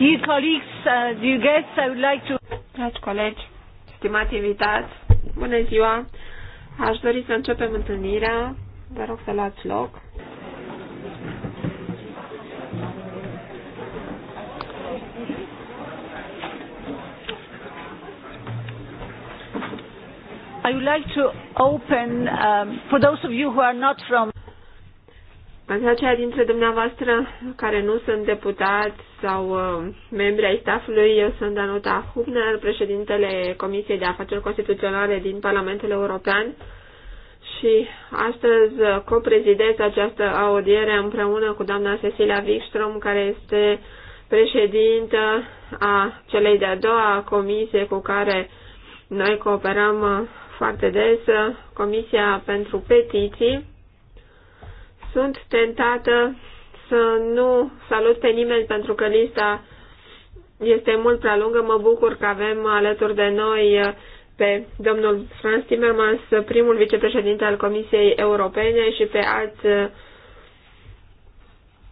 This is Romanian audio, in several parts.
Dear colleagues, uh, dear guests, I would like to... Dragi colegi, stimați invitați, bună ziua! Aș dori să începem întâlnirea. Vă rog să luați loc. I would like to open, um, for those of you who are not from pentru aceia dintre dumneavoastră care nu sunt deputați sau uh, membri ai stafului, eu sunt Danuta Hubner, președintele Comisiei de Afaceri Constituționale din Parlamentul European și astăzi uh, coprezidez această audiere împreună cu doamna Cecilia Wikström, care este președintă a celei de-a doua comisie cu care noi cooperăm uh, foarte des, uh, Comisia pentru Petiții sunt tentată să nu salut pe nimeni pentru că lista este mult prea lungă. Mă bucur că avem alături de noi uh, pe domnul Franz Timmermans, primul vicepreședinte al Comisiei Europene și pe alți uh,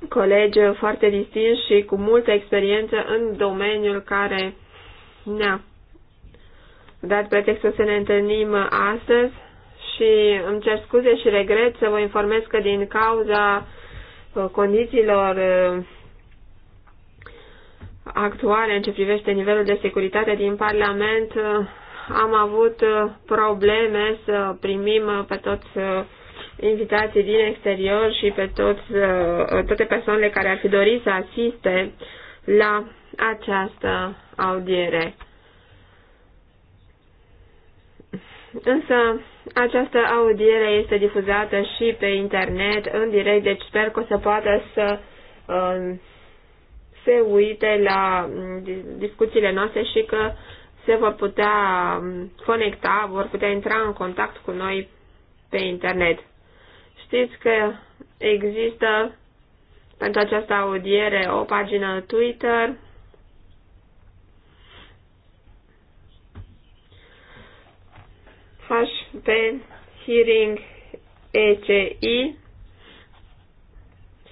colegi foarte distinși și cu multă experiență în domeniul care ne-a dat pretextul să ne întâlnim astăzi și îmi cer scuze și regret să vă informez că din cauza uh, condițiilor uh, actuale în ce privește nivelul de securitate din Parlament, uh, am avut probleme să primim pe toți invitații din exterior și pe toți, toate persoanele care ar fi dorit să asiste la această audiere. Însă această audiere este difuzată și pe internet, în direct, deci sper că o să poată să uh, se uite la um, discuțiile noastre și că se vor putea um, conecta, vor putea intra în contact cu noi pe internet. Știți că există pentru această audiere o pagină Twitter HP Hearing ECI.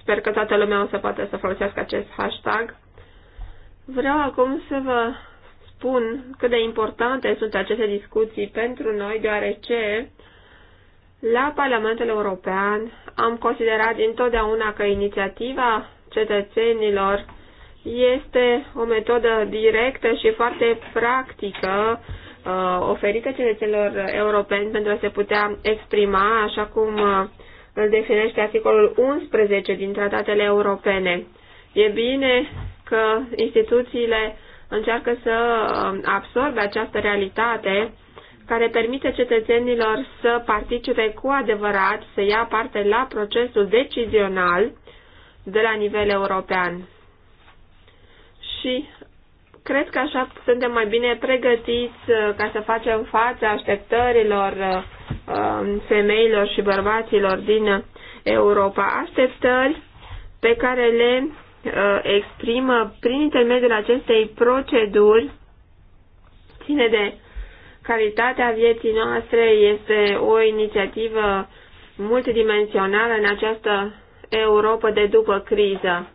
Sper că toată lumea o să poată să folosească acest hashtag. Vreau acum să vă spun cât de importante sunt aceste discuții pentru noi, deoarece la Parlamentul European am considerat întotdeauna că inițiativa cetățenilor este o metodă directă și foarte practică uh, oferită cetățenilor europeni pentru a se putea exprima așa cum uh, îl definește articolul 11 din tratatele europene. E bine că instituțiile încearcă să uh, absorbe această realitate care permite cetățenilor să participe cu adevărat, să ia parte la procesul decizional de la nivel european. Și Cred că așa suntem mai bine pregătiți uh, ca să facem față așteptărilor uh, um, femeilor și bărbaților din Europa. Așteptări pe care le uh, exprimă prin intermediul acestei proceduri ține de calitatea vieții noastre, este o inițiativă multidimensională în această Europa de după criză.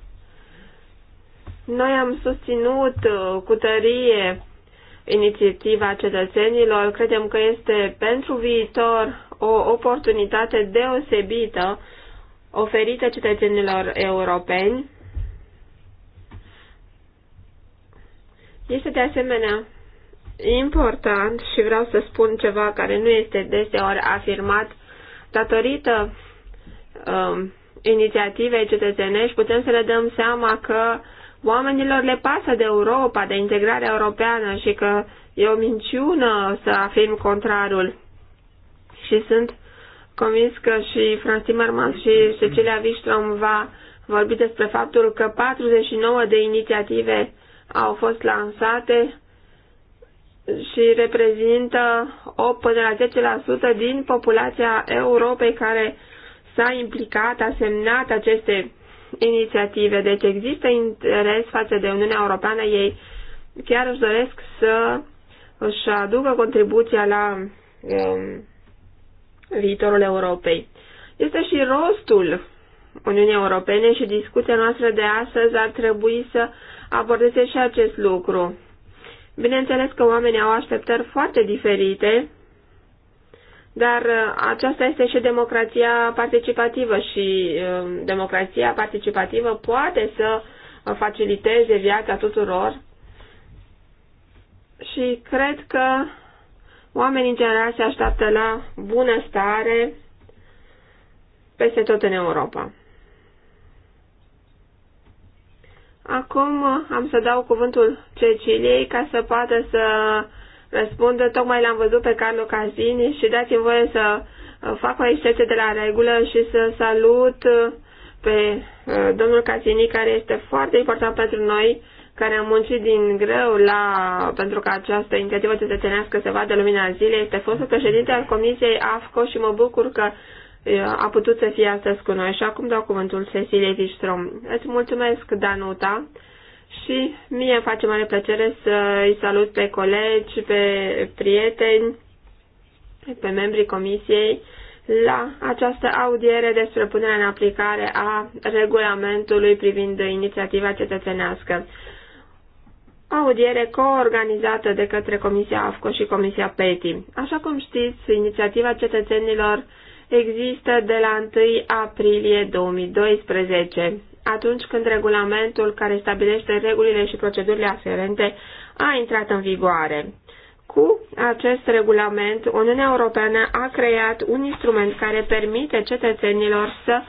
Noi am susținut uh, cu tărie inițiativa cetățenilor. Credem că este pentru viitor o oportunitate deosebită oferită cetățenilor europeni. Este de asemenea important și vreau să spun ceva care nu este deseori afirmat datorită um, inițiativei cetățenești putem să le dăm seama că uh, Oamenilor le pasă de Europa, de integrarea europeană și că e o minciună să afirm contrarul. Și sunt convins că și Franz Timmermans și Cecilia Wistrom va vorbi despre faptul că 49 de inițiative au fost lansate și reprezintă 8 până la 10% din populația Europei care s-a implicat, a semnat aceste inițiative. Deci există interes față de Uniunea Europeană. Ei chiar își doresc să își aducă contribuția la um, viitorul Europei. Este și rostul Uniunii Europene și discuția noastră de astăzi ar trebui să abordeze și acest lucru. Bineînțeles că oamenii au așteptări foarte diferite dar uh, aceasta este și democrația participativă și uh, democrația participativă poate să uh, faciliteze viața tuturor și cred că oamenii în general se așteaptă la bunăstare peste tot în Europa. Acum am să dau cuvântul Ceciliei ca să poată să răspundă. Tocmai l-am văzut pe Carlo Casini și dați-mi voie să uh, fac o excepție de la regulă și să salut uh, pe uh, domnul Casini, care este foarte important pentru noi, care am muncit din greu la, pentru că această inițiativă cetățenească se vadă lumina zilei. Este fostul președinte al Comisiei AFCO și mă bucur că a putut să fie astăzi cu noi. Și acum dau cuvântul Cecilie Vistrom. Îți mulțumesc, Danuta și mie îmi face mare plăcere să îi salut pe colegi, pe prieteni, pe membrii comisiei la această audiere despre punerea în aplicare a regulamentului privind inițiativa cetățenească. Audiere coorganizată de către Comisia AFCO și Comisia PETI. Așa cum știți, inițiativa cetățenilor există de la 1 aprilie 2012 atunci când regulamentul care stabilește regulile și procedurile aferente a intrat în vigoare. Cu acest regulament, Uniunea Europeană a creat un instrument care permite cetățenilor să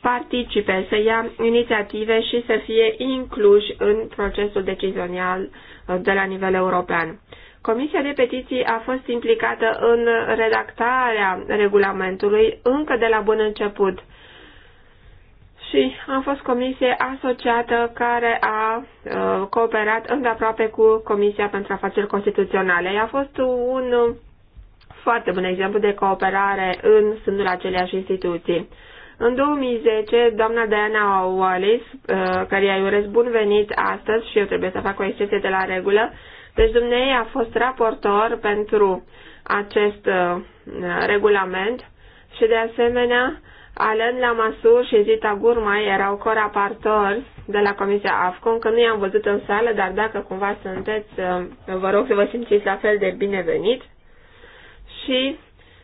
participe, să ia inițiative și să fie incluși în procesul decizional uh, de la nivel european. Comisia de petiții a fost implicată în redactarea regulamentului încă de la bun început și am fost comisie asociată care a uh, cooperat îndeaproape cu Comisia pentru Afaceri Constituționale. A fost un foarte bun exemplu de cooperare în sânul aceleași instituții. În 2010, doamna Diana Wallis, uh, care i-a urez bun venit astăzi și eu trebuie să fac o excepție de la regulă, deci dumnei a fost raportor pentru acest uh, regulament și de asemenea Alain Lamassoure și Zita Gurma erau corapartori de la Comisia AFCON, că nu i-am văzut în sală, dar dacă cumva sunteți, uh, vă rog să vă simțiți la fel de binevenit. Și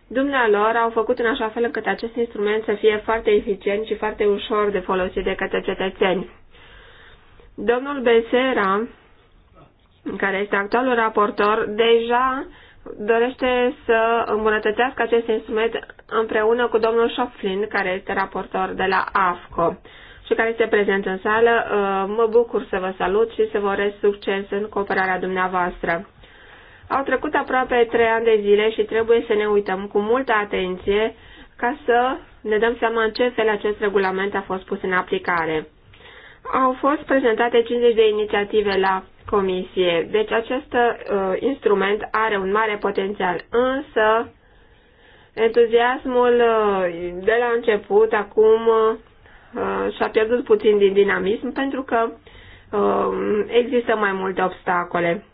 dumnealor au făcut în așa fel încât acest instrument să fie foarte eficient și foarte ușor de folosit de către cetățeni. Domnul Besera, care este actualul raportor, deja dorește să îmbunătățească acest instrument împreună cu domnul Șoflin, care este raportor de la AFCO și care este prezent în sală. Uh, mă bucur să vă salut și să vă urez succes în cooperarea dumneavoastră. Au trecut aproape trei ani de zile și trebuie să ne uităm cu multă atenție ca să ne dăm seama în ce fel acest regulament a fost pus în aplicare. Au fost prezentate 50 de inițiative la comisie, deci acest uh, instrument are un mare potențial, însă entuziasmul uh, de la început acum uh, și-a pierdut puțin din dinamism pentru că uh, există mai multe obstacole.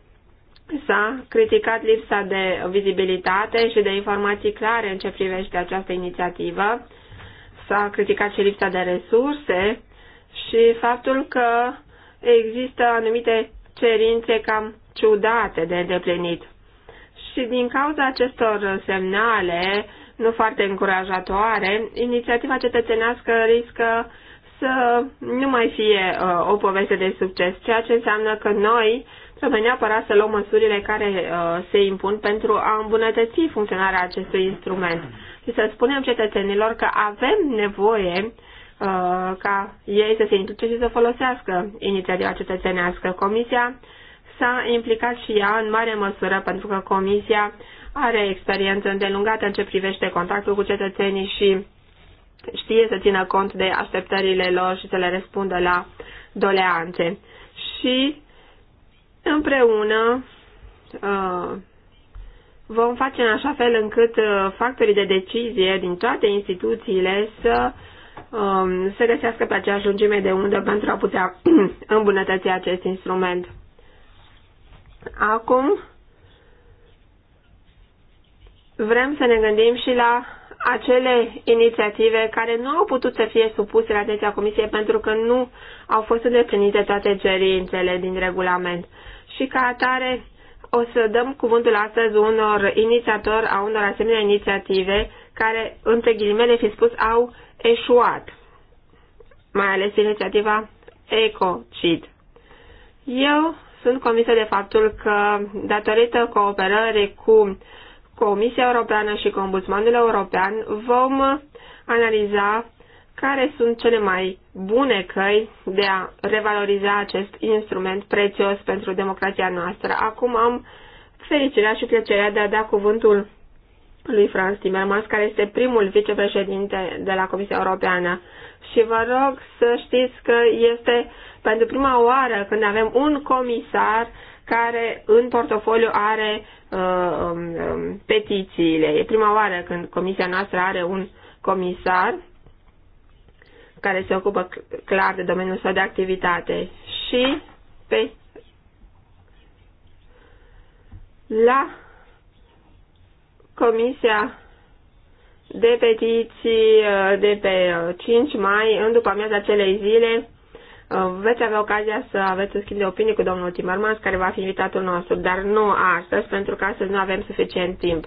S-a criticat lipsa de vizibilitate și de informații clare în ce privește această inițiativă, s-a criticat și lipsa de resurse și faptul că există anumite cerințe cam ciudate de îndeplinit. Și din cauza acestor semnale nu foarte încurajatoare, inițiativa cetățenească riscă să nu mai fie uh, o poveste de succes, ceea ce înseamnă că noi trebuie neapărat să luăm măsurile care uh, se impun pentru a îmbunătăți funcționarea acestui instrument și să spunem cetățenilor că avem nevoie Uh, ca ei să se implice și să folosească inițiativa cetățenească. Comisia s-a implicat și ea în mare măsură pentru că Comisia are experiență îndelungată în ce privește contactul cu cetățenii și știe să țină cont de așteptările lor și să le răspundă la doleanțe. Și împreună uh, vom face în așa fel încât uh, factorii de decizie din toate instituțiile să uh, Um, se găsească pe aceeași lungime de undă pentru a putea îmbunătăți acest instrument. Acum vrem să ne gândim și la acele inițiative care nu au putut să fie supuse la atenția Comisiei pentru că nu au fost îndeplinite toate cerințele din regulament. Și ca atare o să dăm cuvântul astăzi unor inițiatori a unor asemenea inițiative care, între ghilimele fi spus, au eșuat, mai ales inițiativa EcoCid. Eu sunt convinsă de faptul că, datorită cooperării cu Comisia Europeană și cu Ombudsmanul European, vom analiza care sunt cele mai bune căi de a revaloriza acest instrument prețios pentru democrația noastră. Acum am fericirea și plăcerea de a da cuvântul lui Franz Timmermans, care este primul vicepreședinte de la Comisia Europeană. Și vă rog să știți că este pentru prima oară când avem un comisar care în portofoliu are uh, um, um petițiile. E prima oară când comisia noastră are un comisar care se ocupă clar de domeniul său de activitate. Și pe la Comisia de petiții uh, de pe 5 uh, mai, în după amiaza acelei zile, uh, veți avea ocazia să aveți un schimb de opinie cu domnul Timmermans, care va fi invitatul nostru, dar nu astăzi, pentru că astăzi nu avem suficient timp.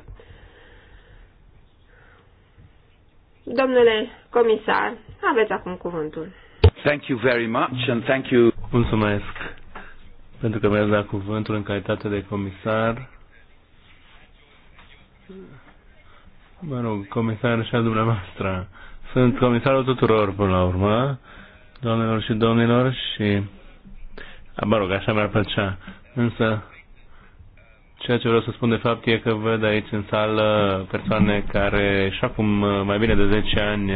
Domnule comisar, aveți acum cuvântul. Thank you very much and thank you. Mulțumesc pentru că mi-ați dat cuvântul în calitate de comisar mă rog, comisar și a dumneavoastră. Sunt comisarul tuturor până la urmă, doamnelor și domnilor și, a, mă rog, așa mi-ar plăcea. Însă, ceea ce vreau să spun de fapt e că văd aici în sală persoane care și acum mai bine de 10 ani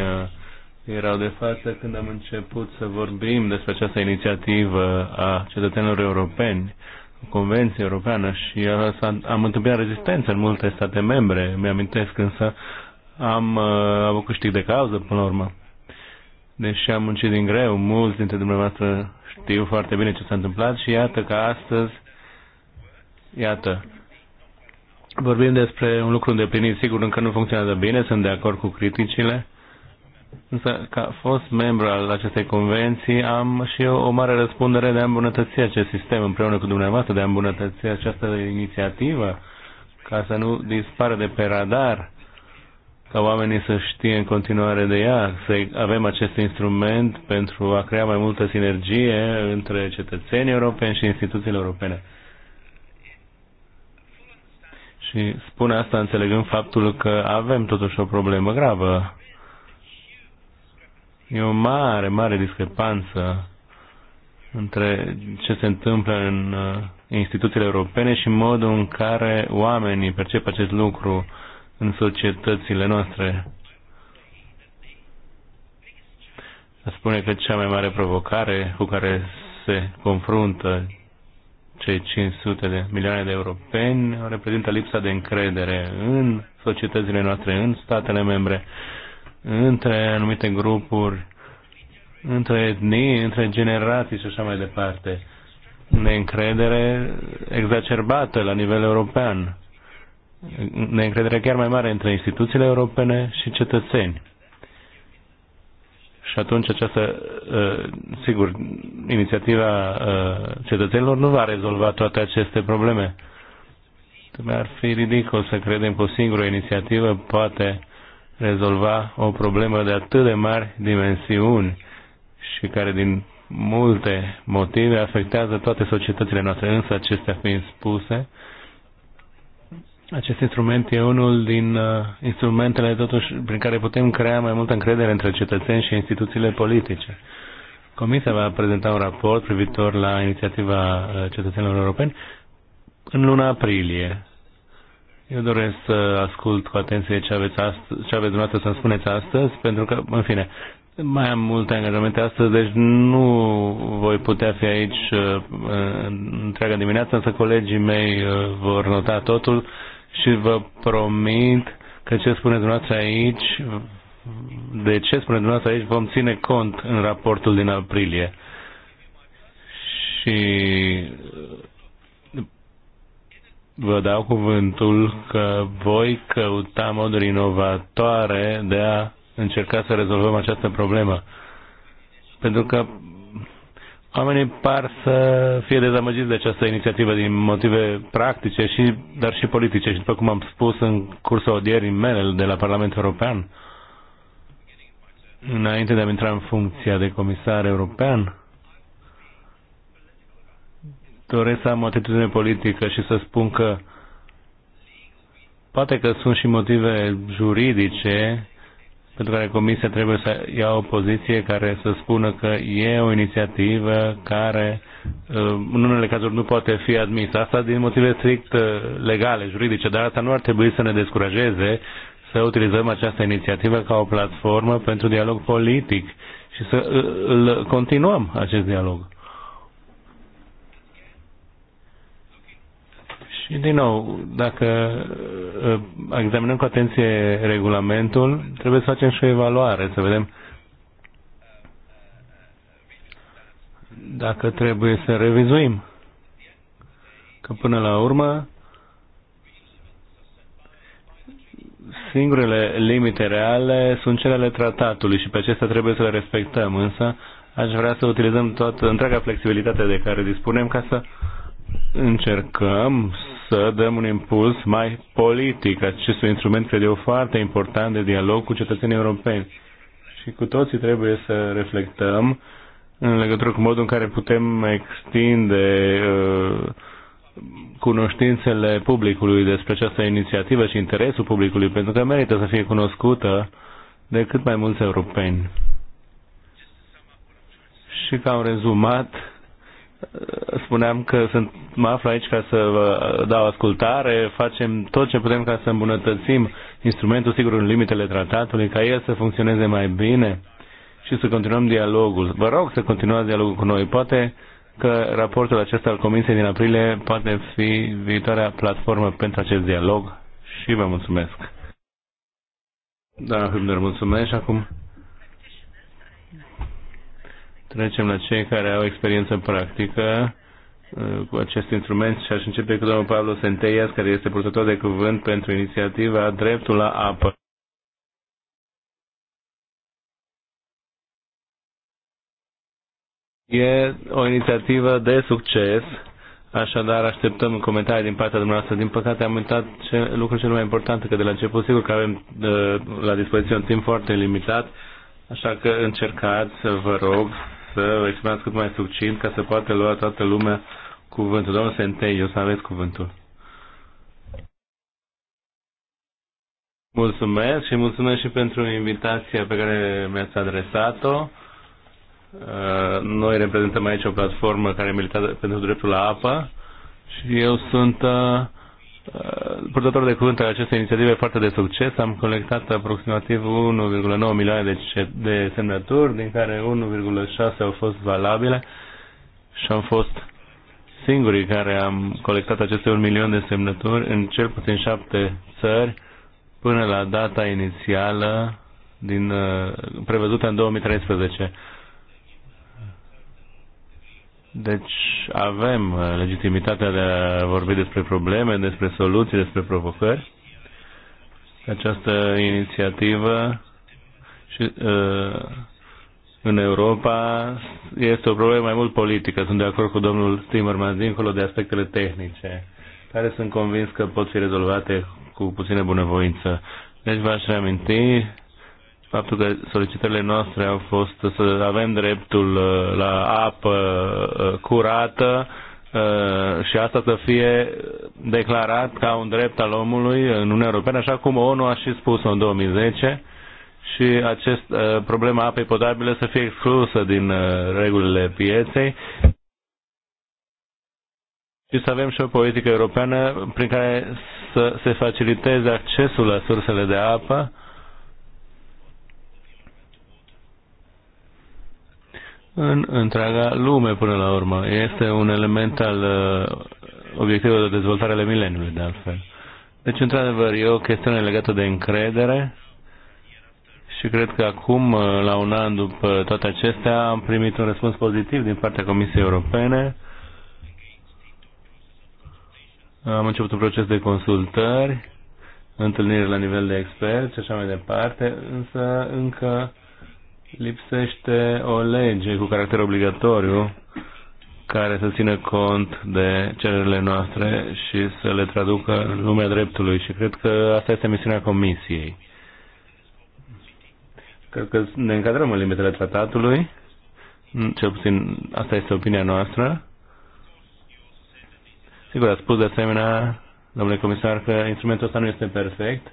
erau de față când am început să vorbim despre această inițiativă a cetățenilor europeni Convenție Europeană și am întâmplat rezistență în multe state membre, mi-amintesc, însă am uh, avut câștig de cauză până la urmă. Deși am muncit din greu, mulți dintre dumneavoastră știu foarte bine ce s-a întâmplat și iată că astăzi, iată, vorbim despre un lucru îndeplinit, sigur încă nu funcționează bine, sunt de acord cu criticile, Însă, ca fost membru al acestei convenții, am și eu o mare răspundere de a îmbunătăți acest sistem împreună cu dumneavoastră, de a îmbunătăți această inițiativă, ca să nu dispară de pe radar, ca oamenii să știe în continuare de ea, să avem acest instrument pentru a crea mai multă sinergie între cetățenii europeni și instituțiile europene. Și spun asta înțelegând faptul că avem totuși o problemă gravă E o mare, mare discrepanță între ce se întâmplă în uh, instituțiile europene și modul în care oamenii percep acest lucru în societățile noastre. A spune că cea mai mare provocare cu care se confruntă cei 500 de milioane de europeni reprezintă lipsa de încredere în societățile noastre, în statele membre între anumite grupuri, între etnii, între generații și așa mai departe. Neîncredere exacerbată la nivel european. Neîncredere chiar mai mare între instituțiile europene și cetățeni. Și atunci această, ă, sigur, inițiativa ă, cetățenilor nu va rezolva toate aceste probleme. Ar fi ridicol să credem că o singură inițiativă poate rezolva o problemă de atât de mari dimensiuni și care din multe motive afectează toate societățile noastre. Însă acestea fiind spuse, acest instrument e unul din uh, instrumentele totuși prin care putem crea mai multă încredere între cetățeni și instituțiile politice. Comisia va prezenta un raport privitor la inițiativa uh, cetățenilor europeni în luna aprilie. Eu doresc să ascult cu atenție ce aveți, astăzi, ce aveți dumneavoastră să spuneți astăzi, pentru că, în fine, mai am multe angajamente astăzi, deci nu voi putea fi aici uh, întreaga dimineață, însă colegii mei uh, vor nota totul și vă promit că ce spuneți dumneavoastră aici, de ce spuneți dumneavoastră aici, vom ține cont în raportul din aprilie. Și vă dau cuvântul că voi căuta moduri inovatoare de a încerca să rezolvăm această problemă. Pentru că oamenii par să fie dezamăgiți de această inițiativă din motive practice, și, dar și politice. Și după cum am spus în cursul odierii mele de la Parlamentul European, înainte de a intra în funcția de comisar european, doresc să am o atitudine politică și să spun că poate că sunt și motive juridice pentru care Comisia trebuie să ia o poziție care să spună că e o inițiativă care uh, în unele cazuri nu poate fi admisă. Asta din motive strict uh, legale, juridice, dar asta nu ar trebui să ne descurajeze să utilizăm această inițiativă ca o platformă pentru dialog politic și să uh, îl continuăm acest dialog. Și, din nou, dacă uh, examinăm cu atenție regulamentul, trebuie să facem și o evaluare, să vedem dacă trebuie să revizuim. Că până la urmă, singurele limite reale sunt cele ale tratatului și pe acestea trebuie să le respectăm, însă aș vrea să utilizăm toată întreaga flexibilitate de care dispunem ca să încercăm să dăm un impuls mai politic acestui instrument, cred eu, foarte important de dialog cu cetățenii europeni. Și cu toții trebuie să reflectăm în legătură cu modul în care putem extinde uh, cunoștințele publicului despre această inițiativă și interesul publicului, pentru că merită să fie cunoscută de cât mai mulți europeni. Și ca un rezumat, spuneam că sunt, mă aflu aici ca să vă dau ascultare, facem tot ce putem ca să îmbunătățim instrumentul, sigur în limitele tratatului, ca el să funcționeze mai bine și să continuăm dialogul. Vă rog să continuați dialogul cu noi. Poate că raportul acesta al Comisiei din aprilie poate fi viitoarea platformă pentru acest dialog și vă mulțumesc. Da, Hübner, mulțumesc acum Trecem la cei care au experiență practică uh, cu acest instrument și aș începe cu domnul Pablo Senteias, care este purtător de cuvânt pentru inițiativa Dreptul la apă. E o inițiativă de succes, așadar așteptăm comentarii din partea dumneavoastră. Din păcate am uitat ce, lucrul cel mai important, că de la început sigur că avem uh, la dispoziție un timp foarte limitat, așa că încercați, vă rog, să vă exprimați cât mai succint ca să poată lua toată lumea cuvântul. Domnul Sentei, eu să aveți cuvântul. Mulțumesc și mulțumesc și pentru invitația pe care mi-ați adresat-o. Uh, noi reprezentăm aici o platformă care militează pentru dreptul la apă și eu sunt uh, Uh, purtător de cuvânt al acestei inițiative foarte de succes. Am colectat aproximativ 1,9 milioane de, de semnături, din care 1,6 au fost valabile și am fost singurii care am colectat aceste 1 milion de semnături în cel puțin șapte țări până la data inițială din, uh, prevăzută în 2013. Deci avem uh, legitimitatea de a vorbi despre probleme, despre soluții, despre provocări. Această inițiativă și, uh, în Europa este o problemă mai mult politică. Sunt de acord cu domnul Timmermans dincolo de aspectele tehnice, care sunt convins că pot fi rezolvate cu puțină bunăvoință. Deci v-aș reaminti faptul că solicitările noastre au fost să avem dreptul uh, la apă uh, curată uh, și asta să fie declarat ca un drept al omului în Uniunea Europeană, așa cum ONU a și spus-o în 2010 și acest problema apei potabile să fie exclusă din regulile pieței și să avem și o politică europeană prin care să se faciliteze accesul la sursele de apă în întreaga lume până la urmă. Este un element al uh, obiectivului de dezvoltare ale mileniului, de altfel. Deci, într-adevăr, e o chestiune legată de încredere și cred că acum, uh, la un an după toate acestea, am primit un răspuns pozitiv din partea Comisiei Europene. Am început un proces de consultări, întâlniri la nivel de experți și așa mai departe, însă încă lipsește o lege cu caracter obligatoriu care să țină cont de cererile noastre și să le traducă în lumea dreptului și cred că asta este misiunea Comisiei. Cred că ne încadrăm în limitele tratatului, mm, cel puțin asta este opinia noastră. Sigur, a spus de asemenea, domnule comisar, că instrumentul ăsta nu este perfect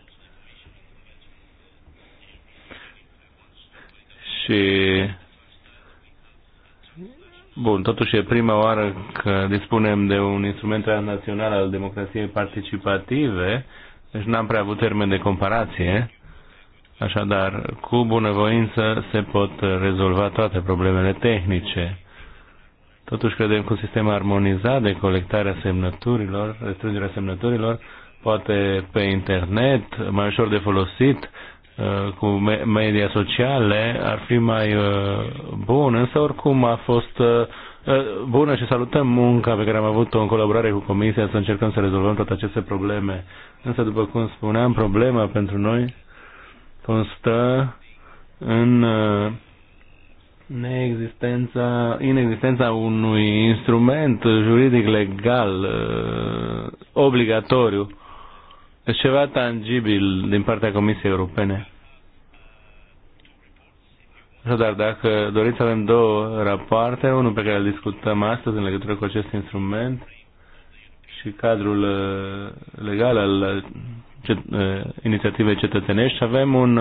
Și Bun, totuși e prima oară că dispunem de un instrument transnațional al democrației participative, deci n-am prea avut termen de comparație. Așadar, cu bunăvoință se pot rezolva toate problemele tehnice. Totuși credem că un sistem armonizat de colectarea semnăturilor, restrângerea semnăturilor, poate pe internet, mai ușor de folosit, Uh, cu media sociale ar fi mai uh, bun, însă oricum a fost uh, bună și salutăm munca pe care am avut-o în colaborare cu Comisia să încercăm să rezolvăm toate aceste probleme. Însă, după cum spuneam, problema pentru noi constă în neexistența, inexistența unui instrument juridic legal obligatoriu ceva tangibil din partea Comisiei Europene. Așadar, dacă doriți, avem două rapoarte, unul pe care îl discutăm astăzi în legătură cu acest instrument și cadrul uh, legal al uh, uh, inițiativei cetățenești și avem un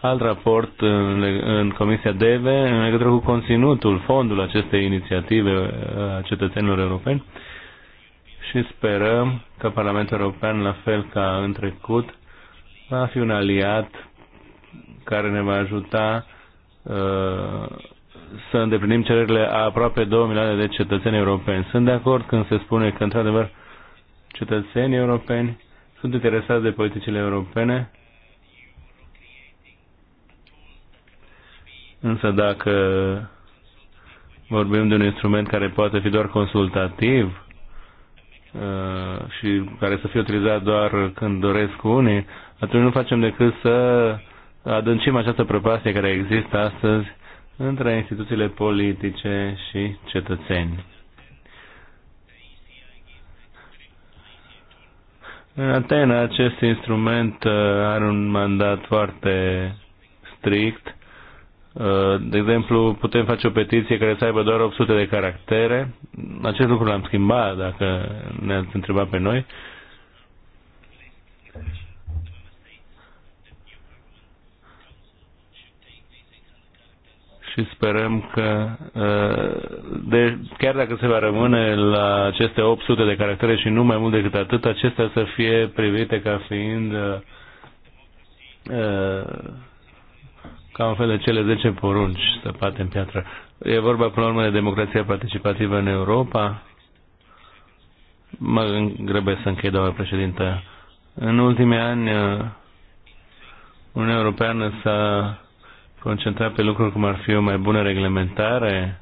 alt raport în, în Comisia DEVE în legătură cu conținutul, fondul acestei inițiative a cetățenilor europeni și sperăm că Parlamentul European, la fel ca în trecut, va fi un aliat care ne va ajuta uh, să îndeplinim cererile a aproape 2 milioane de cetățeni europeni. Sunt de acord când se spune că, într-adevăr, cetățenii europeni sunt interesați de politicile europene, însă dacă vorbim de un instrument care poate fi doar consultativ, Uh, și care să fie utilizat doar când doresc unii, atunci nu facem decât să adâncim această prăpastie care există astăzi între instituțiile politice și cetățeni. În Atena, acest instrument uh, are un mandat foarte strict Uh, de exemplu, putem face o petiție care să aibă doar 800 de caractere. Acest lucru l-am schimbat, dacă ne-ați întrebat pe noi. și sperăm că uh, de, chiar dacă se va rămâne la aceste 800 de caractere și nu mai mult decât atât, acestea să fie privite ca fiind uh, uh ca un fel de cele 10 porunci săpate în piatră. E vorba până la urmă de democrația participativă în Europa. Mă grăbesc să închei, doamnă președintă. În ultimii ani, Uniunea Europeană s-a concentrat pe lucruri cum ar fi o mai bună reglementare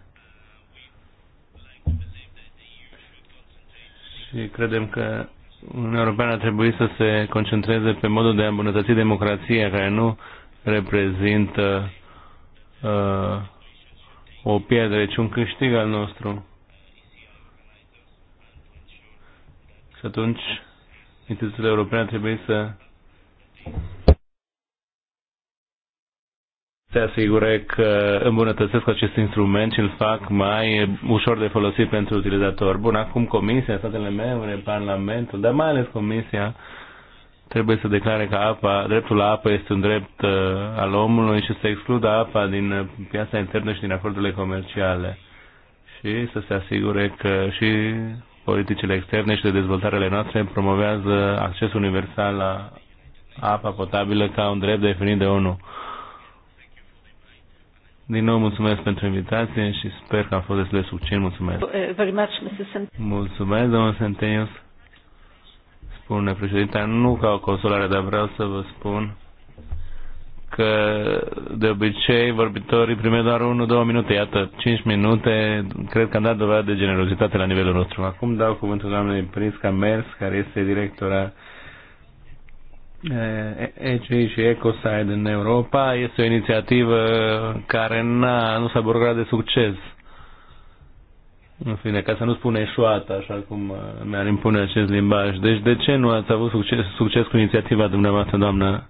și credem că Uniunea Europeană ar trebui să se concentreze pe modul de a îmbunătăți democrația, care nu reprezintă uh, o pierdere, ci deci un câștig al nostru. Și atunci instituțiile europene trebuie să se asigure că îmbunătățesc acest instrument și îl fac mai ușor de folosit pentru utilizator. Bun, acum Comisia, statele membre, Parlamentul, dar mai ales Comisia, uh, trebuie să declare că apa, dreptul la apă este un drept uh, al omului și să excludă apa din uh, piața internă și din acordurile comerciale și să se asigure că și politicile externe și de dezvoltarele noastre promovează accesul universal la apa potabilă ca un drept definit de ONU. Din nou mulțumesc pentru invitație și sper că am fost destul de succint. Mulțumesc. Mulțumesc, domnul Sentenius spune președinte, nu ca o consolare, dar vreau să vă spun că de obicei vorbitorii primesc doar 1-2 minute, iată, 5 minute, cred că am dat dovadă de generozitate la nivelul nostru. Acum dau cuvântul doamnei Prinsca Mers, care este directora ECI eh, și EcoSide în Europa. Este o inițiativă care n-a, nu s-a bucurat de succes în fine, ca să nu spun eșuată, așa cum uh, mi-ar impune acest limbaj. Deci de ce nu ați avut succes, succes cu inițiativa dumneavoastră, doamnă?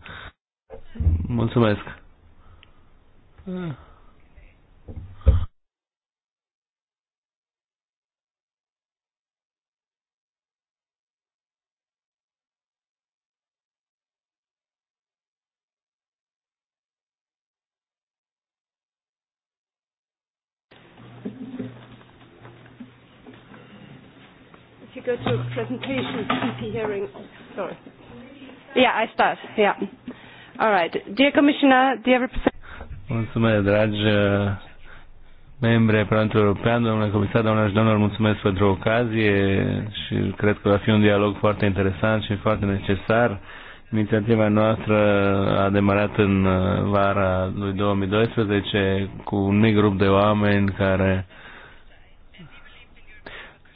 Mulțumesc. Ah. if you go to a presentation, EP hearing. Sorry. Yeah, I start. Yeah. All right. Dear Commissioner, dear representative. Uh, membre ai Parlamentului European, domnule comisar, doamnelor și domnilor, mulțumesc pentru ocazie și cred că va fi un dialog foarte interesant și foarte necesar. Inițiativa noastră a demarat în uh, vara lui 2012 cu un mic grup de oameni care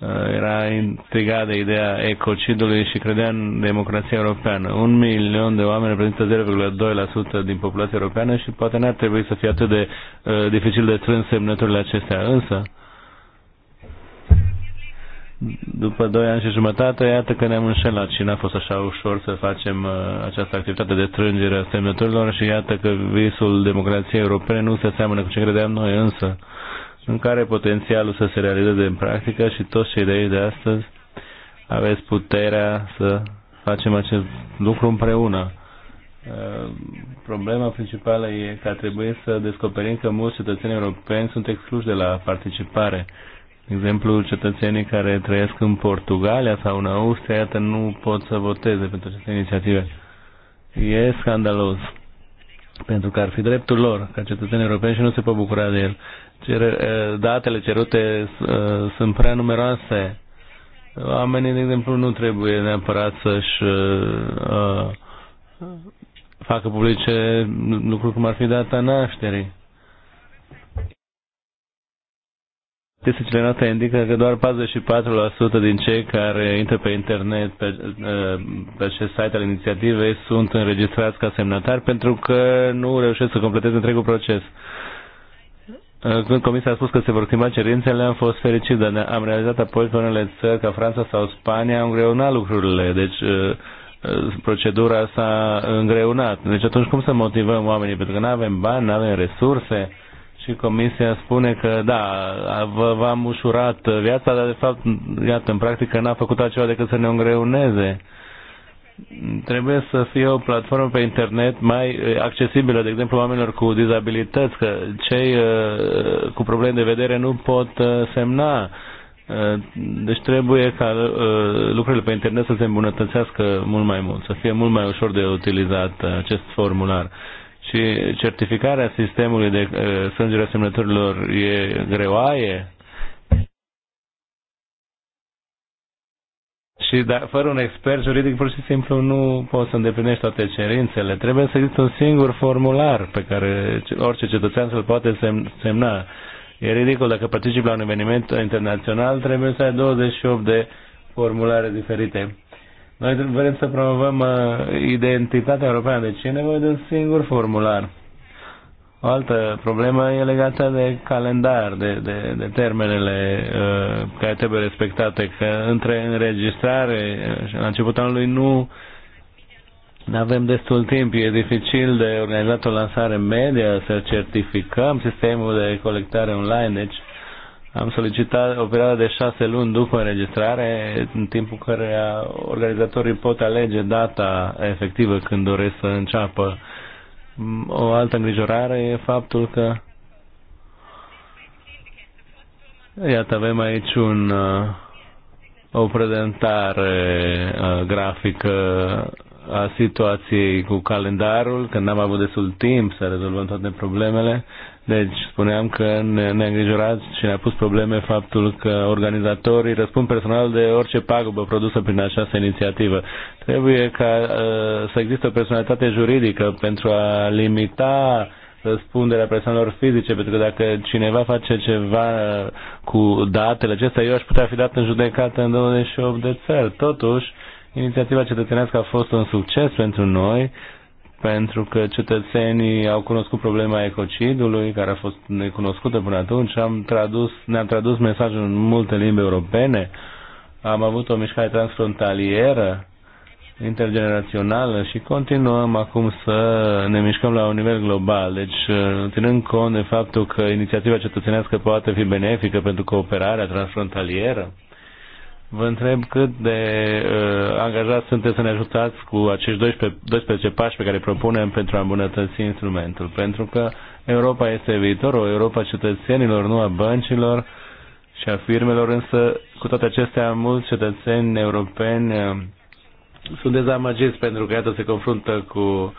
Eh, era intrigat de ideea ecocidului și credea în democrația europeană. Un milion de oameni reprezintă 0,2% din populația europeană și poate n-ar trebui să fie atât de uh, dificil de strâns semnăturile acestea. Însă, după doi ani și jumătate, iată că ne-am înșelat și n-a fost așa ușor să facem uh, această activitate de strângere a semnăturilor și iată că visul democrației europene nu se seamănă cu ce credeam noi însă. Uh, în care potențialul să se realizeze în practică și toți cei de aici de astăzi aveți puterea să facem acest lucru împreună. Uh, problema principală e că trebuie să descoperim că mulți cetățeni europeni sunt excluși de la participare. De exemplu, cetățenii care trăiesc în Portugalia sau în Austria, iată, nu pot să voteze pentru aceste inițiative. E scandalos pentru că ar fi dreptul lor ca cetățeni europeni și nu se pot bucura de el. Cer, eh, datele cerute eh, sunt prea numeroase. Oamenii, de exemplu, nu trebuie neapărat să-și uh, facă publice lucruri cum ar fi data nașterii. Statisticile noastre indică că doar 44% din cei care intră pe internet, pe, uh, pe acest site al inițiativei, sunt înregistrați ca semnatari pentru că nu reușesc să completeze întregul proces. Uh, când Comisia a spus că se vor schimba cerințele, am fost fericit, dar am realizat apoi că unele țări, ca Franța sau Spania, au îngreunat lucrurile. Deci, uh, procedura s-a îngreunat. Deci atunci cum să motivăm oamenii? Pentru că nu avem bani, nu avem resurse și Comisia spune că da, v-am ușurat viața, dar de fapt, iată, în practică n-a făcut altceva decât să ne îngreuneze. Trebuie să fie o platformă pe internet mai accesibilă, de exemplu, oamenilor cu dizabilități, că cei cu probleme de vedere nu pot semna. Deci trebuie ca lucrurile pe internet să se îmbunătățească mult mai mult, să fie mult mai ușor de utilizat acest formular și certificarea sistemului de uh, sângere semnăturilor e greoaie? Și da, fără un expert juridic, pur și simplu nu poți să îndeplinești toate cerințele. Trebuie să există un singur formular pe care orice cetățean să-l poate semna. E ridicol dacă participi la un eveniment internațional, trebuie să ai 28 de formulare diferite. Noi vrem să promovăm uh, identitatea europeană, deci e nevoie de un singur formular. O altă problemă e legată de calendar, de, de, de termenele uh, care trebuie respectate, că între înregistrare și uh, la începutul anului nu avem destul timp, e dificil de organizat o lansare media, să certificăm sistemul de colectare online, deci am solicitat o perioadă de șase luni după înregistrare, în timpul care organizatorii pot alege data efectivă când doresc să înceapă. O altă îngrijorare e faptul că Iată, avem aici un, uh, o prezentare uh, grafică a situației cu calendarul, că n-am avut destul timp să rezolvăm toate problemele. Deci, spuneam că ne, ne îngrijorat și ne-a pus probleme faptul că organizatorii răspund personal de orice pagubă produsă prin această inițiativă. Trebuie ca uh, să existe o personalitate juridică pentru a limita răspunderea persoanelor fizice, pentru că dacă cineva face ceva uh, cu datele acestea, eu aș putea fi dat în judecată în 28 de țări. Totuși, inițiativa cetățenească a fost un succes pentru noi, pentru că cetățenii au cunoscut problema ecocidului, care a fost necunoscută până atunci. Am tradus, ne-am tradus mesajul în multe limbi europene. Am avut o mișcare transfrontalieră, intergenerațională și continuăm acum să ne mișcăm la un nivel global. Deci, ținând cont de faptul că inițiativa cetățenească poate fi benefică pentru cooperarea transfrontalieră, Vă întreb cât de uh, angajați sunteți să ne ajutați cu acești 12, 12 pași pe care îi propunem pentru a îmbunătăți instrumentul. Pentru că Europa este viitorul, Europa cetățenilor, nu a băncilor și a firmelor, însă cu toate acestea mulți cetățeni europeni uh, sunt dezamăgiți pentru că iată se confruntă cu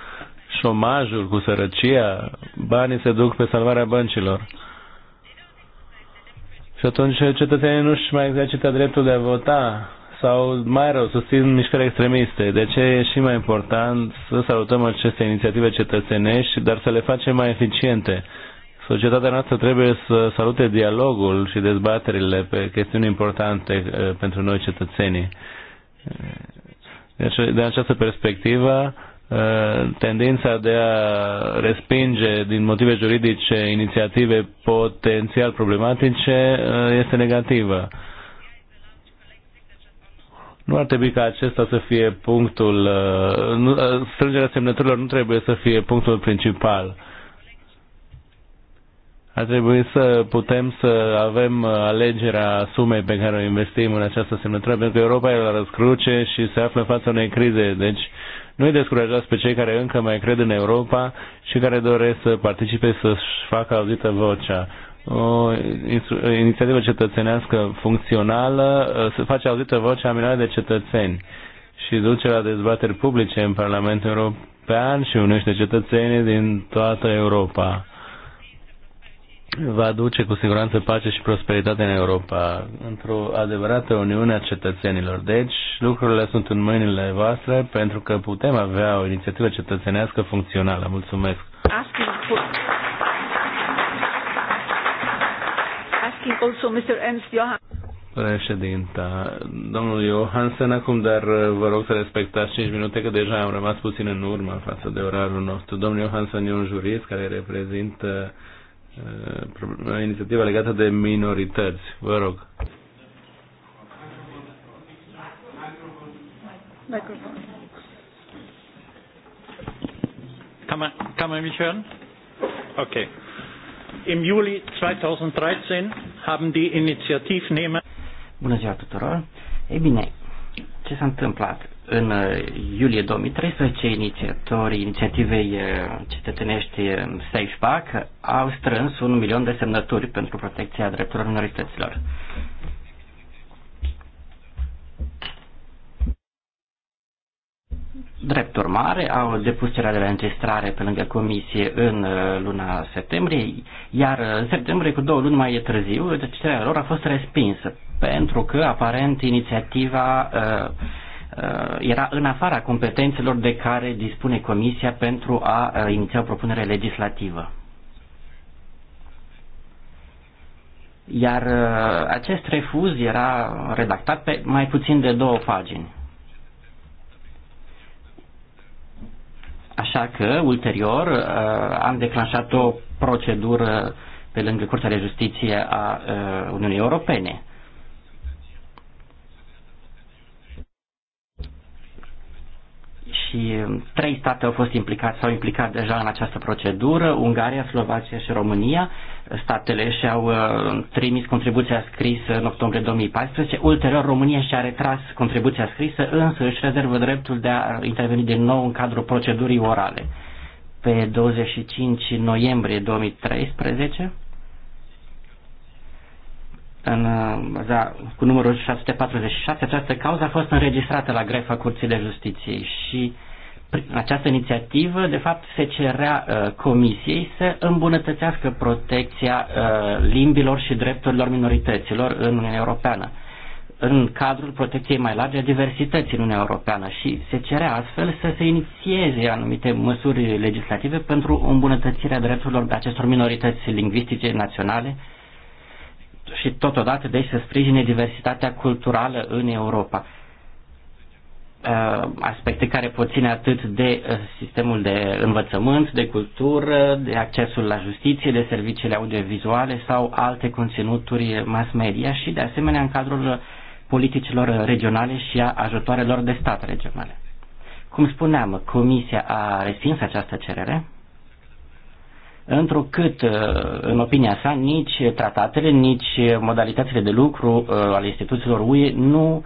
șomajul, cu sărăcia, banii se duc pe salvarea băncilor. Și atunci cetățenii nu și mai exercită dreptul de a vota sau mai rău, susțin mișcări extremiste. De ce e și mai important să salutăm aceste inițiative cetățenești, dar să le facem mai eficiente. Societatea noastră trebuie să salute dialogul și dezbaterile pe chestiuni importante eh, pentru noi cetățenii. Eh, de această perspectivă, Uh, tendința de a respinge din motive juridice inițiative potențial problematice uh, este negativă. Nu ar trebui ca acesta să fie punctul, uh, nu, strângerea semnăturilor nu trebuie să fie punctul principal. Ar trebui să putem să avem alegerea sumei pe care o investim în această semnătură, pentru că Europa e la răscruce și se află în fața unei crize. Deci, nu-i descurajați pe cei care încă mai cred în Europa și care doresc să participe să-și facă auzită vocea o inițiativă cetățenească funcțională uh, să face auzită vocea a milioane de cetățeni și duce la dezbateri publice în Parlamentul European și unește cetățenii din toată Europa va aduce cu siguranță pace și prosperitate în Europa, într-o adevărată uniune a cetățenilor. Deci, lucrurile sunt în mâinile voastre pentru că putem avea o inițiativă cetățenească funcțională. Mulțumesc! Asking also Mr. Ernst Președinta, domnul Johansen acum, dar uh, vă rog să respectați 5 minute, că deja am rămas puțin în urmă față de orarul nostru. Domnul Johansen e un jurist care reprezintă uh, Uh, inițiativa legată de minorități. Vă rog. kann man mich hören? Okay. Im Juli 2013 haben die Initiativnehmer. Bună ziua tuturor! Ei bine, ce s-a întâmplat? În uh, iulie 2013, inițiatorii inițiativei uh, cetățenești uh, Safe Pack au strâns un milion de semnături pentru protecția drepturilor minorităților. Drept urmare, au depus cererea de înregistrare pe lângă comisie în luna septembrie, iar în septembrie, cu două luni mai târziu, cererea lor a fost respinsă, pentru că, aparent, inițiativa uh, Uh, era în afara competențelor de care dispune Comisia pentru a uh, iniția o propunere legislativă. Iar uh, acest refuz era redactat pe mai puțin de două pagini. Așa că, ulterior, am declanșat o procedură pe lângă Curtea de Justiție a Uniunii Europene și um, trei state au fost implicate, s-au implicat deja în această procedură, Ungaria, Slovacia și România. Statele și-au uh, trimis contribuția scrisă în octombrie 2014. Ulterior, România și-a retras contribuția scrisă, însă își rezervă dreptul de a interveni din nou în cadrul procedurii orale. Pe 25 noiembrie 2013, în, uh, da, cu numărul 646, această cauză a fost înregistrată la grefa Curții de Justiție și această inițiativă, de fapt, se cerea uh, Comisiei să îmbunătățească protecția uh, limbilor și drepturilor minorităților în Uniunea Europeană, în cadrul protecției mai largi a diversității în Uniunea Europeană și se cerea astfel să se inițieze anumite măsuri legislative pentru îmbunătățirea drepturilor de acestor minorități lingvistice naționale și totodată, deci, să sprijine diversitatea culturală în Europa Uh, aspecte care pot ține atât de uh, sistemul de învățământ, de cultură, de accesul la justiție, de serviciile audiovizuale sau alte conținuturi mass media și de asemenea în cadrul politicilor regionale și a ajutoarelor de stat regionale. Cum spuneam, Comisia a respins această cerere întrucât, uh, în opinia sa, nici tratatele, nici modalitățile de lucru ale instituțiilor UE nu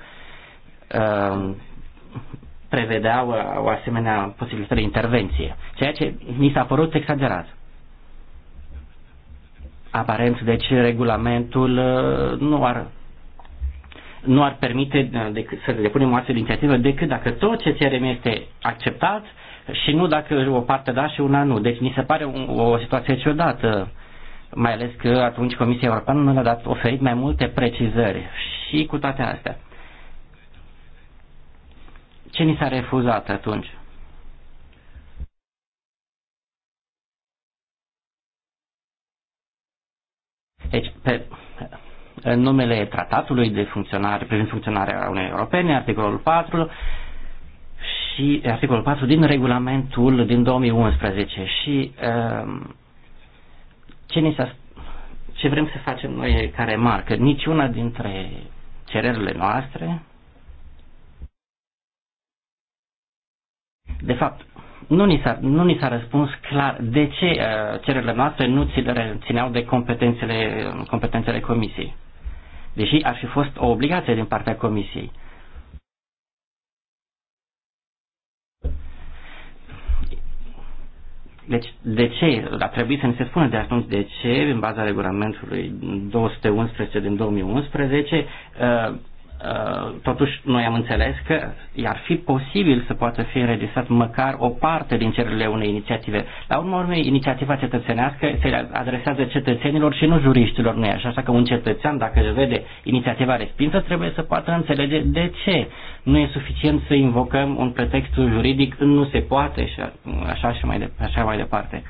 prevedea o, o asemenea posibilitate de intervenție, ceea ce mi s-a părut exagerat. Aparent, deci, regulamentul uh, nu ar, nu ar permite uh, decât să depunem o astfel de inițiativă decât dacă tot ce cerem este acceptat și nu dacă o parte da și una nu. Deci mi se pare o, o situație ciudată, mai ales că atunci Comisia Europeană nu ne-a dat oferit mai multe precizări și cu toate astea ce ni s-a refuzat atunci? Deci, pe, în numele tratatului de funcționare, privind funcționarea Uniunii Europene, articolul 4 și articolul 4 din regulamentul din 2011 și um, ce, ni ce vrem să facem noi care marcă? Niciuna dintre cererile noastre De fapt, nu ni s-a, nu ni s-a răspuns clar de ce uh, cererile noastre nu țineau de competențele, competențele comisiei. Deși ar fi fost o obligație din partea comisiei. Deci, de ce? A trebuit să ne se spună de atunci de ce, în baza regulamentului 211 din 2011, uh, Uh, totuși noi am înțeles că ar fi posibil să poată fi înregistrat măcar o parte din cererile unei inițiative. La urmă urmă inițiativa cetățenească se adresează cetățenilor și nu juriștilor, nu așa? Așa că un cetățean, dacă vede inițiativa respinsă, trebuie să poată înțelege de ce. Nu e suficient să invocăm un pretext juridic, nu se poate și așa și mai, de, așa mai departe.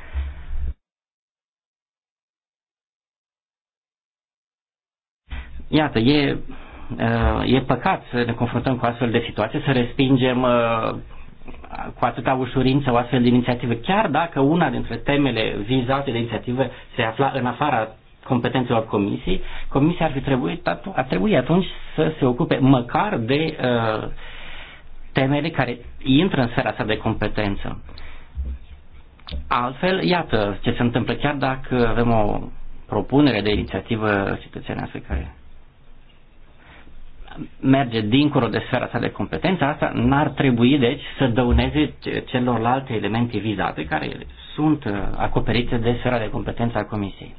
Iată, e e păcat să ne confruntăm cu astfel de situație, să respingem uh, cu atâta ușurință o astfel de inițiativă, chiar dacă una dintre temele vizate de inițiativă se afla în afara competențelor comisiei, comisia ar fi trebuit, ar trebui atunci să se ocupe măcar de uh, temele care intră în sfera sa de competență. Altfel, iată ce se întâmplă, chiar dacă avem o propunere de inițiativă cetățenească care merge dincolo de sfera sa de competență, asta n-ar trebui, deci, să dăuneze celorlalte elemente vizate care sunt uh, acoperite de sfera de competență a Comisiei.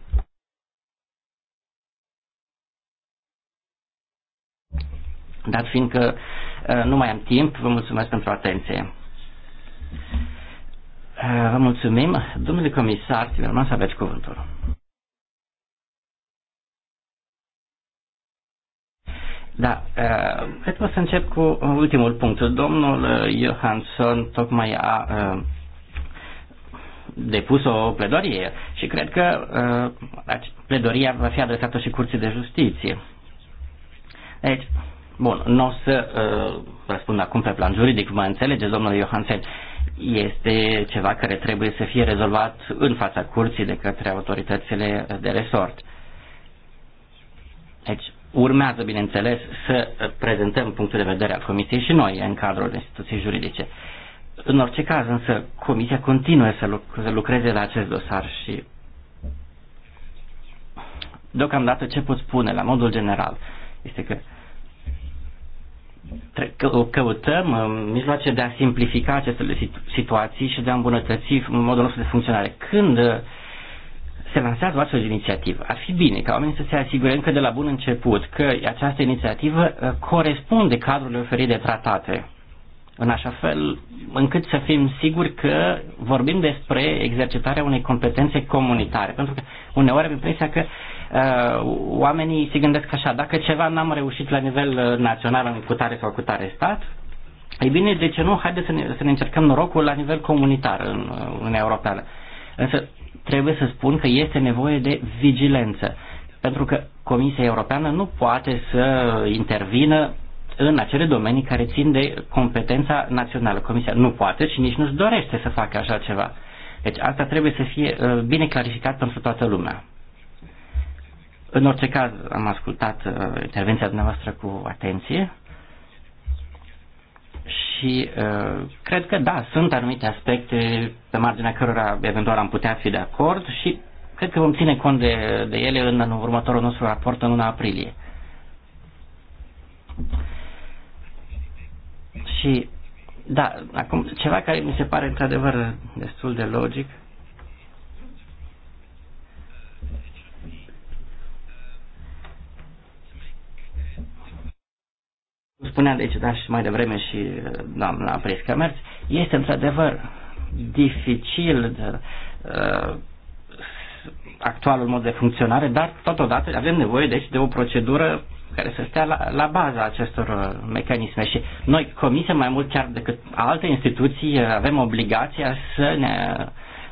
Dar fiindcă uh, nu mai am timp, vă mulțumesc pentru atenție. Uh, vă mulțumim. Domnule comisar, Timerman, să aveți cuvântul. Da, eh, cred că o să încep cu ultimul punct. Domnul eh, Johansson tocmai a eh, depus o pledoarie și cred că pledoria va fi adresată și Curții de Justiție. Deci, bun, nu o să răspund acum pe plan juridic, mă înțelegeți, domnul Johansson este ceva care trebuie să fie rezolvat în fața curții de către autoritățile de resort. Urmează, bineînțeles, să uh, prezentăm punctul de vedere al Comisiei și noi în cadrul instituției juridice. În orice caz, însă, Comisia continuă să, luc- să lucreze la acest dosar și deocamdată ce pot spune la modul general este că căutăm mijloace de a simplifica aceste situații și de a îmbunătăți modul nostru de funcționare. Când uh, se lansează o astfel de inițiativă. Ar fi bine ca oamenii să se asigure încă de la bun început că această inițiativă uh, corespunde cadrului oferit de tratate, în așa fel încât să fim siguri că vorbim despre exercitarea unei competențe comunitare. Pentru că uneori am impresia că uh, oamenii se gândesc așa, dacă ceva n-am reușit la nivel uh, național în cu tare sau cu tare stat, ei bine, de ce nu? Haideți să ne, să ne încercăm norocul la nivel comunitar în uh, Uniunea Europeană. Însă trebuie să spun că este nevoie de vigilență, pentru că Comisia Europeană nu poate să intervină în acele domenii care țin de competența națională. Comisia nu poate și nici nu-și dorește să facă așa ceva. Deci asta trebuie să fie uh, bine clarificat pentru toată lumea. În orice caz, am ascultat uh, intervenția dumneavoastră cu atenție și uh, cred că da, sunt anumite aspecte pe marginea cărora eventual am putea fi de acord și cred că vom ține cont de, de ele în, în următorul nostru raport în luna aprilie. Și da, acum ceva care mi se pare într-adevăr destul de logic spunea deci, da, și mai devreme și uh, doamna Prisca Merț, este într-adevăr dificil de, uh, actualul mod de funcționare, dar totodată avem nevoie deci de o procedură care să stea la, la baza acestor uh, mecanisme și noi, Comisia, mai mult chiar decât alte instituții, uh, avem obligația să ne uh,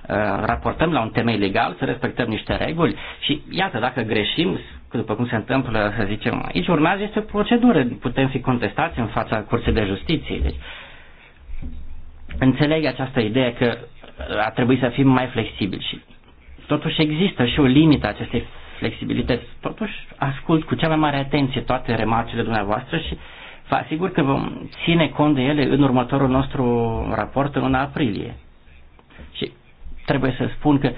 Uh, raportăm la un temei legal, să respectăm niște reguli și iată, dacă greșim, după cum se întâmplă, să zicem, aici urmează este o procedură, putem fi contestați în fața Curții de Justiție. Deci, înțeleg această idee că ar trebui să fim mai flexibili și totuși există și o limită a acestei flexibilități. Totuși, ascult cu cea mai mare atenție toate remarcile dumneavoastră și vă asigur că vom ține cont de ele în următorul nostru raport în luna aprilie trebuie să spun că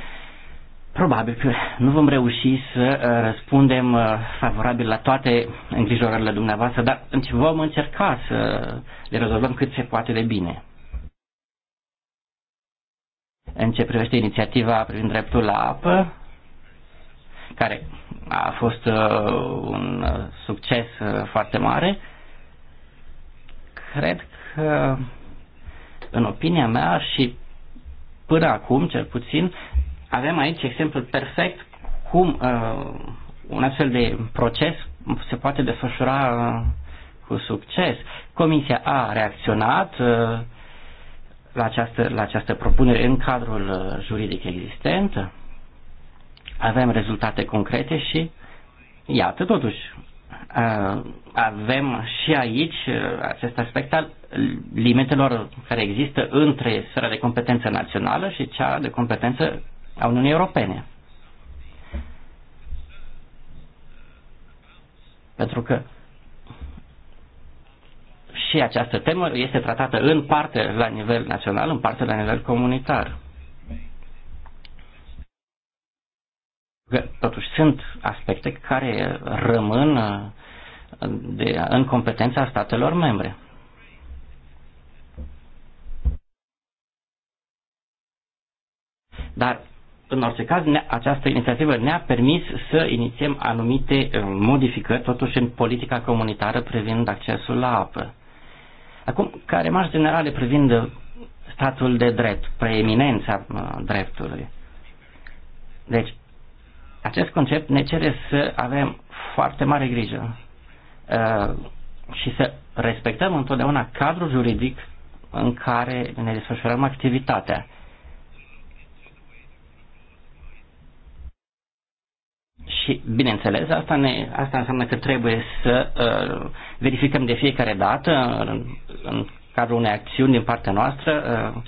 probabil că nu vom reuși să uh, răspundem uh, favorabil la toate îngrijorările dumneavoastră, dar deci vom încerca să le rezolvăm cât se poate de bine. În ce privește inițiativa privind dreptul la apă, care a fost uh, un succes foarte mare, cred că, în opinia mea, și până acum, cel puțin, avem aici exemplul perfect cum uh, un astfel de proces se poate desfășura uh, cu succes. Comisia a reacționat uh, la, această, la această propunere în cadrul uh, juridic existent. Avem rezultate concrete și, iată, totuși, Uh, avem și aici uh, acest aspect al limitelor care există între sfera de competență națională și cea de competență a Uniunii Europene. Pentru că și această temă este tratată în parte la nivel național, în parte la nivel comunitar. Totuși sunt aspecte care rămân uh, de, în competența statelor membre. Dar, în orice caz, ne, această inițiativă ne-a permis să inițiem anumite uh, modificări, totuși, în politica comunitară privind accesul la apă. Acum, ca remarci generale privind statul de drept, preeminența uh, dreptului. Deci, acest concept ne cere să avem foarte mare grijă uh, și să respectăm întotdeauna cadrul juridic în care ne desfășurăm activitatea. Și, bineînțeles, asta, ne, asta înseamnă că trebuie să uh, verificăm de fiecare dată, în, în cadrul unei acțiuni din partea noastră, uh,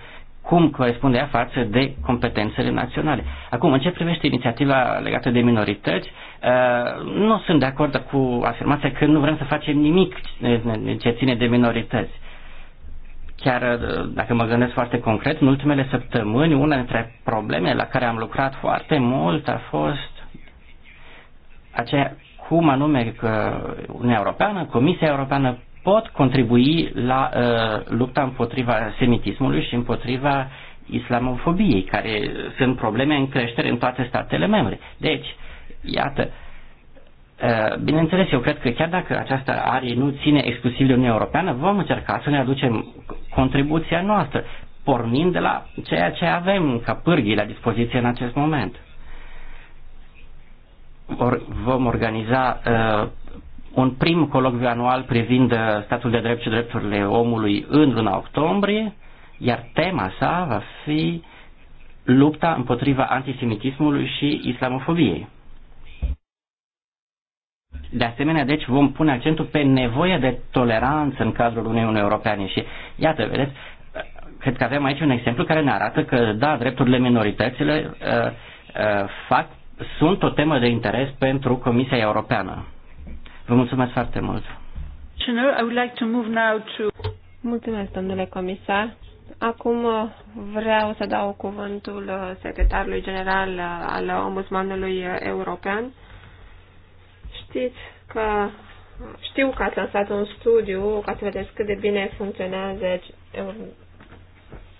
cum corespunde ea față de competențele naționale. Acum, în ce privește inițiativa legată de minorități, uh, nu sunt de acord cu afirmația că nu vrem să facem nimic ce ține de minorități. Chiar uh, dacă mă gândesc foarte concret, în ultimele săptămâni, una dintre problemele la care am lucrat foarte mult a fost aceea cum anume că Uniunea Europeană, Comisia Europeană pot contribui la uh, lupta împotriva semitismului și împotriva islamofobiei, care sunt probleme în creștere în toate statele membre. Deci, iată, uh, bineînțeles, eu cred că chiar dacă această arie nu ține exclusiv de Uniunea Europeană, vom încerca să ne aducem contribuția noastră, pornind de la ceea ce avem ca pârghii la dispoziție în acest moment. Or, vom organiza uh, un prim colocviu anual privind uh, statul de drept și drepturile omului în luna octombrie, iar tema sa va fi lupta împotriva antisemitismului și islamofobiei. De asemenea, deci, vom pune accentul pe nevoia de toleranță în cadrul Uniunii Europene și, iată, vedeți, cred că avem aici un exemplu care ne arată că, da, drepturile minorităților uh, uh, fac, sunt o temă de interes pentru Comisia Europeană. Vă mulțumesc foarte mult. Mulțumesc, domnule comisar. Acum uh, vreau să dau cuvântul uh, secretarului general uh, al Ombudsmanului European. Știți că știu că ați lansat un studiu ca să vedeți cât de bine funcționează deci,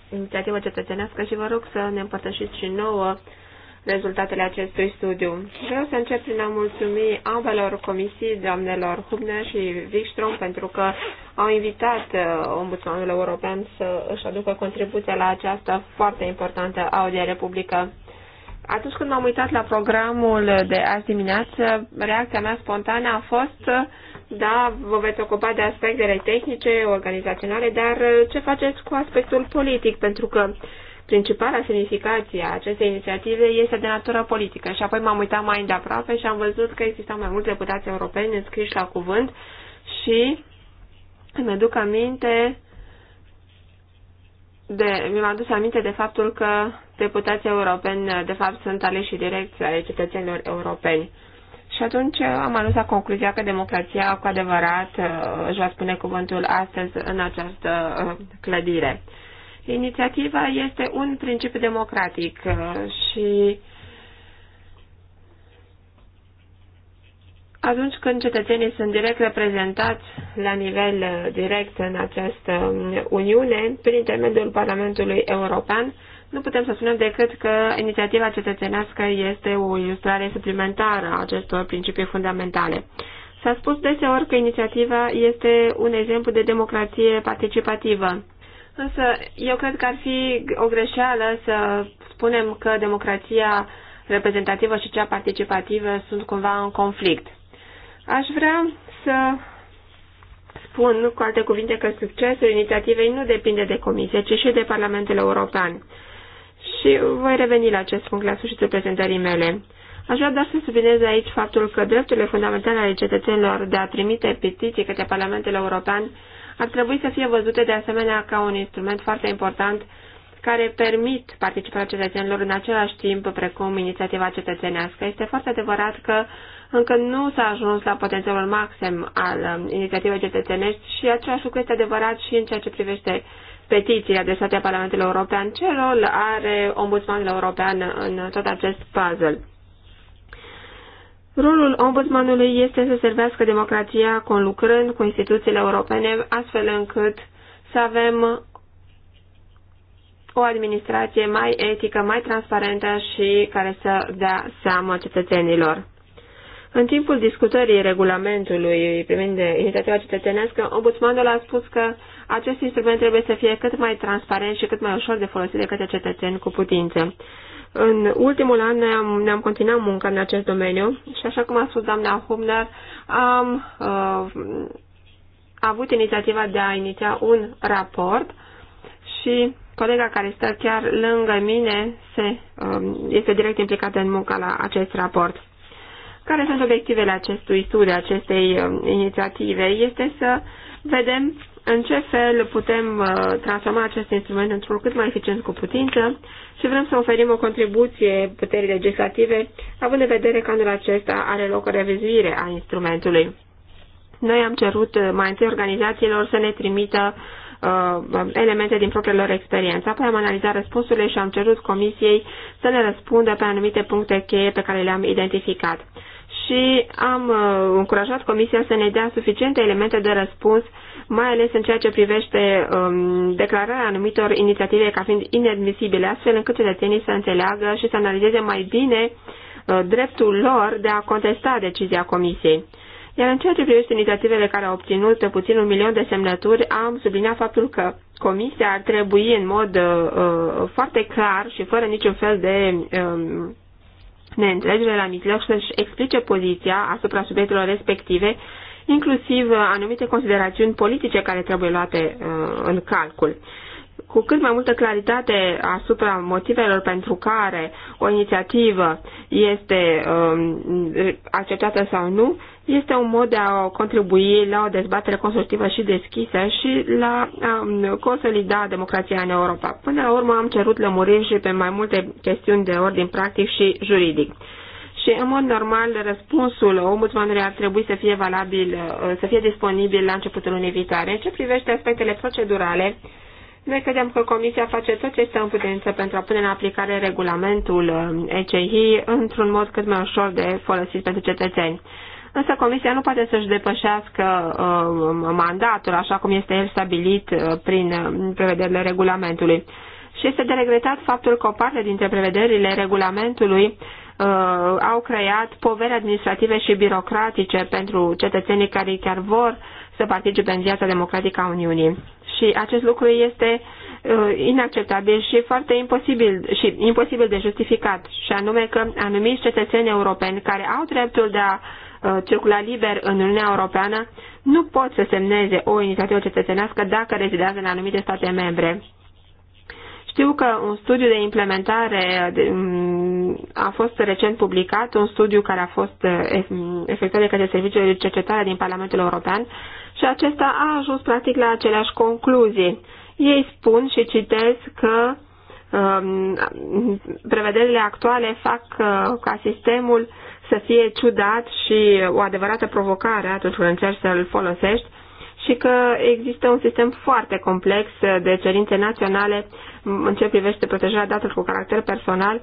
inițiativa cetățenească și vă rog să ne împărtășiți și nouă rezultatele acestui studiu. Vreau să încep prin a mulțumi ambelor comisii, doamnelor Hubner și Wikström, pentru că au invitat uh, Ombudsmanul European să își aducă contribuția la această foarte importantă audiere publică. Atunci când m-am uitat la programul de azi dimineață, reacția mea spontană a fost uh, da, vă veți ocupa de aspectele tehnice, organizaționale, dar uh, ce faceți cu aspectul politic? Pentru că uh, Principala semnificație a acestei inițiative este de natură politică și apoi m-am uitat mai îndeaproape și am văzut că existau mai mulți deputați europeni înscriși la cuvânt și îmi aduc aminte de, mi-am adus aminte de faptul că deputații europeni de fapt sunt aleși direct ale cetățenilor europeni. Și atunci am ajuns la concluzia că democrația cu adevărat uh, își va spune cuvântul astăzi în această uh, clădire. Inițiativa este un principiu democratic uh, și atunci când cetățenii sunt direct reprezentați la nivel uh, direct în această um, Uniune, prin intermediul Parlamentului European, nu putem să spunem decât că inițiativa cetățenească este o ilustrare suplimentară a acestor principii fundamentale. S-a spus deseori că inițiativa este un exemplu de democrație participativă. Însă eu cred că ar fi o greșeală să spunem că democrația reprezentativă și cea participativă sunt cumva în conflict. Aș vrea să spun, cu alte cuvinte, că succesul inițiativei nu depinde de Comisie, ci și de Parlamentul European. Și voi reveni la acest punct la sfârșitul prezentării mele. Aș vrea doar să subliniez aici faptul că drepturile fundamentale ale cetățenilor de a trimite petiții către Parlamentul European ar trebui să fie văzute de asemenea ca un instrument foarte important care permit participarea cetățenilor în același timp precum inițiativa cetățenească. Este foarte adevărat că încă nu s-a ajuns la potențialul maxim al um, inițiativei cetățenești și același lucru este adevărat și în ceea ce privește petiții adresate Parlamentului European. Ce rol are Ombudsmanul European în tot acest puzzle? Rolul ombudsmanului este să servească democrația conlucrând cu instituțiile europene, astfel încât să avem o administrație mai etică, mai transparentă și care să dea seama cetățenilor. În timpul discutării regulamentului privind inițiativa cetățenească, ombudsmanul a spus că acest instrument trebuie să fie cât mai transparent și cât mai ușor de folosit de către cetățeni cu putință. În ultimul an ne-am, ne-am continuat munca în acest domeniu și așa cum a spus doamna Humner, am uh, avut inițiativa de a iniția un raport și colega care stă chiar lângă mine se, uh, este direct implicată în munca la acest raport. Care sunt obiectivele acestui studiu, acestei uh, inițiative? Este să vedem în ce fel putem uh, transforma acest instrument într un cât mai eficient cu putință și vrem să oferim o contribuție puterii legislative, având în vedere că anul acesta are loc o revizuire a instrumentului. Noi am cerut uh, mai întâi organizațiilor să ne trimită uh, elemente din propriile lor experiență. Apoi am analizat răspunsurile și am cerut comisiei să ne răspundă pe anumite puncte cheie pe care le-am identificat. Și am uh, încurajat comisia să ne dea suficiente elemente de răspuns uh, mai ales în ceea ce privește um, declararea anumitor inițiative ca fiind inadmisibile, astfel încât cetățenii să înțeleagă și să analizeze mai bine uh, dreptul lor de a contesta decizia Comisiei. Iar în ceea ce privește inițiativele care au obținut puțin un milion de semnături, am subliniat faptul că Comisia ar trebui în mod uh, uh foarte clar și fără niciun fel de um, neîntregere la mijloc să-și explice poziția asupra subiectelor respective inclusiv anumite considerațiuni politice care trebuie luate uh, în calcul. Cu cât mai multă claritate asupra motivelor pentru care o inițiativă este um, acceptată sau nu, este un mod de a contribui la o dezbatere constructivă și deschisă și la a um, consolida democrația în Europa. Până la urmă am cerut lămuriri și pe mai multe chestiuni de ordin practic și juridic. Și, în mod normal, răspunsul ombudsmanului ar trebui să fie valabil, uh, să fie disponibil la începutul lunii viitoare. În ce privește aspectele procedurale, noi credem că Comisia face tot ce este în putință pentru a pune în aplicare regulamentul uh, ECI într-un mod cât mai ușor de folosit pentru cetățeni. Însă Comisia nu poate să-și depășească uh, mandatul așa cum este el stabilit uh, prin uh, prevederile regulamentului. Și este de regretat faptul că o parte dintre prevederile regulamentului uh, uh, au creat poveri administrative și birocratice pentru cetățenii care chiar vor să participe în viața democratică a Uniunii. Și acest lucru este uh, inacceptabil și foarte imposibil și imposibil de justificat, și anume că anumiți cetățeni europeni care au dreptul de a uh, circula liber în Uniunea Europeană nu pot să semneze o inițiativă cetățenească dacă rezidează în anumite state membre. Știu că un studiu de implementare a fost recent publicat, un studiu care a fost uh, efectuat de către Serviciul de Cercetare din Parlamentul European și acesta a ajuns practic la aceleași concluzii. Ei spun și citez că um, prevederile actuale fac uh, ca sistemul să fie ciudat și o adevărată provocare atunci când încerci să-l folosești și că există un sistem foarte complex de cerințe naționale în ce privește protejarea datelor cu caracter personal,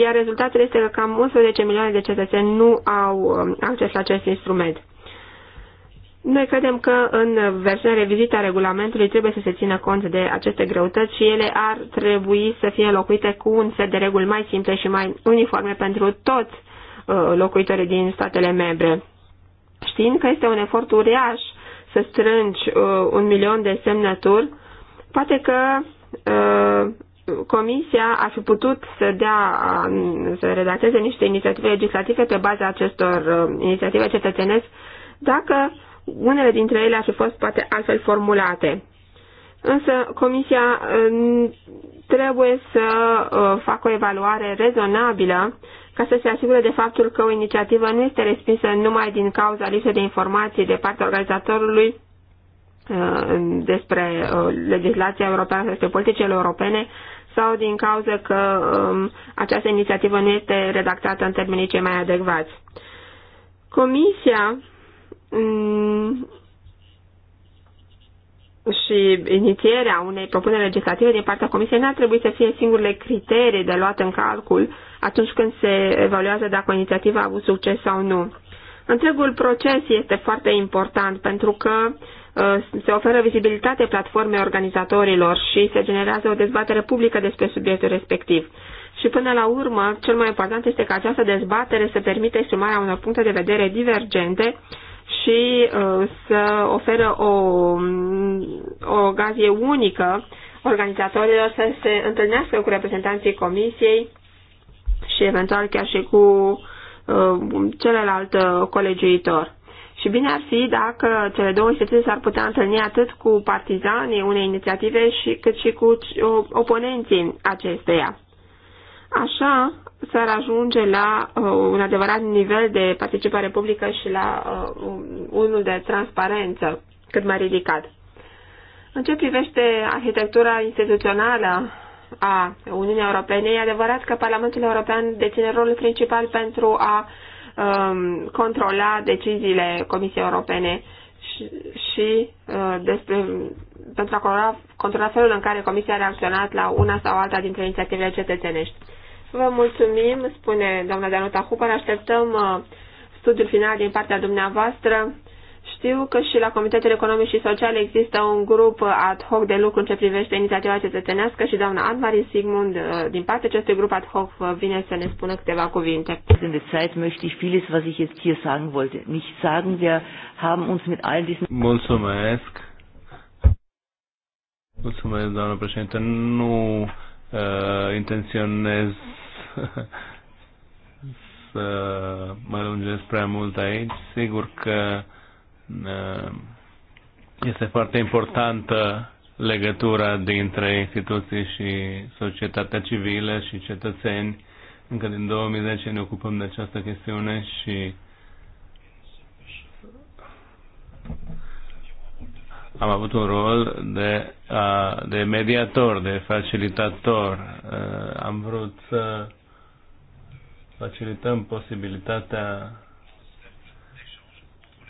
iar rezultatul este că cam 11 milioane de cetățeni nu au um, acces la acest instrument. Noi credem că în versiunea revizită a regulamentului trebuie să se țină cont de aceste greutăți și ele ar trebui să fie locuite cu un set de reguli mai simple și mai uniforme pentru toți uh, locuitorii din statele membre. Știind că este un efort uriaș să strângi uh, un milion de semnături, poate că uh, Comisia ar fi putut să dea, um, să redacteze niște inițiative legislative pe baza acestor uh, inițiative cetățenesc, dacă unele dintre ele ar fi fost poate altfel formulate. Însă Comisia uh, trebuie să uh, facă o evaluare rezonabilă ca să se asigure de faptul că o inițiativă nu este respinsă numai din cauza lipsei de informații de partea organizatorului uh, despre uh, legislația europeană, despre politicile europene, sau din cauza că um, această inițiativă nu este redactată în termenii cei mai adecvați. Comisia mm, și inițierea unei propuneri legislative din partea Comisiei n-ar trebui să fie singurele criterii de luat în calcul atunci când se evaluează dacă o inițiativă a avut succes sau nu. Întregul proces este foarte important pentru că uh, se oferă vizibilitate platformei organizatorilor și se generează o dezbatere publică despre subiectul respectiv. Și până la urmă, cel mai important este că această dezbatere să permite exprimarea unor puncte de vedere divergente și uh, să oferă o, o gazie unică organizatorilor să se întâlnească cu reprezentanții comisiei și eventual chiar și cu uh, celălalt uh, colegiuitor. Și bine ar fi dacă cele două instituții s-ar putea întâlni atât cu partizanii unei inițiative și, cât și cu oponenții acesteia. Așa s-ar ajunge la uh, un adevărat nivel de participare publică și la uh, unul de transparență cât mai ridicat. În ce privește arhitectura instituțională a Uniunii Europene, e adevărat că Parlamentul European deține rolul principal pentru a um, controla deciziile Comisiei Europene și, și uh, despre, pentru a controla, controla felul în care Comisia a reacționat la una sau alta dintre inițiativele cetățenești. Vă mulțumim, spune doamna Danuta Hupăr, așteptăm uh, studiul final din partea dumneavoastră știu că și la Comitetul Economic și Social există un grup ad hoc de lucru în ce privește inițiativa cetățenească și doamna Anvari Sigmund, uh, din partea acestui grup ad hoc, vine să ne spună câteva cuvinte. În Zeit möchte ich vieles, was ich jetzt hier sagen wollte, nicht sagen. Wir haben uns mit all diesen... Mulțumesc. Mulțumesc, doamnă președinte. Nu uh, intenționez să mă lungesc prea mult aici. Sigur că Uh, este foarte importantă legătura dintre instituții și societatea civilă și cetățeni. Încă din 2010 ne ocupăm de această chestiune și am avut un rol de, de mediator, de facilitator. Uh, am vrut să facilităm posibilitatea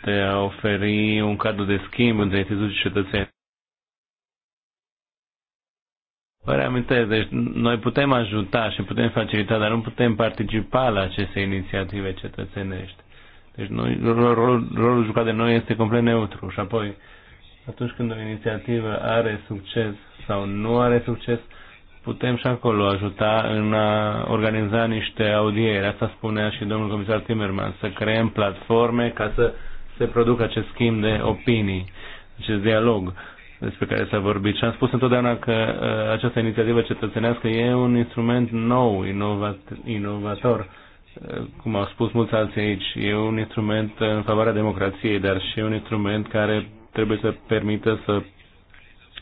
de a oferi un cadru de schimb între instituții și cetățeni. Vă reamintesc, deci noi putem ajuta și putem facilita, dar nu putem participa la aceste inițiative cetățenești. Deci noi, rolul, rolul jucat de noi este complet neutru și apoi atunci când o inițiativă are succes sau nu are succes, putem și acolo ajuta în a organiza niște audieri. Asta spunea și domnul comisar Timmermans, să creăm platforme ca să se producă acest schimb de opinii, acest dialog despre care s-a vorbit. Și am spus întotdeauna că uh, această inițiativă cetățenească e un instrument nou, inovat, inovator, uh, cum au spus mulți alții aici. E un instrument în favoarea democrației, dar și un instrument care trebuie să permită să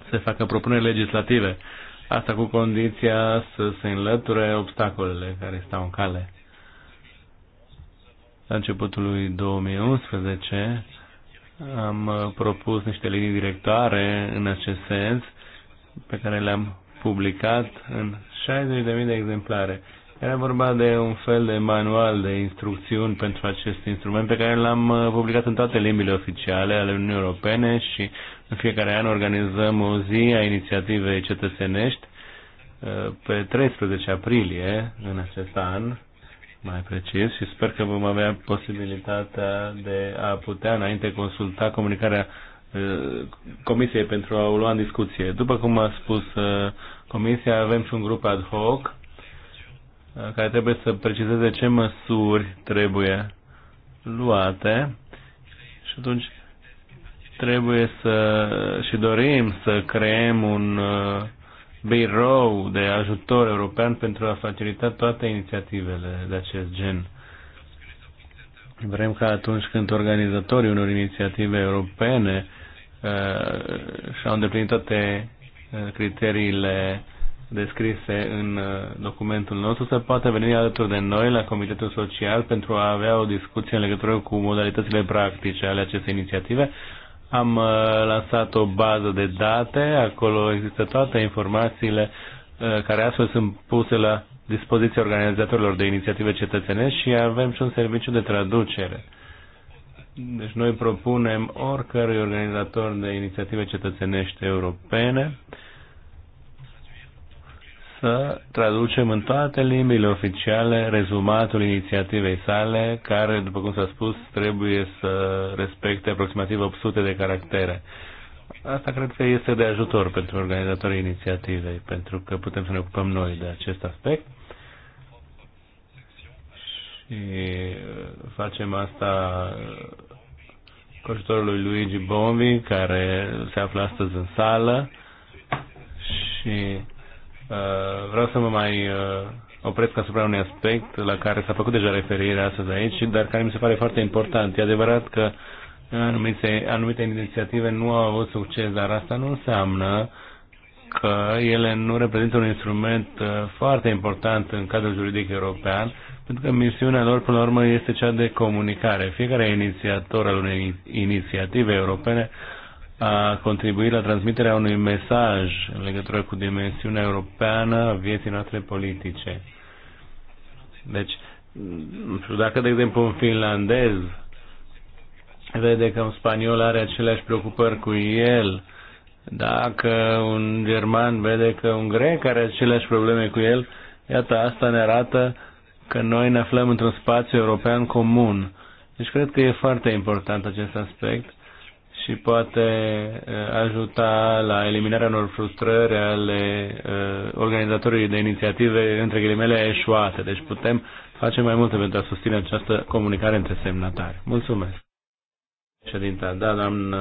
se facă propuneri legislative. Asta cu condiția să se înlăture obstacolele care stau în cale la începutul lui 2011 am propus niște linii directoare în acest sens pe care le-am publicat în 60.000 de exemplare. Era vorba de un fel de manual de instrucțiuni pentru acest instrument pe care l-am uh, publicat în toate limbile oficiale ale Uniunii Europene și în fiecare an organizăm o zi a inițiativei cetățenești uh, pe 13 aprilie în acest an mai precis și sper că vom avea posibilitatea de a putea înainte consulta comunicarea eh, Comisiei pentru a o lua în discuție. După cum a spus eh, Comisia, avem și un grup ad hoc eh, care trebuie să precizeze ce măsuri trebuie luate și atunci trebuie să și dorim să creăm un birou de ajutor european pentru a facilita toate inițiativele de acest gen. Vrem ca atunci când organizatorii unor inițiative europene uh, și-au îndeplinit toate uh, criteriile descrise în uh, documentul nostru, se poate veni alături de noi la Comitetul Social pentru a avea o discuție în legătură cu modalitățile practice ale acestei inițiative, am uh, lansat o bază de date, acolo există toate informațiile uh, care astfel sunt puse la dispoziția organizatorilor de inițiative cetățenești și avem și un serviciu de traducere. Deci noi propunem oricărui organizator de inițiative cetățenești europene să traducem în toate limbile oficiale rezumatul inițiativei sale, care, după cum s-a spus, trebuie să respecte aproximativ 800 de caractere. Asta cred că este de ajutor pentru organizatorii inițiativei, pentru că putem să ne ocupăm noi de acest aspect și uh, facem asta uh, cu ajutorul lui Luigi Bombi, care se află astăzi în sală și Uh, vreau să mă mai uh, opresc asupra unui aspect la care s-a făcut deja referire astăzi aici, dar care mi se pare foarte important. E adevărat că anumite, anumite inițiative nu au avut succes, dar asta nu înseamnă că ele nu reprezintă un instrument uh, foarte important în cadrul juridic european, pentru că misiunea lor, până la urmă, este cea de comunicare. Fiecare inițiator al unei inițiative europene a contribuit la transmiterea unui mesaj în legătură cu dimensiunea europeană a vieții noastre politice. Deci, nu știu, dacă, de exemplu, un finlandez vede că un spaniol are aceleași preocupări cu el, dacă un german vede că un grec are aceleași probleme cu el, iată, asta ne arată că noi ne aflăm într-un spațiu european comun. Deci cred că e foarte important acest aspect și poate ajuta la eliminarea unor frustrări ale organizatorii de inițiative, între ghilimele, eșuate. Deci putem face mai multe pentru a susține această comunicare între semnatari. Mulțumesc! Ședinta, da, doamnă,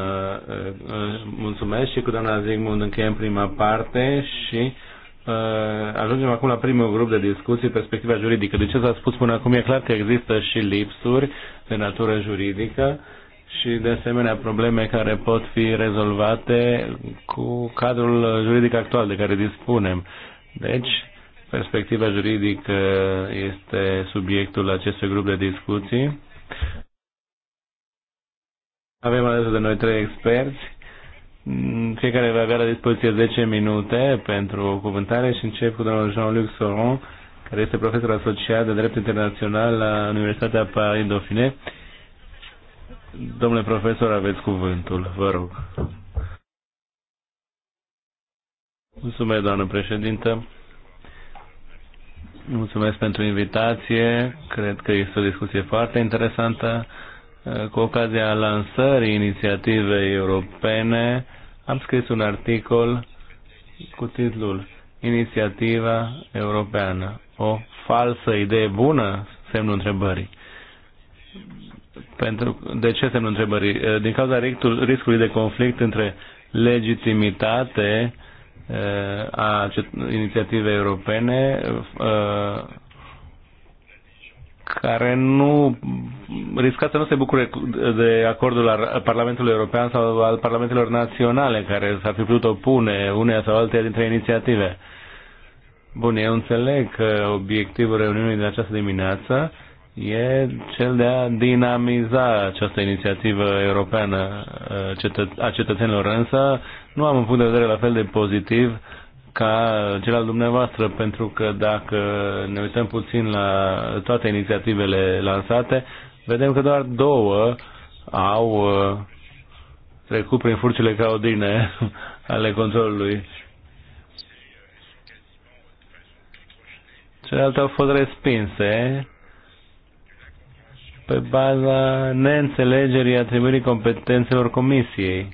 mulțumesc și cu doamna Zigmund încheiem prima parte și ajungem acum la primul grup de discuții, perspectiva juridică. De ce s-a spus până acum, e clar că există și lipsuri de natură juridică și de asemenea probleme care pot fi rezolvate cu cadrul juridic actual de care dispunem. Deci, perspectiva juridică este subiectul acestui grup de discuții. Avem alături de noi trei experți. Fiecare va avea la dispoziție 10 minute pentru cuvântare și încep cu domnul Jean-Luc Soron, care este profesor asociat de drept internațional la Universitatea Paris Dauphine Domnule profesor, aveți cuvântul, vă rog. Mulțumesc, doamnă președintă. Mulțumesc pentru invitație. Cred că este o discuție foarte interesantă. Cu ocazia lansării inițiativei europene, am scris un articol cu titlul Inițiativa Europeană. O falsă idee bună? Semnul întrebării. Pentru, de ce semnul întrebării? Eh, din cauza riscului de conflict între legitimitate eh, a inițiativei europene eh, care nu risca să nu se bucure de acordul al Parlamentului European sau al Parlamentelor Naționale care s-ar fi putut opune uneia sau alteia dintre inițiative. Bun, eu înțeleg că obiectivul reuniunii de această dimineață e cel de a dinamiza această inițiativă europeană uh, a cetățenilor, însă nu am un punct de vedere la fel de pozitiv ca cel al dumneavoastră, pentru că dacă ne uităm puțin la toate inițiativele lansate, vedem că doar două au uh, trecut prin furcile caudine ale controlului. Celelalte au fost respinse pe baza neînțelegerii atribuirii competențelor comisiei.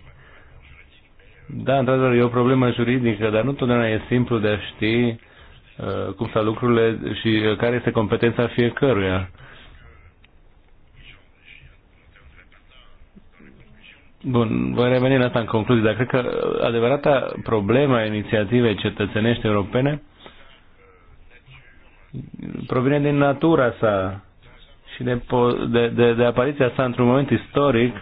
Da, într-adevăr, e o problemă juridică, dar nu totdeauna e simplu de a ști uh, cum stau lucrurile și uh, care este competența fiecăruia. Bun, voi reveni la asta în concluzie, dar cred că adevărata problema inițiativei cetățenești europene provine din natura sa, și de, de, de, de apariția sa într-un moment istoric.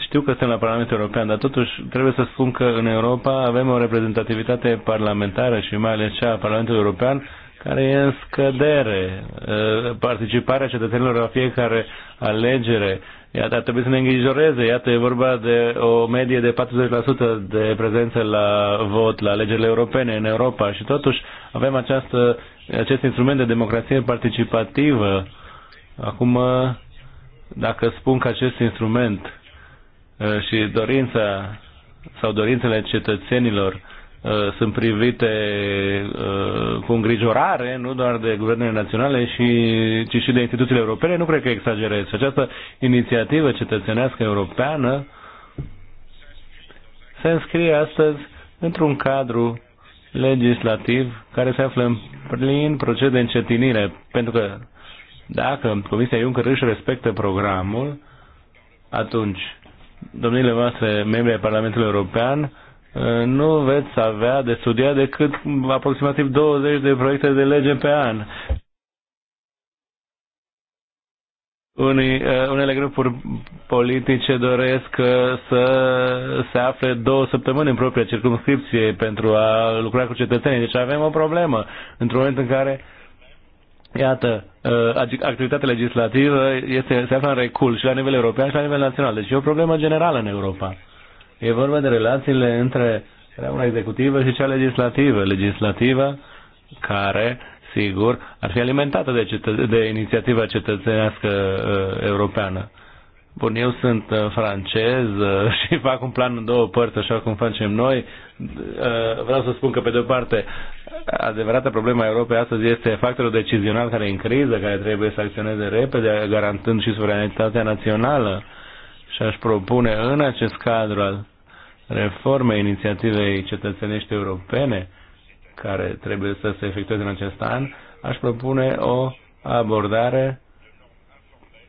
Știu că suntem la Parlamentul European, dar totuși trebuie să spun că în Europa avem o reprezentativitate parlamentară și mai ales cea a Parlamentului European care e în scădere. Uh, participarea cetățenilor la fiecare alegere, iată, ar trebui să ne îngrijoreze. Iată, e vorba de o medie de 40% de prezență la vot, la alegerile europene în Europa și totuși avem această acest instrument de democrație participativă. Acum, dacă spun că acest instrument uh, și dorința sau dorințele cetățenilor uh, sunt privite uh, cu îngrijorare, nu doar de guvernele naționale, și, ci și de instituțiile europene, nu cred că exagerez. Această inițiativă cetățenească europeană se înscrie astăzi într-un cadru legislativ care se află în plin proces de încetinire, pentru că dacă Comisia Juncker își respectă programul, atunci, domnile voastre, membri ai Parlamentului European, uh, nu veți avea de studiat decât aproximativ 20 de proiecte de lege pe an. unii, eh, unele grupuri politice doresc eh, să se afle două săptămâni în propria circumscripție pentru a lucra cu cetățenii. Deci avem o problemă într-un moment în care, iată, eh, activitatea legislativă este, se află în recul și la nivel european și la nivel național. Deci e o problemă generală în Europa. E vorba de relațiile între una executivă și cea legislativă. Legislativa care uh, sigur, ar fi alimentată de, cetă- de inițiativa cetățenească uh, europeană. Bun, eu sunt uh, francez uh, și fac un plan în două părți, așa cum facem noi. Uh, vreau să spun că, pe de-o parte, adevărata problema a Europei astăzi este factorul decizional care e în criză, care trebuie să acționeze repede, garantând și suveranitatea națională. Și aș propune în acest cadru al reformei inițiativei cetățenești europene, care trebuie să se efectueze în acest an, aș propune o abordare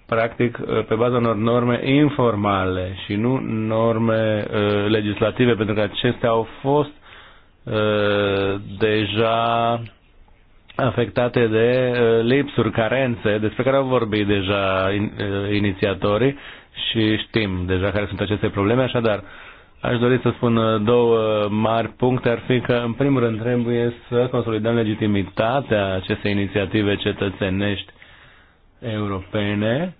practic pe baza unor norme informale și nu norme uh, legislative, pentru că acestea au fost uh, deja afectate de uh, lipsuri, carențe, despre care au vorbit deja in, uh, inițiatorii și știm deja care sunt aceste probleme, așadar uh, Aș dori să spun uh, două uh, mari puncte. Ar fi că, în primul rând, trebuie să consolidăm legitimitatea acestei inițiative cetățenești europene,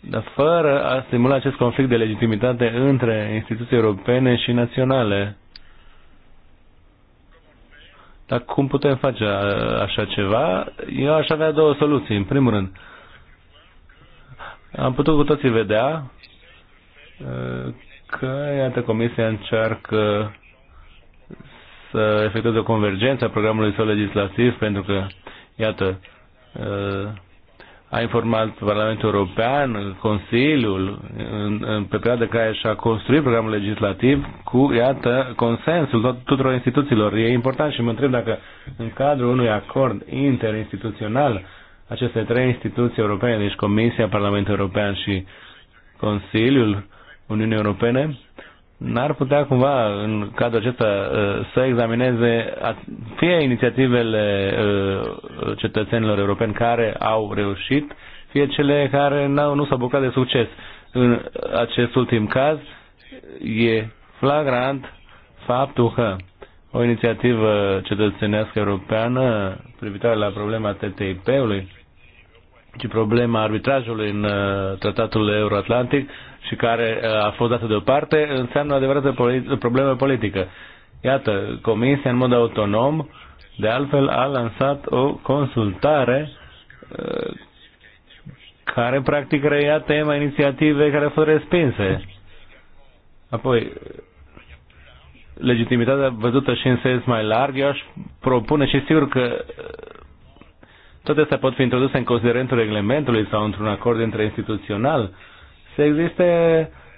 dar fără a stimula acest conflict de legitimitate între instituții europene și naționale. Dar cum putem face uh, așa ceva? Eu aș avea două soluții. În primul rând, am putut cu toții vedea că, iată, Comisia încearcă să efectueze o convergență a programului său legislativ, pentru că, iată, uh, a informat Parlamentul European, Consiliul, în, în, pe perioada care și-a construit programul legislativ cu, iată, consensul tot, tuturor instituțiilor. E important și mă întreb dacă în cadrul unui acord interinstituțional aceste trei instituții europene, deci Comisia, Parlamentul European și Consiliul, Uniunii Europene n-ar putea cumva în cadrul acesta uh, să examineze fie inițiativele uh, cetățenilor europeni care au reușit, fie cele care -au, nu s-au bucat de succes. În acest ultim caz e flagrant faptul că o inițiativă cetățenească europeană privitoare la problema TTIP-ului ci problema arbitrajului în uh, tratatul euroatlantic și care uh, a fost dată deoparte, înseamnă o adevărată politi- problemă politică. Iată, Comisia în mod autonom, de altfel, a lansat o consultare uh, care practic reia tema inițiative care au fost respinse. Apoi, legitimitatea văzută și în sens mai larg, eu aș propune și sigur că toate astea pot fi introduse în considerentul reglementului sau într-un acord interinstituțional. Să existe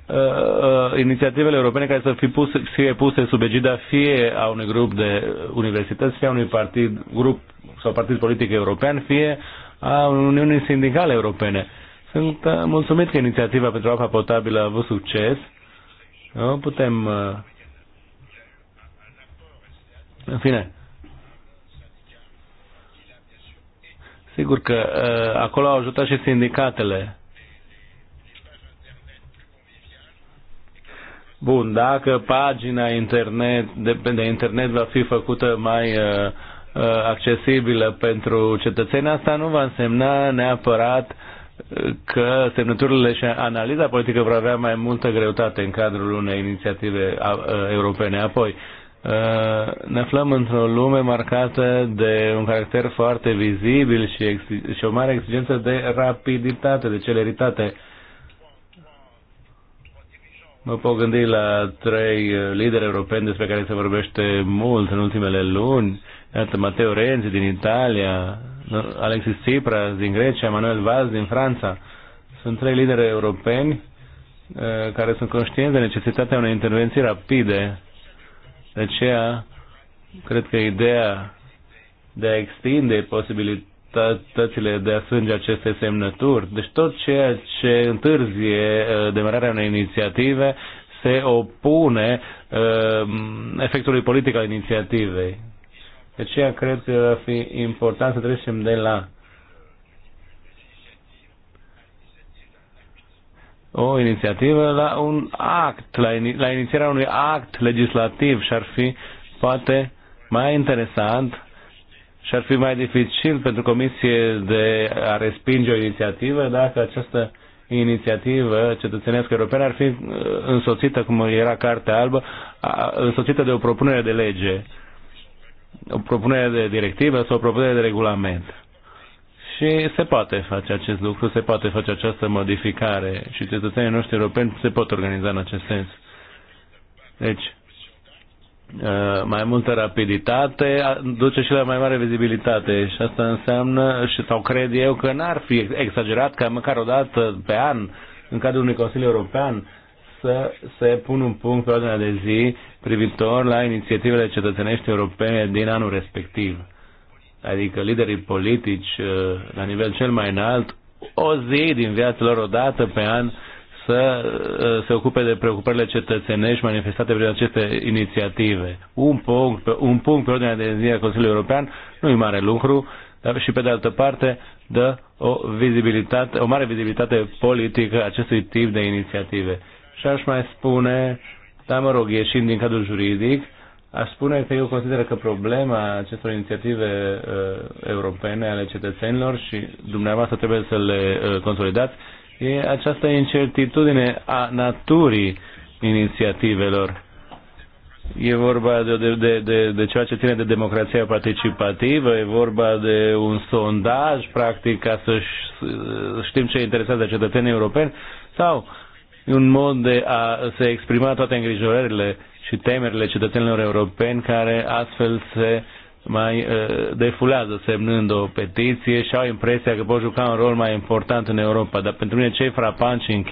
uh, uh, inițiativele europene care să fie puse, fie puse sub egida fie a unui grup de universități, fie a unui partid, grup sau partid politic european, fie a Uniunii Sindicale Europene. Sunt uh, mulțumit că inițiativa pentru apa potabilă a avut succes. Nu putem... Uh, în fine, Sigur că uh, acolo au ajutat și sindicatele. Bun, dacă pagina internet, de, de internet va fi făcută mai uh, uh accesibilă pentru cetățeni, asta nu va însemna neapărat uh, că semnăturile și analiza politică vor avea mai multă greutate în cadrul unei inițiative europene. Apoi, Uh, ne aflăm într-o lume marcată de un caracter foarte vizibil și, și o mare exigență de rapiditate, de celeritate. Mă pot gândi la trei uh, lideri europeni despre care se vorbește mult în ultimele luni. Iată, Matteo Renzi din Italia, Alexis Tsipras din Grecia, Manuel Vaz din Franța. Sunt trei lideri europeni uh, care sunt conștienți de necesitatea unei intervenții rapide de aceea, cred că ideea de a extinde posibilitățile de a sânge aceste semnături, deci tot ceea ce întârzie uh, demararea unei inițiative, se opune uh, efectului politic al inițiativei. De aceea cred că va fi important să trecem de la o inițiativă la un act, la, in, la inițierea unui act legislativ și ar fi poate mai interesant și ar fi mai dificil pentru comisie de a respinge o inițiativă dacă această inițiativă cetățenească europeană ar fi uh, însoțită, cum era Cartea Albă, însoțită de o propunere de lege, o propunere de directivă sau o propunere de regulament. Și se poate face acest lucru, se poate face această modificare și cetățenii noștri europeni se pot organiza în acest sens. Deci, uh, mai multă rapiditate duce și la mai mare vizibilitate și asta înseamnă, și sau cred eu că n-ar fi exagerat ca măcar o dată pe an, în cadrul unui Consiliu European, să se pună un punct pe ordinea de zi privitor la inițiativele cetățenești europene din anul respectiv adică liderii politici uh, la nivel cel mai înalt, o zi din viața lor, o dată pe an, să uh, se ocupe de preocupările cetățenești manifestate prin aceste inițiative. Un punct, un punct pe ordinea de zi a Consiliului European nu e mare lucru, dar și pe de altă parte dă o, vizibilitate, o mare vizibilitate politică acestui tip de inițiative. Și aș mai spune, dar mă rog, ieșind din cadrul juridic, Aș spune că eu consider că problema acestor inițiative uh, europene ale cetățenilor și dumneavoastră trebuie să le uh, consolidați e această incertitudine a naturii inițiativelor. E vorba de, de, de, de, de ceea ce ține de democrația participativă, e vorba de un sondaj, practic, ca să uh, știm ce interesează cetățenii europeni, sau un mod de a se exprima toate îngrijorările și temerile cetățenilor europeni care astfel se mai uh, defulează semnând o petiție și au impresia că pot juca un rol mai important în Europa. Dar pentru mine cei e frapant și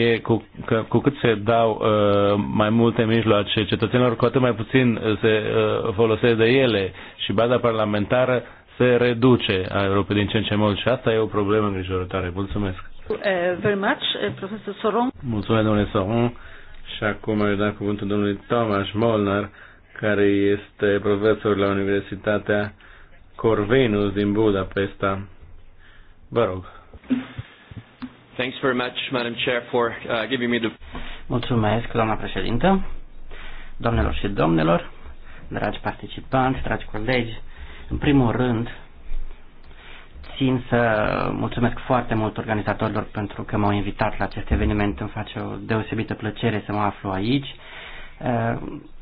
e cu, că, cu cât se dau uh, mai multe mijloace cetățenilor, cu atât mai puțin uh, se uh, folosesc de ele și baza parlamentară se reduce a Europei din ce în ce mult și asta e o problemă îngrijorătoare. Mulțumesc! Uh, very much, uh, Professor Soron. Mulțumesc, domnule Soron. Și acum îi da cuvântul domnului Thomas Molnar, care este profesor la Universitatea Corvinus din Budapesta. Vă rog. Thanks very much, Madam Chair, for uh, giving me the... Mulțumesc, doamna președintă, doamnelor și domnilor, dragi participanți, dragi colegi. În primul rând, țin să mulțumesc foarte mult organizatorilor pentru că m-au invitat la acest eveniment. Îmi face o deosebită plăcere să mă aflu aici.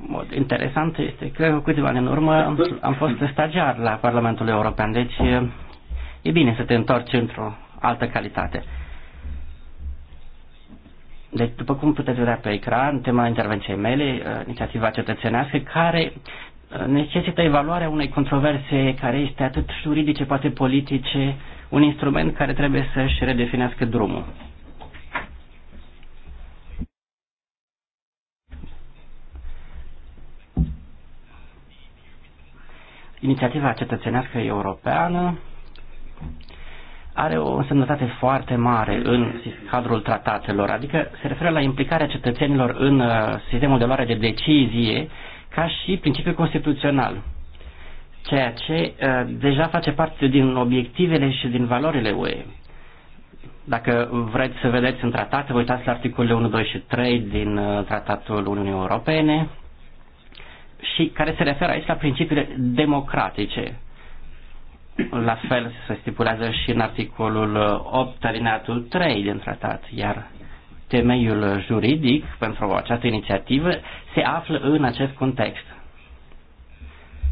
Uh, interesant este că cu câțiva ani în urmă am fost stagiar la Parlamentul European, deci uh, e bine să te întorci într-o altă calitate. Deci, după cum puteți vedea pe ecran, tema intervenției mele, uh, inițiativa cetățenească, care necesită evaluarea unei controverse care este atât juridice, poate politice, un instrument care trebuie să-și redefinească drumul. Inițiativa cetățenească europeană are o însemnătate foarte mare în cadrul tratatelor, adică se referă la implicarea cetățenilor în uh, sistemul de luare de decizie ca și principiu constituțional, ceea ce uh, deja face parte din obiectivele și din valorile UE. Dacă vreți să vedeți în tratat, vă uitați la articolele 1, 2 și 3 din uh, Tratatul Uniunii Europene și care se referă aici la principiile democratice. La fel se stipulează și în articolul 8 uh, alineatul 3 din tratat, iar temeiul juridic pentru această inițiativă se află în acest context.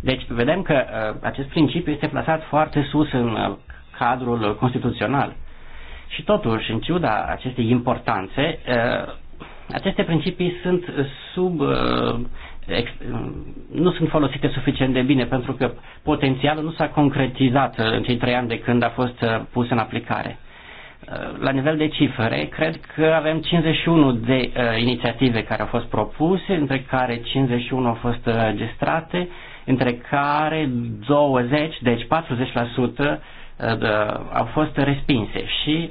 Deci vedem că uh, acest principiu este plasat foarte sus în uh, cadrul constituțional. Și totuși, în ciuda acestei importanțe, uh, aceste principii sunt sub nu sunt folosite suficient de bine pentru că potențialul nu s-a concretizat în cei trei ani de când a fost pus în aplicare. Eh, la nivel de cifre, cred că avem 51 de uh, inițiative care au fost propuse, între care 51 au fost eh, registrate, între care 20, deci 40% uh, au fost respinse și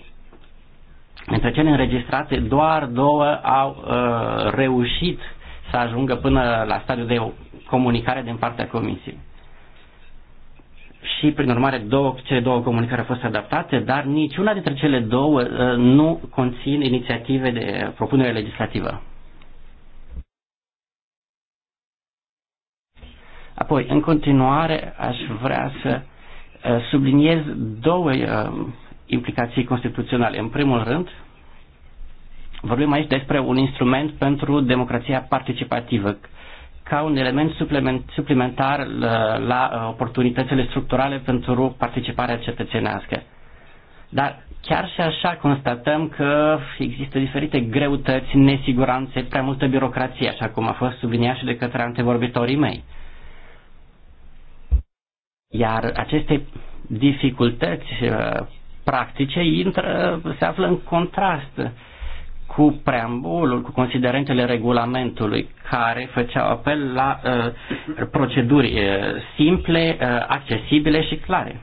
între cele înregistrate doar două au uh, reușit să ajungă până la stadiul de comunicare din partea Comisiei și, prin urmare, două, cele două comunicări au fost adaptate, dar niciuna dintre cele două uh, nu conțin inițiative de propunere legislativă. Apoi, în continuare, aș vrea să uh, subliniez două uh, implicații constituționale. În primul rând, vorbim aici despre un instrument pentru democrația participativă, ca un element suplimentar uh, la uh, oportunitățile structurale pentru participarea cetățenească. Dar chiar și așa constatăm că există diferite greutăți, nesiguranțe, prea multă birocrație, așa cum a fost subliniat și de către antevorbitorii mei. Iar aceste dificultăți uh, practice intră, se află în contrast cu preambulul, cu considerentele regulamentului care făceau apel la uh, proceduri uh, simple, uh, accesibile și clare.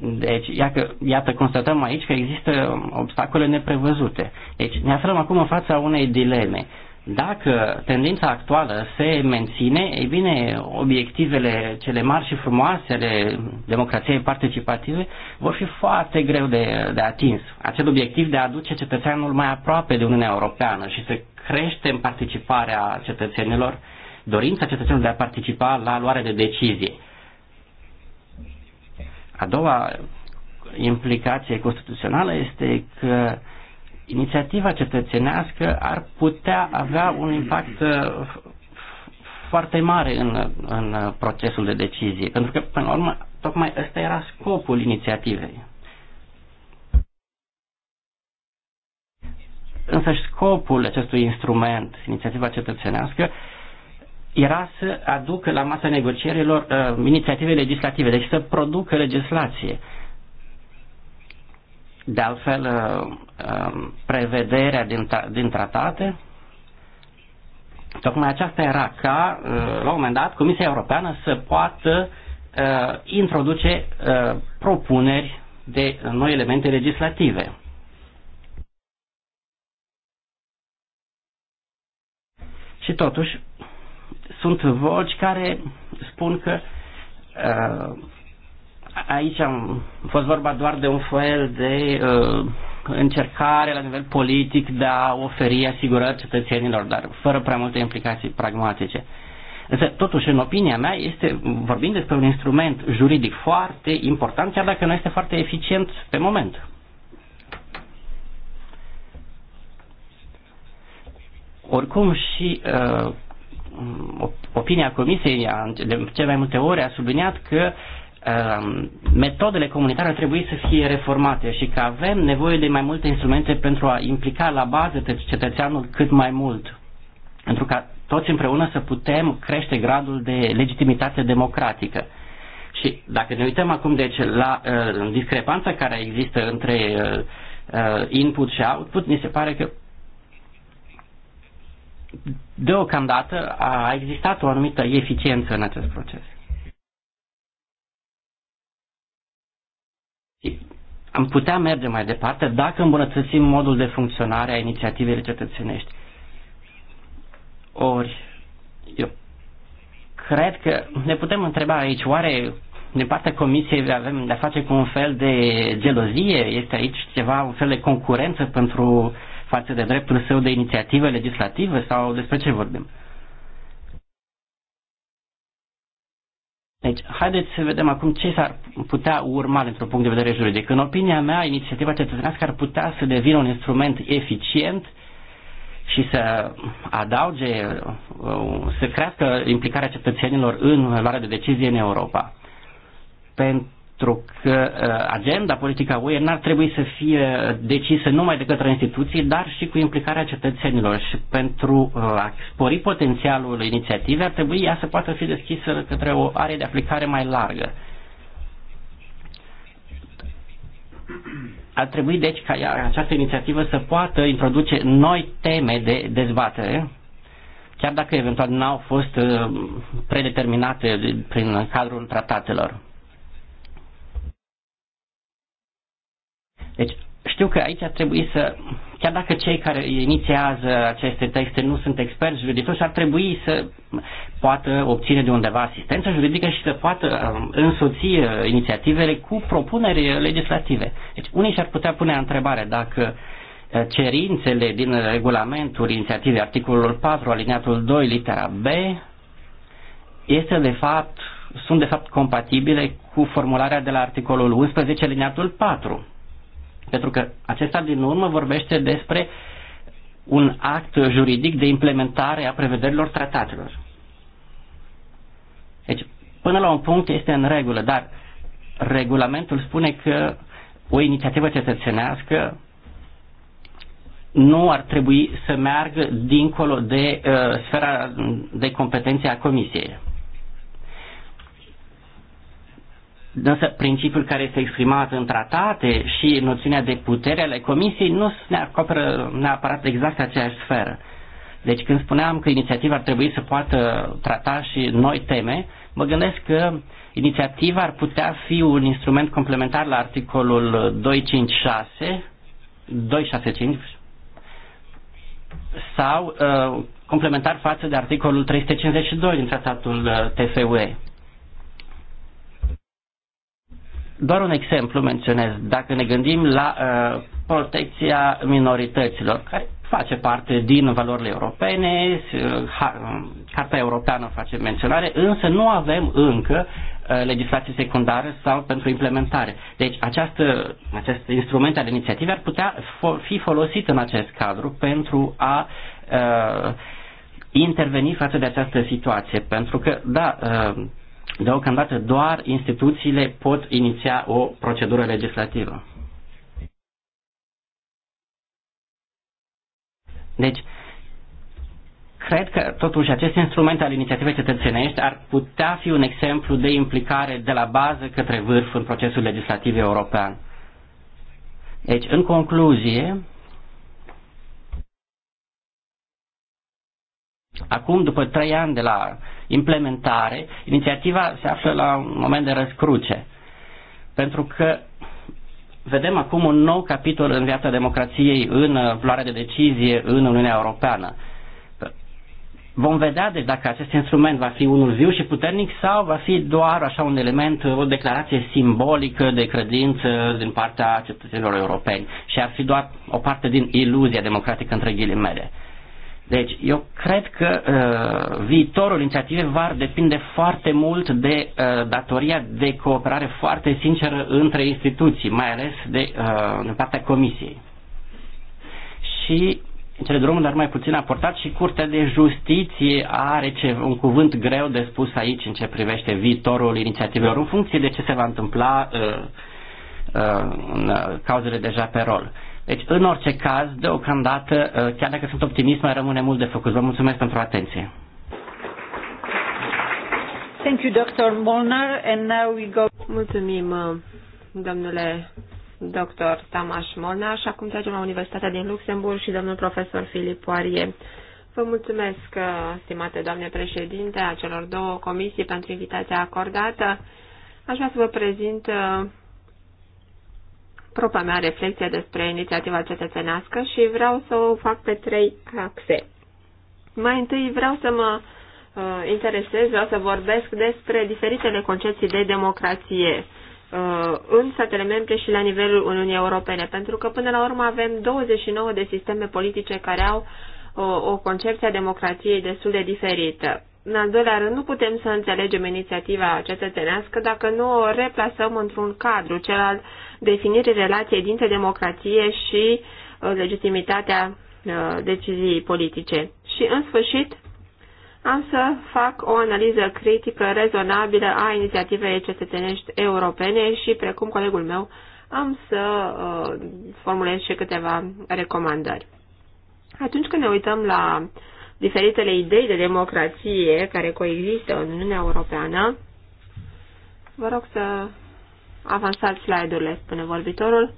Deci, iată, iată, constatăm aici că există obstacole neprevăzute. Deci, ne aflăm acum în fața unei dileme. Uh, dacă tendința actuală se menține, ei bine, obiectivele cele mari și frumoase ale democrației participative vor fi foarte greu de, de atins. Acel obiectiv de a aduce cetățeanul mai aproape de Uniunea Europeană și să creștem participarea cetățenilor, dorința cetățenilor de a participa la luarea de decizie. A doua implicație constituțională este că inițiativa cetățenească ar putea avea un impact uh, foarte mare în, în procesul de decizie, pentru că, până la urmă, tocmai ăsta era scopul inițiativei. Însă scopul acestui instrument, inițiativa cetățenească, era să aducă la masa negocierilor uh, inițiative legislative, deci să producă legislație. Uh, de altfel, uh, um, prevederea din, din tratate, tocmai aceasta era ca, uh, la un moment dat, Comisia Europeană să poată uh, introduce propuneri de noi elemente legislative. Și totuși, sunt voci care spun că uh, aici am fost vorba doar de un fel de uh, încercare la nivel politic de a oferi asigurări cetățenilor, dar fără prea multe implicații pragmatice. Însă, totuși, în opinia mea, este, vorbim despre un instrument juridic foarte important, chiar dacă nu este foarte eficient pe moment. Oricum și uh, opinia Comisiei de cele mai multe ori a subliniat că Um, metodele comunitare ar trebui să fie reformate și că avem nevoie de mai multe instrumente pentru a implica la bază cetățeanul cât mai mult. Pentru ca toți împreună să putem crește gradul de legitimitate democratică. Și dacă ne uităm acum deci la uh, discrepanța care există între uh, uh input și output, mi se pare că deocamdată a existat o anumită eficiență în acest proces. am putea merge mai departe dacă îmbunătățim modul de funcționare a inițiativei cetățenești. Ori, eu cred că ne putem întreba aici, oare din partea comisiei avem de-a face cu un fel de gelozie? Este aici ceva, un fel de concurență pentru față de dreptul său de inițiativă legislativă sau despre ce vorbim? Deci, haideți să vedem acum ce s-ar putea urma dintr-un punct de vedere juridic. În opinia mea, inițiativa cetățenească ar putea să devină un instrument eficient și să adauge, să crească implicarea cetățenilor în luarea de decizie în Europa. Pentru pentru că uh, agenda politică a UE n-ar trebui să fie decisă numai de către instituții, dar și cu implicarea cetățenilor și pentru uh, a spori potențialul inițiativei ar trebui ea să poată fi deschisă către o are de aplicare mai largă. Ar trebui deci ca această inițiativă să poată introduce noi teme de dezbatere, chiar dacă eventual n-au fost uh, predeterminate prin cadrul tratatelor. Deci știu că aici ar trebui să, chiar dacă cei care inițiază aceste texte nu sunt experți juridici, ar trebui să poată obține de undeva asistență juridică și să poată um, însoți uh, inițiativele cu propuneri legislative. Deci unii și-ar putea pune întrebarea dacă uh, cerințele din uh, regulamentul inițiativei, articolul 4, alineatul 2, litera B, este de fapt, sunt de fapt compatibile cu formularea de la articolul 11, alineatul 4 pentru că acesta din urmă vorbește despre un act juridic de implementare a prevederilor tratatelor. Deci, până la un punct este în regulă, dar regulamentul spune că o inițiativă cetățenească nu ar trebui să meargă dincolo de uh, sfera de competențe a Comisiei. Însă principiul care se exprimat în tratate și noțiunea de putere ale comisiei nu ne acoperă neapărat exact aceeași sferă. Deci când spuneam că inițiativa ar trebui să poată trata și noi teme, mă gândesc că inițiativa ar putea fi un instrument complementar la articolul 256, 265 sau uh, complementar față de articolul 352 din tratatul uh, TFUE. Doar un exemplu menționez. Dacă ne gândim la uh, protecția minorităților, care face parte din valorile europene, uh, Carta Europeană face menționare, însă nu avem încă uh, legislație secundară sau pentru implementare. Deci această, acest instrument al inițiativei ar putea fi folosit în acest cadru pentru a uh, interveni față de această situație, pentru că, da, uh, Deocamdată doar instituțiile pot iniția o procedură legislativă. Deci, cred că totuși acest instrument al inițiativei cetățenești ar putea fi un exemplu de implicare de la bază către vârf în procesul legislativ european. Deci, în concluzie, acum, după trei ani de la implementare, inițiativa se află la un moment de răscruce. Pentru că vedem acum un nou capitol în viața democrației, în uh, luarea de decizie în Uniunea Europeană. Vom vedea deci dacă acest instrument va fi unul viu și puternic sau va fi doar așa un element, uh, o declarație simbolică de credință din partea cetățenilor europeni și ar fi doar o parte din iluzia democratică între ghilimele. Deci, eu cred că uh, viitorul inițiativei va depinde foarte mult de uh, datoria de cooperare foarte sinceră între instituții, mai ales de, uh, de partea Comisiei. Și cele de dar mai puțin aportat și Curtea de Justiție are ce, un cuvânt greu de spus aici în ce privește viitorul inițiativelor, în funcție de ce se va întâmpla uh, uh, în uh, cauzele deja pe rol. Uh, deci, în orice caz, deocamdată, uh, chiar dacă sunt optimist, mai rămâne mult de făcut. Vă mulțumesc pentru atenție. Thank you, Dr. Molnar, and now we go... Mulțumim, uh, domnule dr. Tamas Molnar și acum trecem la Universitatea din Luxemburg și domnul profesor Filip Poirier. Vă mulțumesc, uh, stimate doamne președinte, a celor două comisii pentru invitația acordată. Aș vrea să vă prezint propria mea reflexie despre inițiativa cetățenească și vreau să o fac pe trei axe. Mai întâi vreau să mă uh, interesez, vreau să vorbesc despre diferitele concepții de democrație uh, în statele membre și la nivelul Uniunii Europene, pentru că până la urmă avem 29 de sisteme politice care au uh, o concepție a democrației destul de diferită. În al doilea rând, nu putem să înțelegem inițiativa cetățenească dacă nu o replasăm într-un cadru, cel al definiri relației dintre democrație și uh, legitimitatea uh, deciziei politice. Și, în sfârșit, am să fac o analiză critică rezonabilă a inițiativei cetățenești europene și, precum colegul meu, am să uh, formulez și câteva recomandări. Atunci când ne uităm la diferitele idei de democrație care coexistă în Uniunea Europeană, vă rog să avansat slide-urile, spune vorbitorul.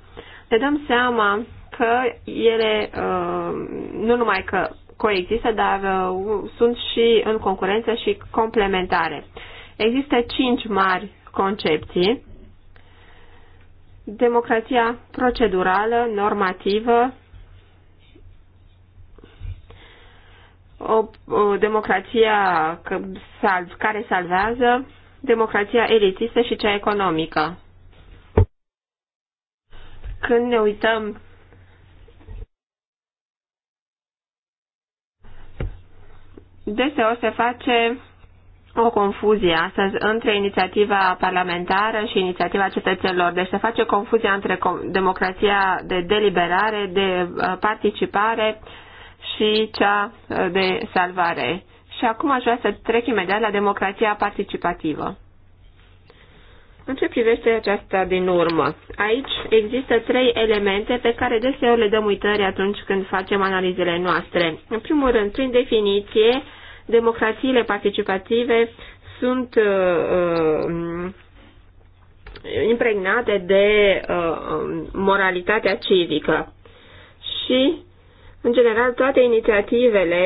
Ne dăm seama că ele uh, nu numai că coexistă, dar uh, sunt și în concurență și complementare. Există cinci mari concepții. Democrația procedurală, normativă, o, o uh, democrația că, salv, care salvează, democrația elitistă și cea economică. Când ne uităm deseori se face o confuzie astăzi între inițiativa parlamentară și inițiativa cetățenilor. Deci se face confuzia între democrația de deliberare, de uh, participare și cea uh, de salvare. Și acum aș vrea să trec imediat la democrația participativă. În ce privește aceasta din urmă? Aici există trei elemente pe care deseori le dăm uitări atunci când facem analizele noastre. În primul rând, prin definiție, democrațiile participative sunt uh, um, impregnate de uh, um, moralitatea civică și, în general, toate inițiativele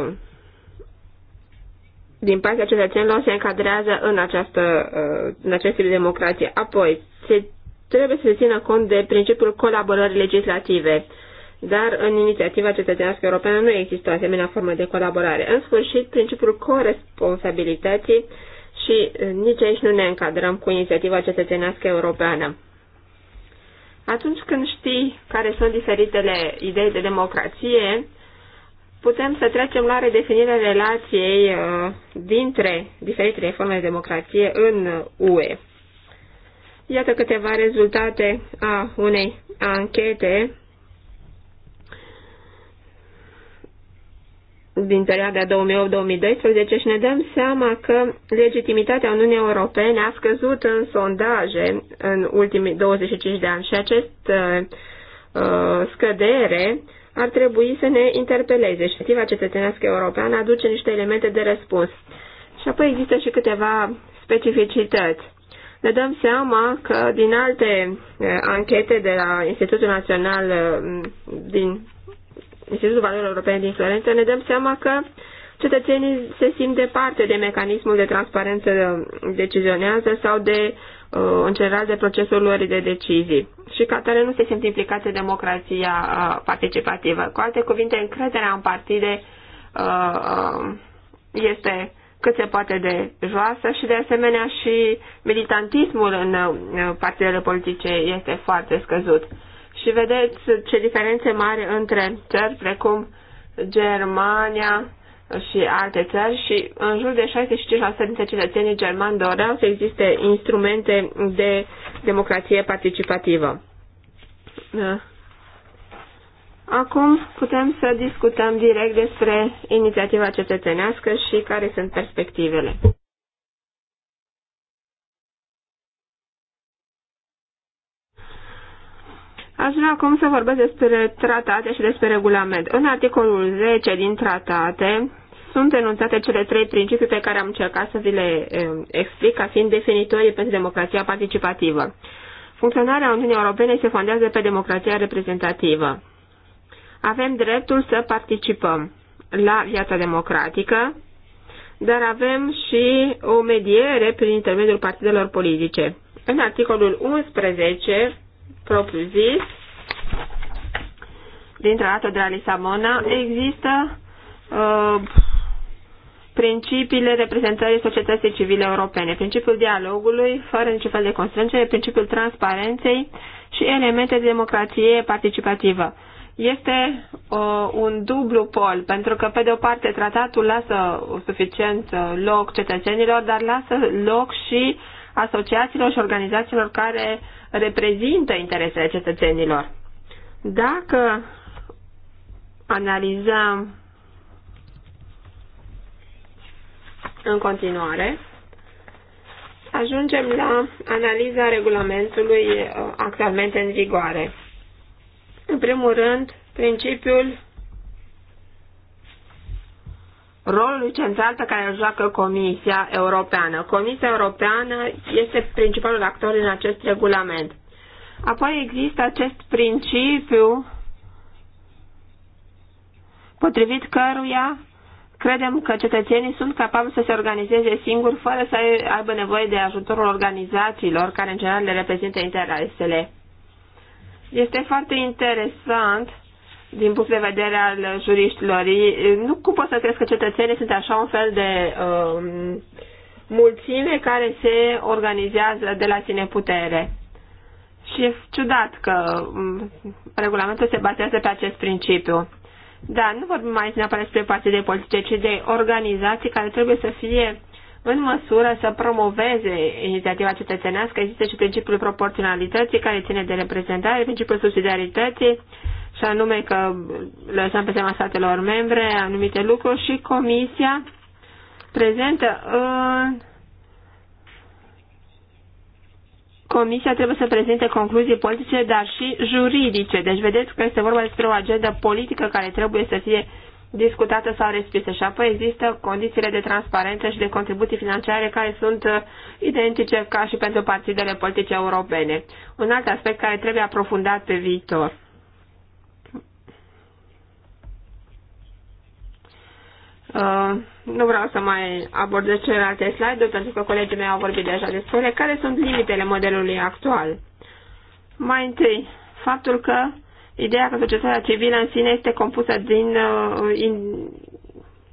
uh, din partea cetățenilor se încadrează în, această, uh, în acest tip de democrație. Apoi, se, trebuie să se țină cont de principiul colaborării legislative, dar în inițiativa cetățenească europeană nu există o asemenea formă de colaborare. În sfârșit, principiul corresponsabilității și uh, nici aici nu ne încadrăm cu inițiativa cetățenească europeană. Atunci când știi care sunt diferitele idei de democrație, putem să trecem la redefinirea relației uh, dintre diferitele forme de democrație în UE. Iată câteva rezultate a unei anchete din perioada 2008-2012 și ne dăm seama că legitimitatea Uniunii Europene a scăzut în sondaje în ultimii 25 de ani și acest uh, uh scădere ar trebui să ne interpeleze. Știva cetățenească europeană aduce niște elemente de răspuns. Și apoi există și câteva specificități. Ne dăm seama că din alte eh, anchete de la Institutul Național mm, din Institutul Valorilor Europene din Florența ne dăm seama că cetățenii se simt departe de mecanismul de transparență decizionează sau de, uh, în general, de procesul lor de decizii și ca tare nu se simt implicați în democrația uh, participativă. Cu alte cuvinte, încrederea în partide uh, este cât se poate de joasă și de asemenea și militantismul în partidele politice este foarte scăzut. Și vedeți ce diferențe mari între țări precum Germania, și alte țări și în jur de 65% dintre cetățenii germani doreau să existe instrumente de democrație participativă. Eh. Acum putem să discutăm direct despre inițiativa cetățenească și care sunt perspectivele. Aș vrea acum să vorbesc despre tratate și despre regulament. În articolul 10 din tratate sunt enunțate cele trei principii pe care am încercat să vi le eh, explic ca fiind definitorii pentru democrația participativă. Funcționarea Uniunii Europene se fondează pe democrația reprezentativă. Avem dreptul să participăm la viața democratică, dar avem și o mediere prin intermediul partidelor politice. În articolul 11 propriu zis, din tratatul de la Lisabona, există uh, principiile reprezentării societății civile europene, principiul dialogului, fără niciun fel de constrângere, principiul transparenței și elemente de democrație participativă. Este uh, un dublu pol, pentru că, pe de o parte, tratatul lasă suficient uh, loc cetățenilor, dar lasă loc și asociațiilor și organizațiilor care uh, reprezintă interesele cetățenilor. Dacă analizăm în continuare, ajungem la analiza regulamentului uh, actualmente în vigoare. În primul rând, principiul rolul central pe care îl joacă Comisia Europeană. Comisia Europeană este principalul actor în acest regulament. Apoi există acest principiu potrivit căruia credem că cetățenii sunt capabili să se organizeze singuri fără să aibă nevoie de ajutorul organizațiilor care în general le reprezintă interesele. Este foarte interesant din punct de vedere al juriștilor. Nu cum pot să crezi că cetățenii sunt așa un fel de uh, mulțime care se organizează de la sine putere. Și e ciudat că um, regulamentul se bazează pe acest principiu. Da, nu vorbim mai neapărat despre partide politice, ci de organizații care trebuie să fie în măsură să promoveze inițiativa cetățenească. Există și principiul proporționalității care ține de reprezentare, principiul subsidiarității, și anume că lăsăm pe seama statelor membre anumite lucruri și Comisia prezentă în Comisia trebuie să prezinte concluzii politice, dar și juridice. Deci vedeți că este vorba despre o agendă politică care trebuie să fie discutată sau respinsă. Și apoi există condițiile de transparență și de contribuții financiare care sunt uh, identice ca și pentru partidele politice europene. Un alt aspect care trebuie aprofundat pe viitor. Uh, nu vreau să mai abordez celelalte slide-uri pentru că colegii mei au vorbit deja despre ele. Care sunt limitele modelului actual? Mai întâi, faptul că ideea că societatea civilă în sine este compusă din uh, in,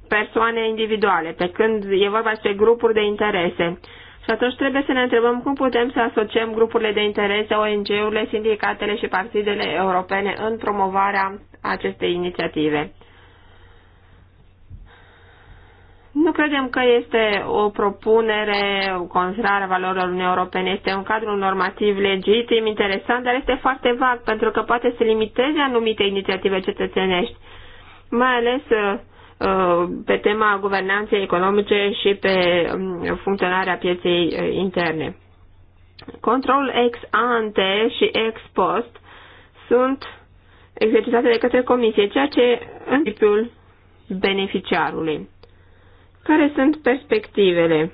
persoane individuale, pe când e vorba despre grupuri de interese. Și atunci trebuie să ne întrebăm cum putem să asociem grupurile de interese, ONG-urile, sindicatele și partidele europene în promovarea acestei inițiative. Nu credem că este o propunere contrară valorilor Uniunii Europene. Este un cadru normativ legitim, interesant, dar este foarte vag pentru că poate să limiteze anumite inițiative cetățenești, mai ales uh, uh, pe tema guvernanței economice și pe um, funcționarea pieței uh, interne. Control ex ante și ex post sunt exercitate de către comisie, ceea ce în principiul beneficiarului. Care sunt perspectivele?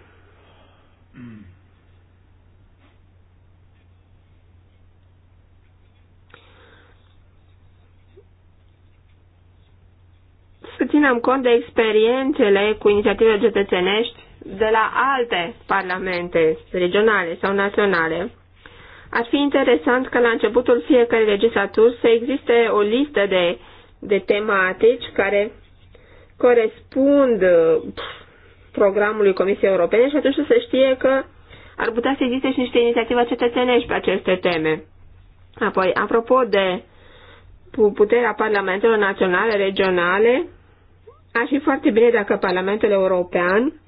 Să ținem cont de experiențele cu inițiative cetățenești de la alte parlamente regionale sau naționale. Ar fi interesant că la începutul fiecărei legislaturi să existe o listă de, de tematici care corespund uh, programului Comisiei Europene și atunci se știe că ar putea să existe și niște inițiative cetățenești pe aceste teme. Apoi, apropo de puterea parlamentelor naționale, regionale, ar fi foarte bine dacă Parlamentul European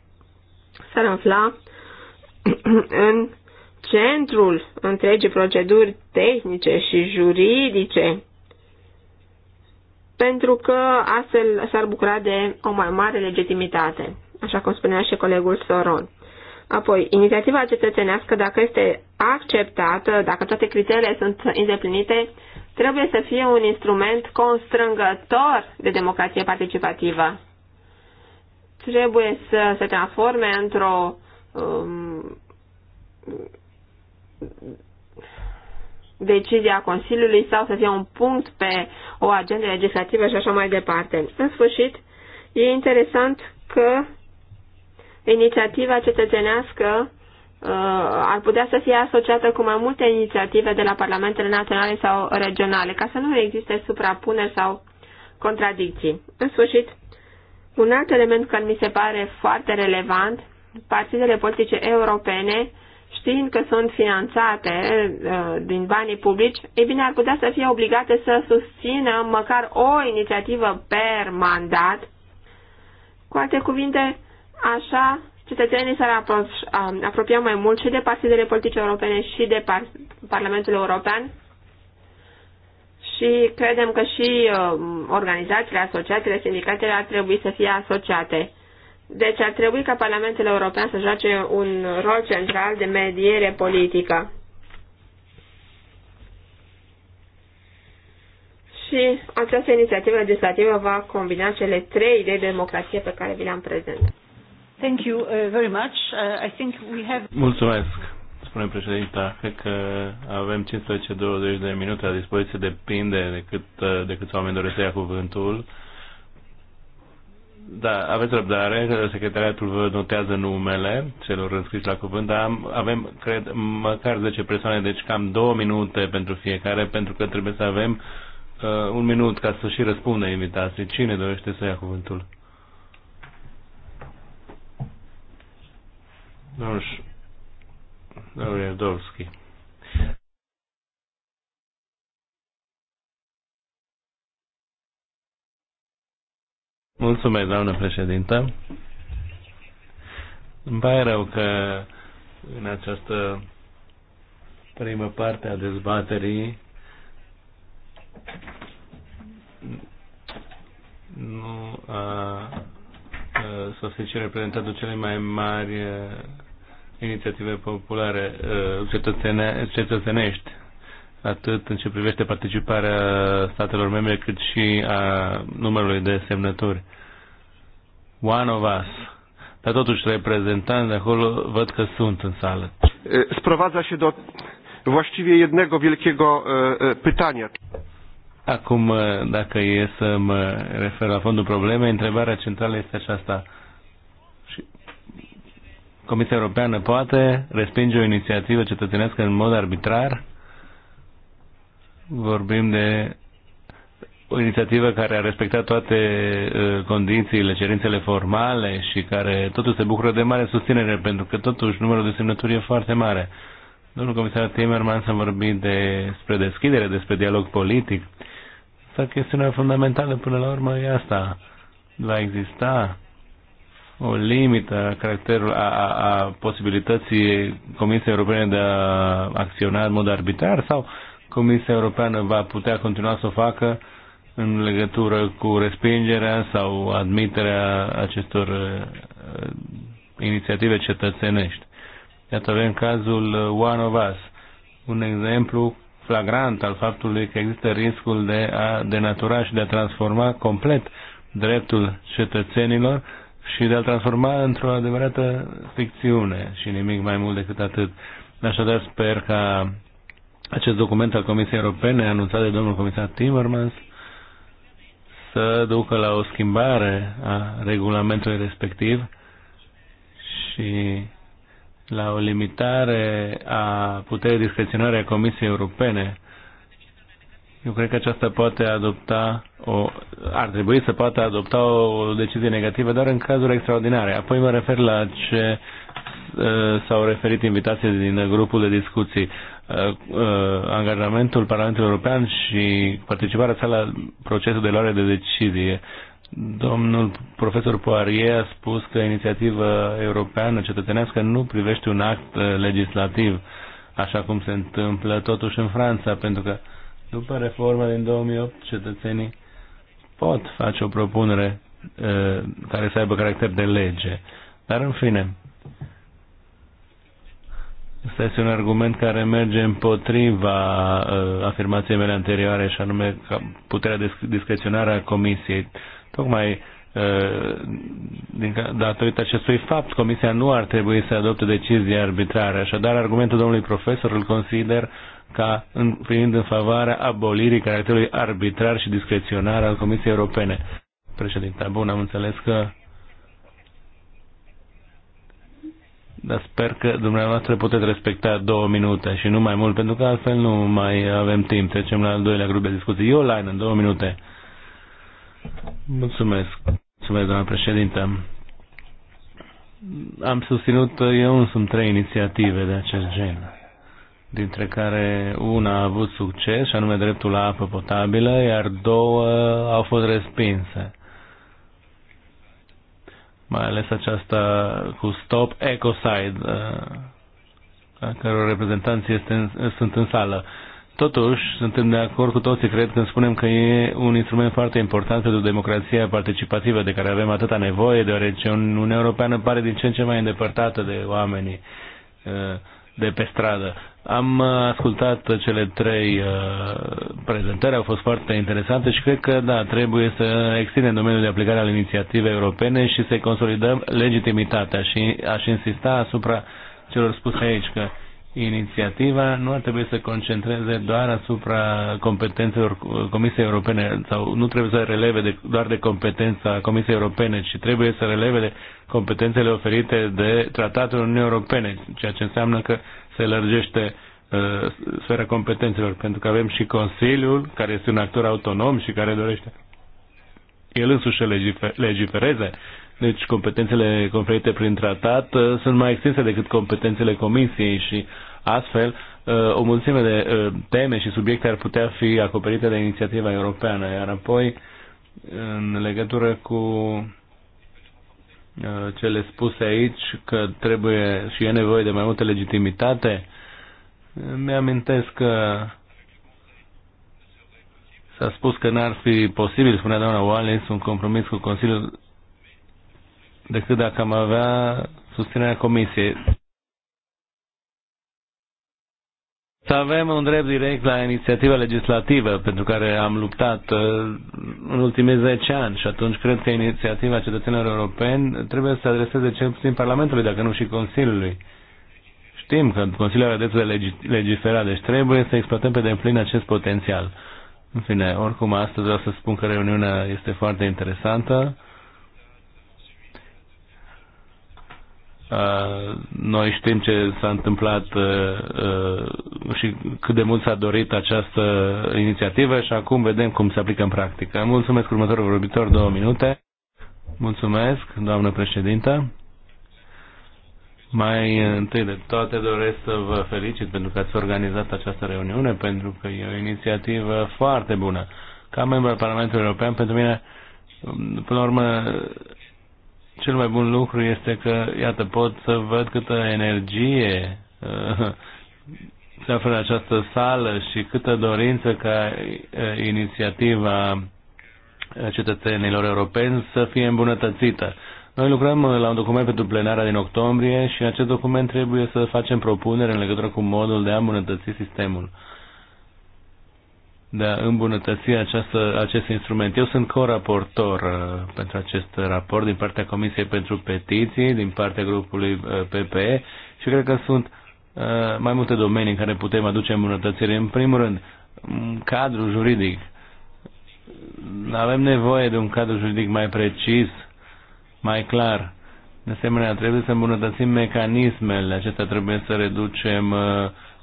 s-ar afla în centrul întregii proceduri tehnice și juridice pentru că astfel s-ar bucura de o mai mare legitimitate, așa cum spunea și colegul Soron. Apoi, inițiativa cetățenească, dacă este acceptată, dacă toate criteriile sunt îndeplinite, trebuie să fie un instrument constrângător de democrație participativă. Trebuie să se transforme într-o um, decizia Consiliului sau să fie un punct pe o agendă legislativă și așa mai departe. În sfârșit, e interesant că inițiativa cetățenească uh, ar putea să fie asociată cu mai multe inițiative de la parlamentele naționale sau regionale, ca să nu existe suprapuneri sau contradicții. În sfârșit, un alt element care mi se pare foarte relevant, partidele politice europene știind că sunt finanțate uh, din banii publici, e bine, ar putea să fie obligate să susțină măcar o inițiativă per mandat. Cu alte cuvinte, așa cetățenii s-ar uh, apropia mai mult și de partidele politice europene și de par Parlamentul European și credem că și uh, organizațiile, asociațiile, sindicatele ar trebui să fie asociate. Deci ar trebui ca Parlamentul European să joace un rol central de mediere politică. Și această inițiativă legislativă va combina cele trei idei de democrație pe care vi le-am prezentat. Thank you uh, very much. Uh, I think we have... Mulțumesc, spune președinta. Cred că avem 15-20 de minute la dispoziție, depinde de cât, uh, de câți oameni doresc să ia cuvântul. Da, aveți răbdare, secretariatul vă notează numele celor înscriși la cuvânt, dar am, avem, cred, măcar 10 persoane, deci cam două minute pentru fiecare, pentru că trebuie să avem uh, un minut ca să și răspundă invitații. Cine dorește să ia cuvântul? Domnul Domnul Ierdovski. Mulțumesc, doamnă președintă. Îmi pare rău că în această primă parte a dezbaterii nu a, a sosit și cele mai mari a, uh, inițiative populare a, uh, cetățene, cetățenești atât în ce privește participarea statelor membre, cât și a numărului de semnături. One of us. Dar totuși reprezentanți de acolo văd că sunt în sală. Sprowadza și do właściwie jednego wielkiego pytania. Acum, dacă e să mă refer la fondul problemei, întrebarea centrală este aceasta. Comisia Europeană poate respinge o inițiativă cetățenească în mod arbitrar? vorbim de o inițiativă care a respectat toate uh, condițiile, cerințele formale și care totuși se bucură de mare susținere, pentru că totuși numărul de semnături e foarte mare. Domnul comisar Timmermans a vorbit despre deschidere, despre dialog politic. Asta chestiunea fundamentală până la urmă e asta. Va exista o limită a caracterul a, a, a posibilității Comisiei Europene de a acționa în mod arbitrar sau uh, Comisia Europeană va putea continua să o facă în legătură cu respingerea sau admiterea acestor uh, uh, inițiative cetățenești. Iată avem cazul uh, One of Us, un exemplu flagrant al faptului că există riscul de a denatura și de a transforma complet dreptul cetățenilor și de a transforma într-o adevărată ficțiune și nimic mai mult decât atât. Așadar sper ca acest document al Comisiei Europene anunțat de domnul comisar Timmermans să ducă la o schimbare a regulamentului respectiv și la o limitare a puterii discreționare a Comisiei Europene. Eu cred că aceasta poate adopta o, ar trebui să poată adopta o decizie negativă doar în cazuri extraordinare. Apoi mă refer la ce uh, s-au referit invitații din grupul de discuții. Uh, uh, angajamentul Parlamentului European și participarea sa la procesul de luare de decizie. Domnul profesor Poirier a spus că inițiativa europeană cetățenească nu privește un act uh, legislativ, așa cum se întâmplă totuși în Franța, pentru că după reforma din 2008 cetățenii pot face o propunere care să aibă caracter de lege. Dar în fine, Asta este un argument care merge împotriva uh, afirmației mele anterioare, și anume puterea disc- discreționară a Comisiei. Tocmai uh, din, datorită acestui fapt, Comisia nu ar trebui să adopte decizii arbitrare. Așadar, argumentul domnului profesor îl consider ca în, fiind în favoarea abolirii caracterului arbitrar și discreționar al Comisiei Europene. Președinte, bun, am înțeles că dar sper că dumneavoastră puteți respecta două minute și nu mai mult, pentru că altfel nu mai avem timp. Trecem la al doilea grup de discuții. Eu, online, în două minute. Mulțumesc. Mulțumesc, doamna președintă. Am susținut eu însumi trei inițiative de acest gen dintre care una a avut succes, și anume dreptul la apă potabilă, iar două au fost respinse mai ales aceasta cu Stop Ecocide, uh, a căror reprezentanții este în, sunt în sală. Totuși, suntem de acord cu toții, cred, când spunem că e un instrument foarte important pentru democrația participativă de care avem atâta nevoie, deoarece Uniunea Europeană pare din ce în ce mai îndepărtată de oamenii. Uh, de pe stradă. Am uh, ascultat cele trei uh, prezentări, au fost foarte interesante și cred că, da, trebuie să extindem domeniul de aplicare al inițiativei europene și să consolidăm legitimitatea și aș insista asupra celor spuse aici că inițiativa nu ar trebui să concentreze doar asupra competențelor Comisiei Europene sau nu trebuie să releve de, doar de competența Comisiei Europene, ci trebuie să releve de competențele oferite de Tratatul Uniunii Europene, ceea ce înseamnă că se lărgește uh, sfera competențelor, pentru că avem și Consiliul, care este un actor autonom și care dorește el însuși să legifereze deci competențele conferite prin tratat uh, sunt mai extinse decât competențele comisiei și astfel uh, o mulțime de uh, teme și subiecte ar putea fi acoperite de inițiativa europeană, iar apoi în legătură cu cele spuse aici că trebuie și e nevoie de mai multă legitimitate, mi-amintesc că s-a spus că n-ar fi posibil, spunea doamna Wallace, un compromis cu Consiliul decât dacă am avea susținerea Comisiei. Să avem un drept direct la inițiativa legislativă pentru care am luptat uh, în ultimii 10 ani și atunci cred că inițiativa cetățenilor europeni trebuie să adreseze cel puțin Parlamentului, dacă nu și Consiliului. Știm că Consiliul are dreptul de legi legifera, deci trebuie să exploatăm pe deplin acest potențial. În fine, oricum astăzi vreau să spun că reuniunea este foarte interesantă Noi știm ce s-a întâmplat și cât de mult s-a dorit această inițiativă și acum vedem cum se aplică în practică. Mulțumesc următorul vorbitor, două minute. Mulțumesc, doamnă președintă. Mai întâi de toate doresc să vă felicit pentru că ați organizat această reuniune, pentru că e o inițiativă foarte bună. Ca membru al Parlamentului European, pentru mine, până la urmă, cel mai bun lucru este că, iată, pot să văd câtă energie uh, se află în această sală și câtă dorință ca uh, inițiativa uh, cetățenilor europeni să fie îmbunătățită. Noi lucrăm la un document pentru plenara din octombrie și în acest document trebuie să facem propunere în legătură cu modul de a îmbunătăți sistemul de a îmbunătăți această, acest instrument. Eu sunt co-raportor uh, pentru acest raport din partea Comisiei pentru Petiții, din partea grupului uh, PPE și cred că sunt uh, mai multe domenii în care putem aduce îmbunătățiri. În primul rând, cadrul juridic. Avem nevoie de un cadru juridic mai precis, mai clar. De asemenea, trebuie să îmbunătățim mecanismele acestea, trebuie să reducem uh,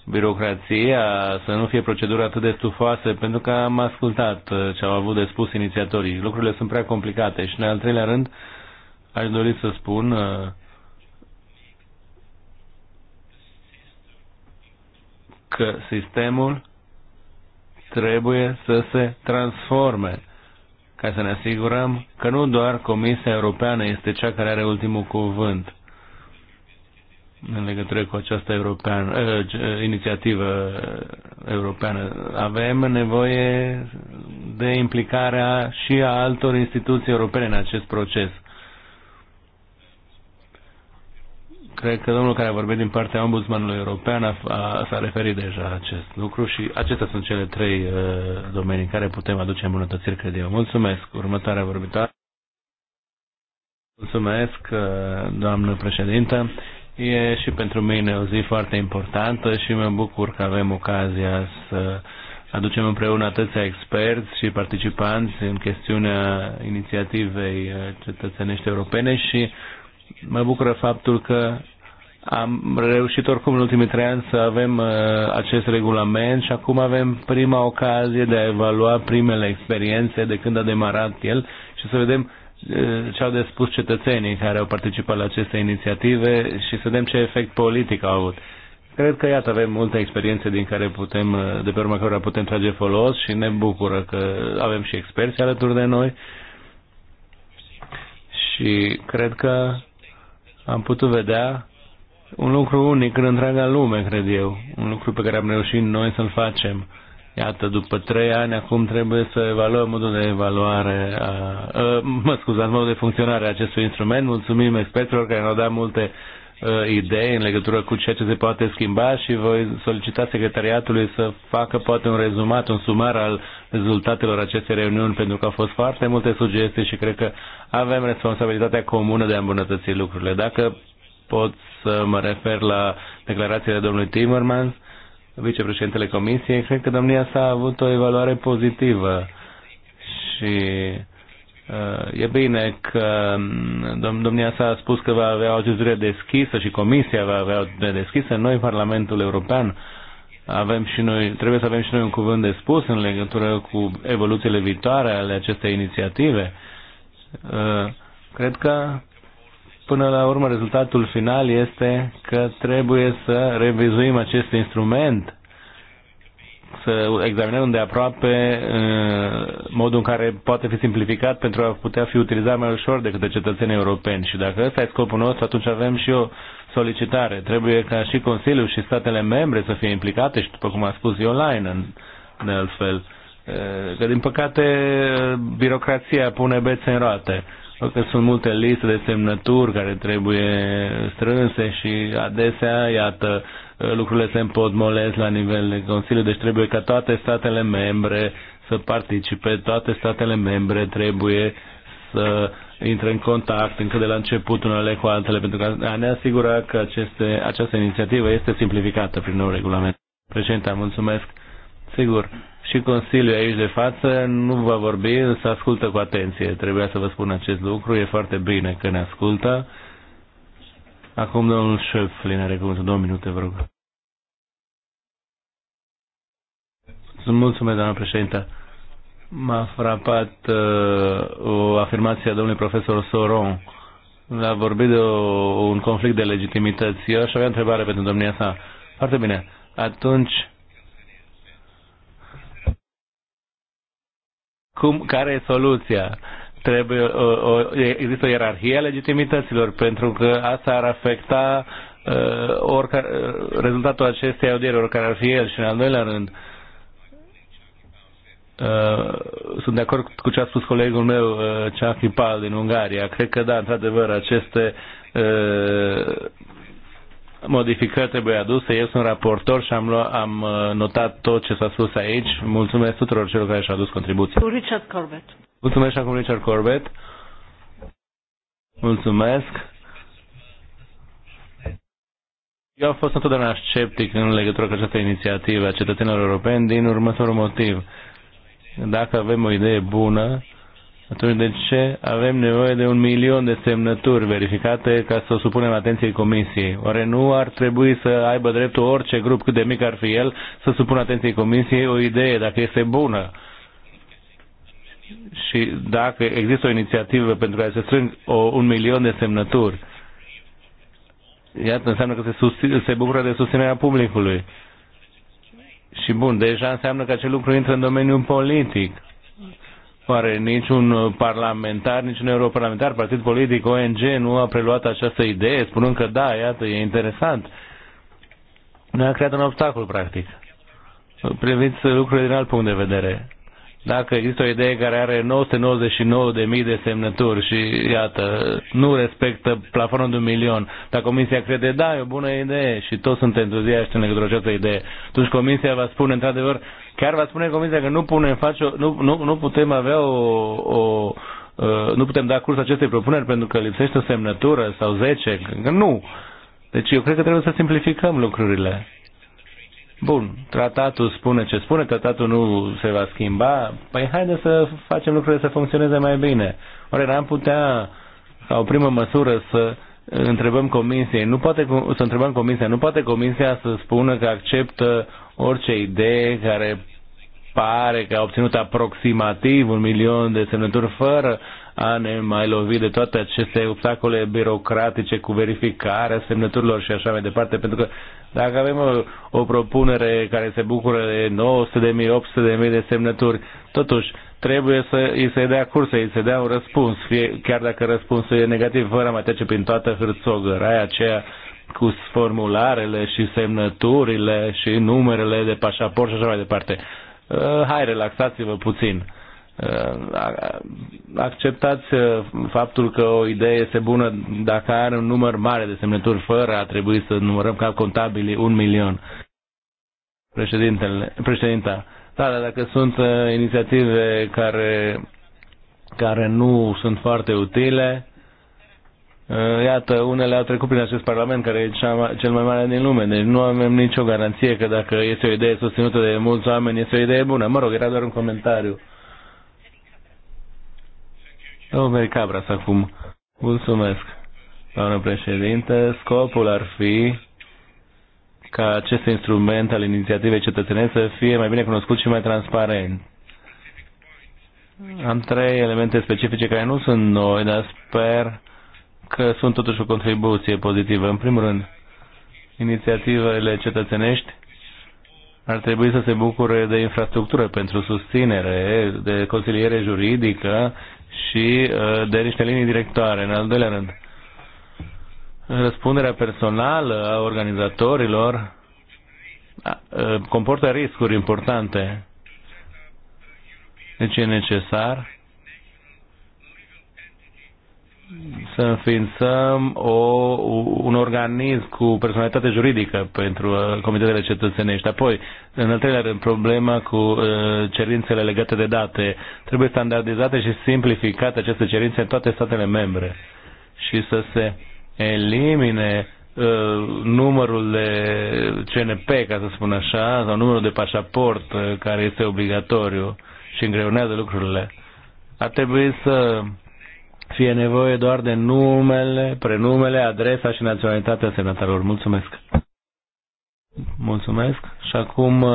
birocrația, să nu fie procedura atât de stufoasă, pentru că am ascultat uh, ce au avut de spus inițiatorii. Lucrurile sunt prea complicate și, în al treilea rând, aș dori să spun uh, că sistemul trebuie să se transforme ca să ne asigurăm că nu doar Comisia Europeană este cea care are ultimul cuvânt, în legătură cu această european, uh, inițiativă europeană. Avem nevoie de implicarea și a altor instituții europene în acest proces. Cred că domnul care a vorbit din partea ombudsmanului european a, a, s-a referit deja la acest lucru și acestea sunt cele trei uh, domenii în care putem aduce îmbunătățiri, cred eu. Mulțumesc. Următoarea vorbitoare. Mulțumesc, ă, doamnă președintă. E și pentru mine o zi foarte importantă și mă bucur că avem ocazia să aducem împreună atâția experți și participanți în chestiunea inițiativei uh, cetățenești europene și mă bucură faptul că am reușit oricum în ultimii trei ani să avem uh, acest regulament și acum avem prima ocazie de a evalua primele experiențe de când a demarat el și să vedem Eh, ce au de spus cetățenii care au participat la aceste inițiative și să vedem ce efect politic au avut. Cred că, iată, avem multe experiențe din care putem, eh, de pe urma cărora putem trage folos și ne bucură că avem și experți alături de noi și cred că am putut vedea un lucru unic în întreaga lume, cred eu, un lucru pe care am reușit noi să-l facem Iată, după trei ani, acum trebuie să evaluăm modul de evaluare, a, a, mă scuzați, modul de funcționare a acestui instrument. Mulțumim expertilor care ne-au dat multe uh, idei în legătură cu ceea ce se poate schimba și voi solicita secretariatului să facă poate un rezumat, un sumar al rezultatelor acestei reuniuni, pentru că au fost foarte multe sugestii și cred că avem responsabilitatea comună de a îmbunătăți lucrurile. Dacă pot să mă refer la declarațiile domnului Timmermans, vicepreședintele Comisiei, cred că domnia sa a avut o evaluare pozitivă și uh, e bine că mm, dom domnia sa a spus că va avea o gestiune deschisă și Comisia va avea o gestiune deschisă. Noi, Parlamentul European, avem și noi, trebuie să avem și noi un cuvânt de spus în legătură cu evoluțiile viitoare ale acestei inițiative. Uh, cred că Până la urmă, rezultatul final este că trebuie să revizuim acest instrument, să examinăm de aproape uh, modul în care poate fi simplificat pentru a putea fi utilizat mai ușor decât de cetățenii europeni. Și dacă ăsta e scopul nostru, atunci avem și o solicitare. Trebuie ca și Consiliul și statele membre să fie implicate și, după cum a spus online, în, în altfel. Uh, că, din păcate, uh, birocrația pune bețe în roate că sunt multe liste de semnături care trebuie strânse și adesea, iată, lucrurile se împodmolesc la nivel de Consiliu, deci trebuie ca toate statele membre să participe, toate statele membre trebuie să intre în contact încă de la început unele cu altele, pentru că a ne asigura că aceste, această inițiativă este simplificată prin nou regulament. Președinte, mulțumesc. Sigur, și Consiliul aici de față nu va vorbi, să ascultă cu atenție. Trebuia să vă spun acest lucru, e foarte bine că ne ascultă. Acum domnul Șöpflin are cuvântul, două minute, vă rog. Mulțumesc, doamna președintă. M-a frapat uh, o afirmație a domnului profesor Soron. l A vorbit de o, un conflict de legitimități. Eu aș avea întrebare pentru domnia sa. Foarte bine. Atunci, cum, care e soluția? Trebuie, o, o, există o ierarhie a legitimităților, pentru că asta ar afecta uh, oricare, rezultatul acestei audieri, oricare ar fi el. Și în al doilea rând, uh, sunt de acord cu ce a spus colegul meu, uh, Cianchi Pal, din Ungaria. Cred că, da, într-adevăr, aceste uh, modificări trebuie aduse. Eu sunt raportor și am, luat, am uh, notat tot ce s-a spus aici. Mulțumesc tuturor celor care și-au adus contribuții. Richard Corbett. Mulțumesc și acum Richard Corbett. Mulțumesc. Eu am fost întotdeauna sceptic în legătură cu această inițiativă a cetățenilor europeni din următorul motiv. Dacă avem o idee bună, atunci de ce avem nevoie de un milion de semnături verificate ca să o supunem atenției comisiei? Oare nu ar trebui să aibă dreptul orice grup, cât de mic ar fi el, să supună atenției comisiei o idee, dacă este bună? Și dacă există o inițiativă pentru care se strâng o, un milion de semnături, iată, înseamnă că se, susține, se bucură de susținerea publicului. Și bun, deja înseamnă că acel lucru intră în domeniul politic Oare niciun parlamentar, niciun europarlamentar, partid politic, ONG nu a preluat această idee, spunând că da, iată, e interesant. Ne-a creat un obstacol, practic. Priviți lucrurile din alt punct de vedere dacă există o idee care are 999.000 de semnături și, iată, nu respectă plafonul de un milion, dar Comisia crede, da, e o bună idee și toți sunt entuziaști în legătură această idee, atunci Comisia va spune, într-adevăr, chiar va spune Comisia că nu, punem, face, nu, nu, nu putem avea o, o ă, nu putem da curs acestei propuneri pentru că lipsește o semnătură sau 10, că nu. Deci eu cred că trebuie să simplificăm lucrurile. Bun, tratatul spune ce spune, tratatul nu se va schimba, păi haide să facem lucrurile să funcționeze mai bine. Oare n-am putea, ca o primă măsură, să întrebăm comisia, nu poate, să întrebăm comisia, nu poate comisia să spună că acceptă orice idee care pare că a obținut aproximativ un milion de semnături fără a mai lovi de toate aceste obstacole birocratice cu verificarea semnăturilor și așa mai departe, pentru că dacă avem o, o propunere care se bucură de 900.000, 800.000 de semnături, totuși trebuie să îi se dea curs, să îi se dea un răspuns, fie, chiar dacă răspunsul e negativ, fără a mai trece prin toată hârțogăraia aceea cu formularele și semnăturile și numerele de pașaport și așa mai departe. Uh, hai, relaxați-vă puțin acceptați uh, faptul că o idee este bună dacă are un număr mare de semnături fără a trebui să numărăm ca contabili un milion. Președintele, președinta, da, dar dacă sunt uh, inițiative care, care nu sunt foarte utile, uh, Iată, unele au trecut prin acest parlament, care e cea, cel mai mare din lume, deci nu avem nicio garanție că dacă este o idee susținută de mulți oameni, este o idee bună. Mă rog, era doar un comentariu. Domnul Cabras acum. Mulțumesc, doamnă președinte. Scopul ar fi ca acest instrument al inițiativei cetățenești să fie mai bine cunoscut și mai transparent. Am trei elemente specifice care nu sunt noi, dar sper că sunt totuși o contribuție pozitivă. În primul rând, inițiativele cetățenești ar trebui să se bucure de infrastructură pentru susținere, de consiliere juridică și uh, de niște linii directoare, în al doilea rând. Răspunderea personală a organizatorilor uh, comportă riscuri importante. Deci e necesar să înființăm o, un organism cu personalitate juridică pentru uh, comitetele cetățenești. Apoi, în al treilea rând, problema cu uh, cerințele legate de date. Trebuie standardizate și simplificate aceste cerințe în toate statele membre și să se elimine uh, numărul de CNP, ca să spun așa, sau numărul de pașaport uh, care este obligatoriu și îngreunează lucrurile. Ar trebui să fie nevoie doar de numele, prenumele, adresa și naționalitatea semnatarilor. Mulțumesc! Mulțumesc! Și acum uh,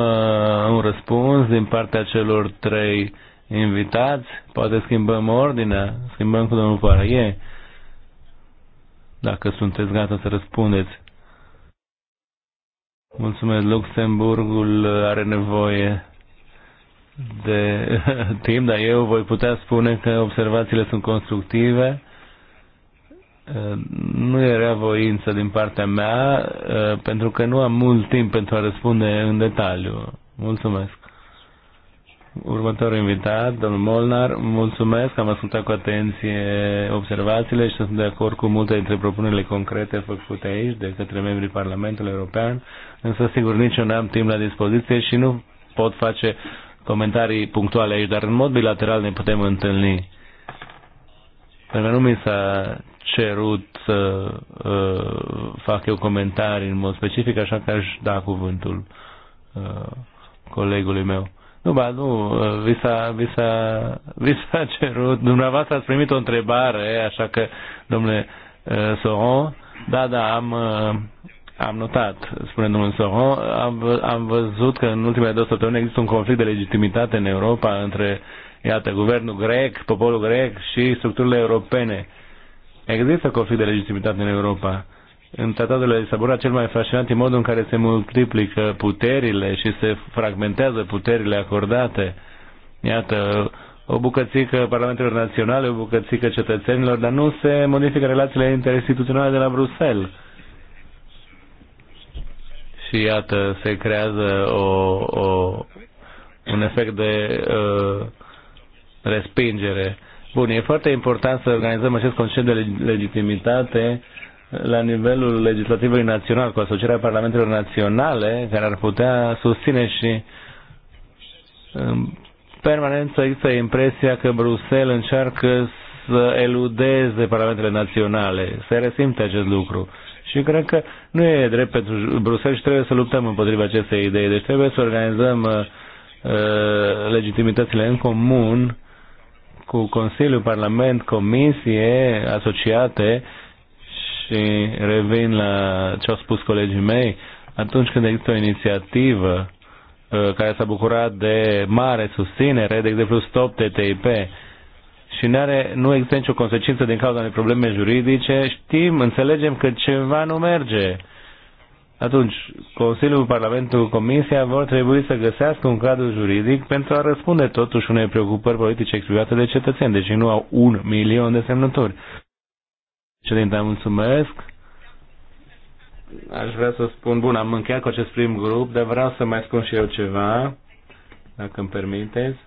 un răspuns din partea celor trei invitați. Poate schimbăm ordinea, schimbăm cu domnul Parie, Dacă sunteți gata să răspundeți. Mulțumesc, Luxemburgul are nevoie de timp, dar eu voi putea spune că observațiile sunt constructive. Eh, nu era voință din partea mea, eh, pentru că nu am mult timp pentru a răspunde în detaliu. Mulțumesc. Următorul invitat, domnul Molnar, mulțumesc, am ascultat cu atenție observațiile și sunt de acord cu multe dintre propunerile concrete făcute aici de către membrii Parlamentului European, însă sigur nici eu n-am timp la dispoziție și nu pot face comentarii punctuale aici, dar în mod bilateral ne putem întâlni. Pentru că nu mi s-a cerut să uh, fac eu comentarii în mod specific, așa că aș da cuvântul uh, colegului meu. Nu, ba, nu, uh, vi s-a, vi s-a, vi s-a cerut, dumneavoastră ați primit o întrebare, așa că, domnule uh, Soron, da, da, am, uh, am notat, spune domnul Sohon, am, am văzut că în ultimele două săptămâni există un conflict de legitimitate în Europa între, iată, guvernul grec, poporul grec și structurile europene. Există conflict de legitimitate în Europa. În tratatul de Lisabona cel mai fascinant e modul în care se multiplică puterile și se fragmentează puterile acordate. Iată, o bucățică parlamentelor naționale, o bucățică cetățenilor, dar nu se modifică relațiile interinstituționale de la Bruxelles și iată, se creează o, o, un efect de uh, respingere. Bun, e foarte important să organizăm acest concept de legitimitate la nivelul legislativului național, cu asocierea parlamentelor naționale, care ar putea susține și um, permanent există impresia că Bruxelles încearcă să eludeze parlamentele naționale. Se resimte acest lucru. Uh, și cred că nu e drept pentru Bruxelles și trebuie să luptăm împotriva acestei idei. Deci trebuie să organizăm uh, uh, legitimitățile în comun cu Consiliul, Parlament, Comisie asociate și revin la ce au spus colegii mei, atunci când există o inițiativă uh, care s-a bucurat de mare susținere, de exemplu Stop TTIP, și nu, are, nu există nicio consecință din cauza unei probleme juridice, știm, înțelegem că ceva nu merge. Atunci, Consiliul, Parlamentul, Comisia vor trebui să găsească un cadru juridic pentru a răspunde totuși unei preocupări politice exprimate de cetățeni, deci nu au un milion de semnături. Președinte, mulțumesc aș vrea să spun, bun, am încheiat cu acest prim grup, dar vreau să mai spun și eu ceva, dacă îmi permiteți.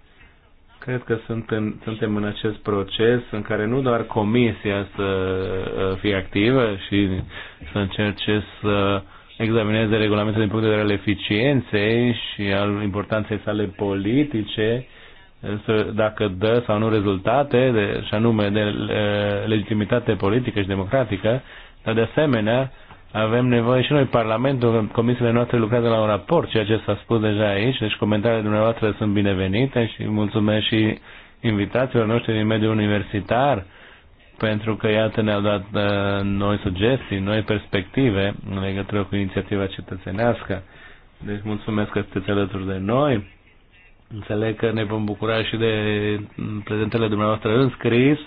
Cred că suntem, suntem în acest proces în care nu doar comisia să uh, fie activă și să încerce să examineze regulamentul din punct de vedere al eficienței și al importanței sale politice, dacă dă sau nu rezultate, de, și anume de uh, legitimitate politică și democratică, dar de asemenea avem nevoie și noi, Parlamentul, comisiile noastre lucrează la un raport, ceea ce s-a spus deja aici, deci comentariile dumneavoastră sunt binevenite și mulțumesc și invitațiilor noștri din mediul universitar, pentru că, iată, ne-au dat uh, noi sugestii, noi perspective în legătură cu inițiativa cetățenească. Deci mulțumesc că sunteți alături de noi. Înțeleg că ne vom bucura și de prezentele dumneavoastră în scris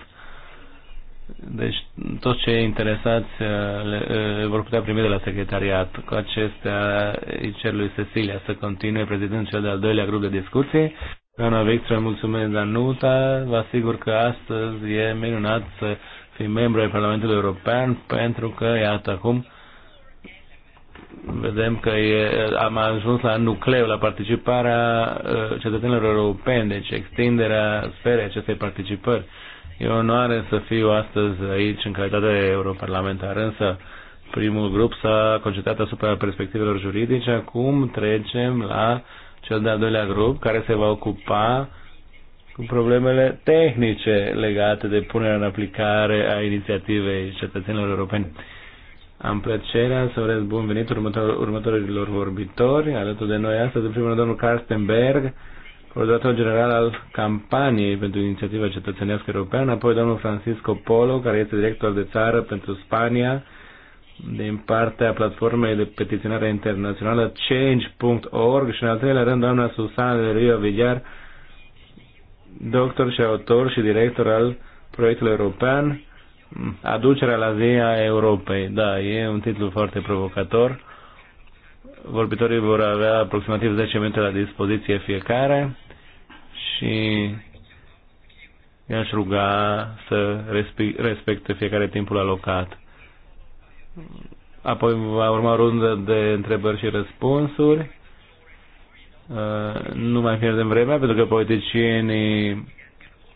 deci toți cei interesați uh, le, le uh, vor putea primi de la secretariat. Cu acestea îi cer lui Cecilia să continue prezidând cel de-al doilea grup de discuție. Doamna Victor, mulțumesc, Danuta. Vă asigur că astăzi e minunat să fii membru ai Parlamentului European pentru că, iată acum, vedem că e, am ajuns la nucleu, la participarea uh, cetățenilor europeni, deci extinderea sferei acestei participări E o onoare să fiu astăzi aici în calitate de europarlamentar, însă primul grup s-a concentrat asupra perspectivelor juridice. Acum trecem la cel de-al doilea grup care se va ocupa cu problemele tehnice legate de punerea în aplicare a inițiativei cetățenilor europeni. Am plăcerea să urez bun venit următor, următorilor vorbitori. Alături de noi astăzi, în primul domnul Carsten Berg, coordonator general al campaniei pentru inițiativa cetățenească europeană, apoi domnul Francisco Polo, care este director de țară pentru Spania, din partea platformei de petiționare internațională change.org și în al treilea rând doamna Susana de Rio Villar, doctor și autor și director al proiectului european Aducerea la zi a Europei. Da, e un titlu foarte provocator Vorbitorii vor avea aproximativ 10 minute la dispoziție fiecare și i-aș ruga să respecte fiecare timpul alocat. Apoi va urma rundă de întrebări și răspunsuri. Uh, nu mai pierdem vremea pentru că politicienii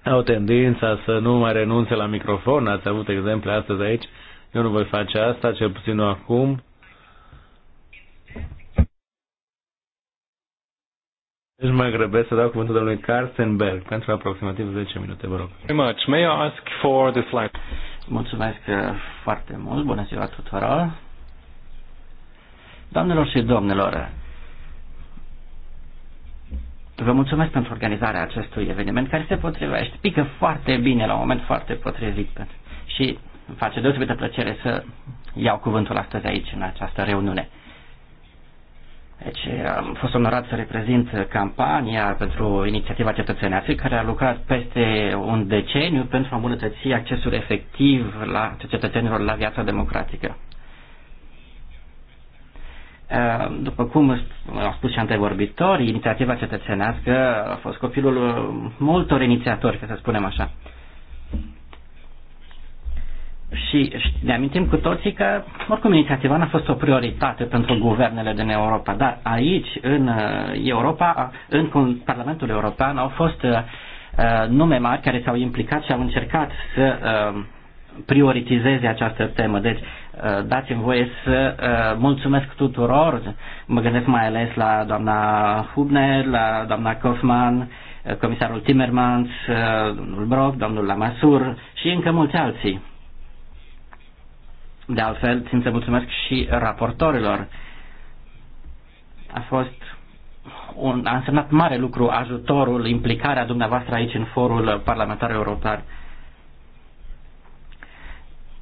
au tendința să nu mai renunțe la microfon. Ați avut exemple astăzi aici. Eu nu voi face asta, cel puțin nu acum. Deci mă grăbesc să dau cuvântul domnului Carstenberg pentru aproximativ 10 minute, vă rog. Much. May I ask for the slide? Mulțumesc uh, foarte mult. Bună ziua tuturor. Doamnelor și domnilor, vă mulțumesc pentru organizarea acestui eveniment care se potrivește, pică foarte bine la un moment foarte potrivit și îmi face deosebită plăcere să iau cuvântul astăzi aici în această reuniune. Deci am fost onorat să reprezint campania pentru inițiativa cetățenească care a lucrat peste un deceniu pentru a îmbunătăți accesul efectiv la cetățenilor la viața democratică. Uh, după cum au spus și antevorbitori, inițiativa cetățenească a fost copilul multor inițiatori, ca să spunem așa și ne amintim cu toții că, oricum, inițiativa n-a fost o prioritate pentru guvernele din Europa, dar aici, în uh, Europa, în Parlamentul European, au fost uh, uh, nume mari care s-au implicat și au încercat să prioritizeze această temă. Deci, dați-mi voie să mulțumesc tuturor, mă gândesc mai ales la doamna Hubner, la doamna Kaufmann, comisarul Timmermans, domnul Brock, domnul Lamasur și încă mulți alții de altfel, țin să mulțumesc și raportorilor. A fost un, a însemnat mare lucru ajutorul, implicarea dumneavoastră aici în forul parlamentar european.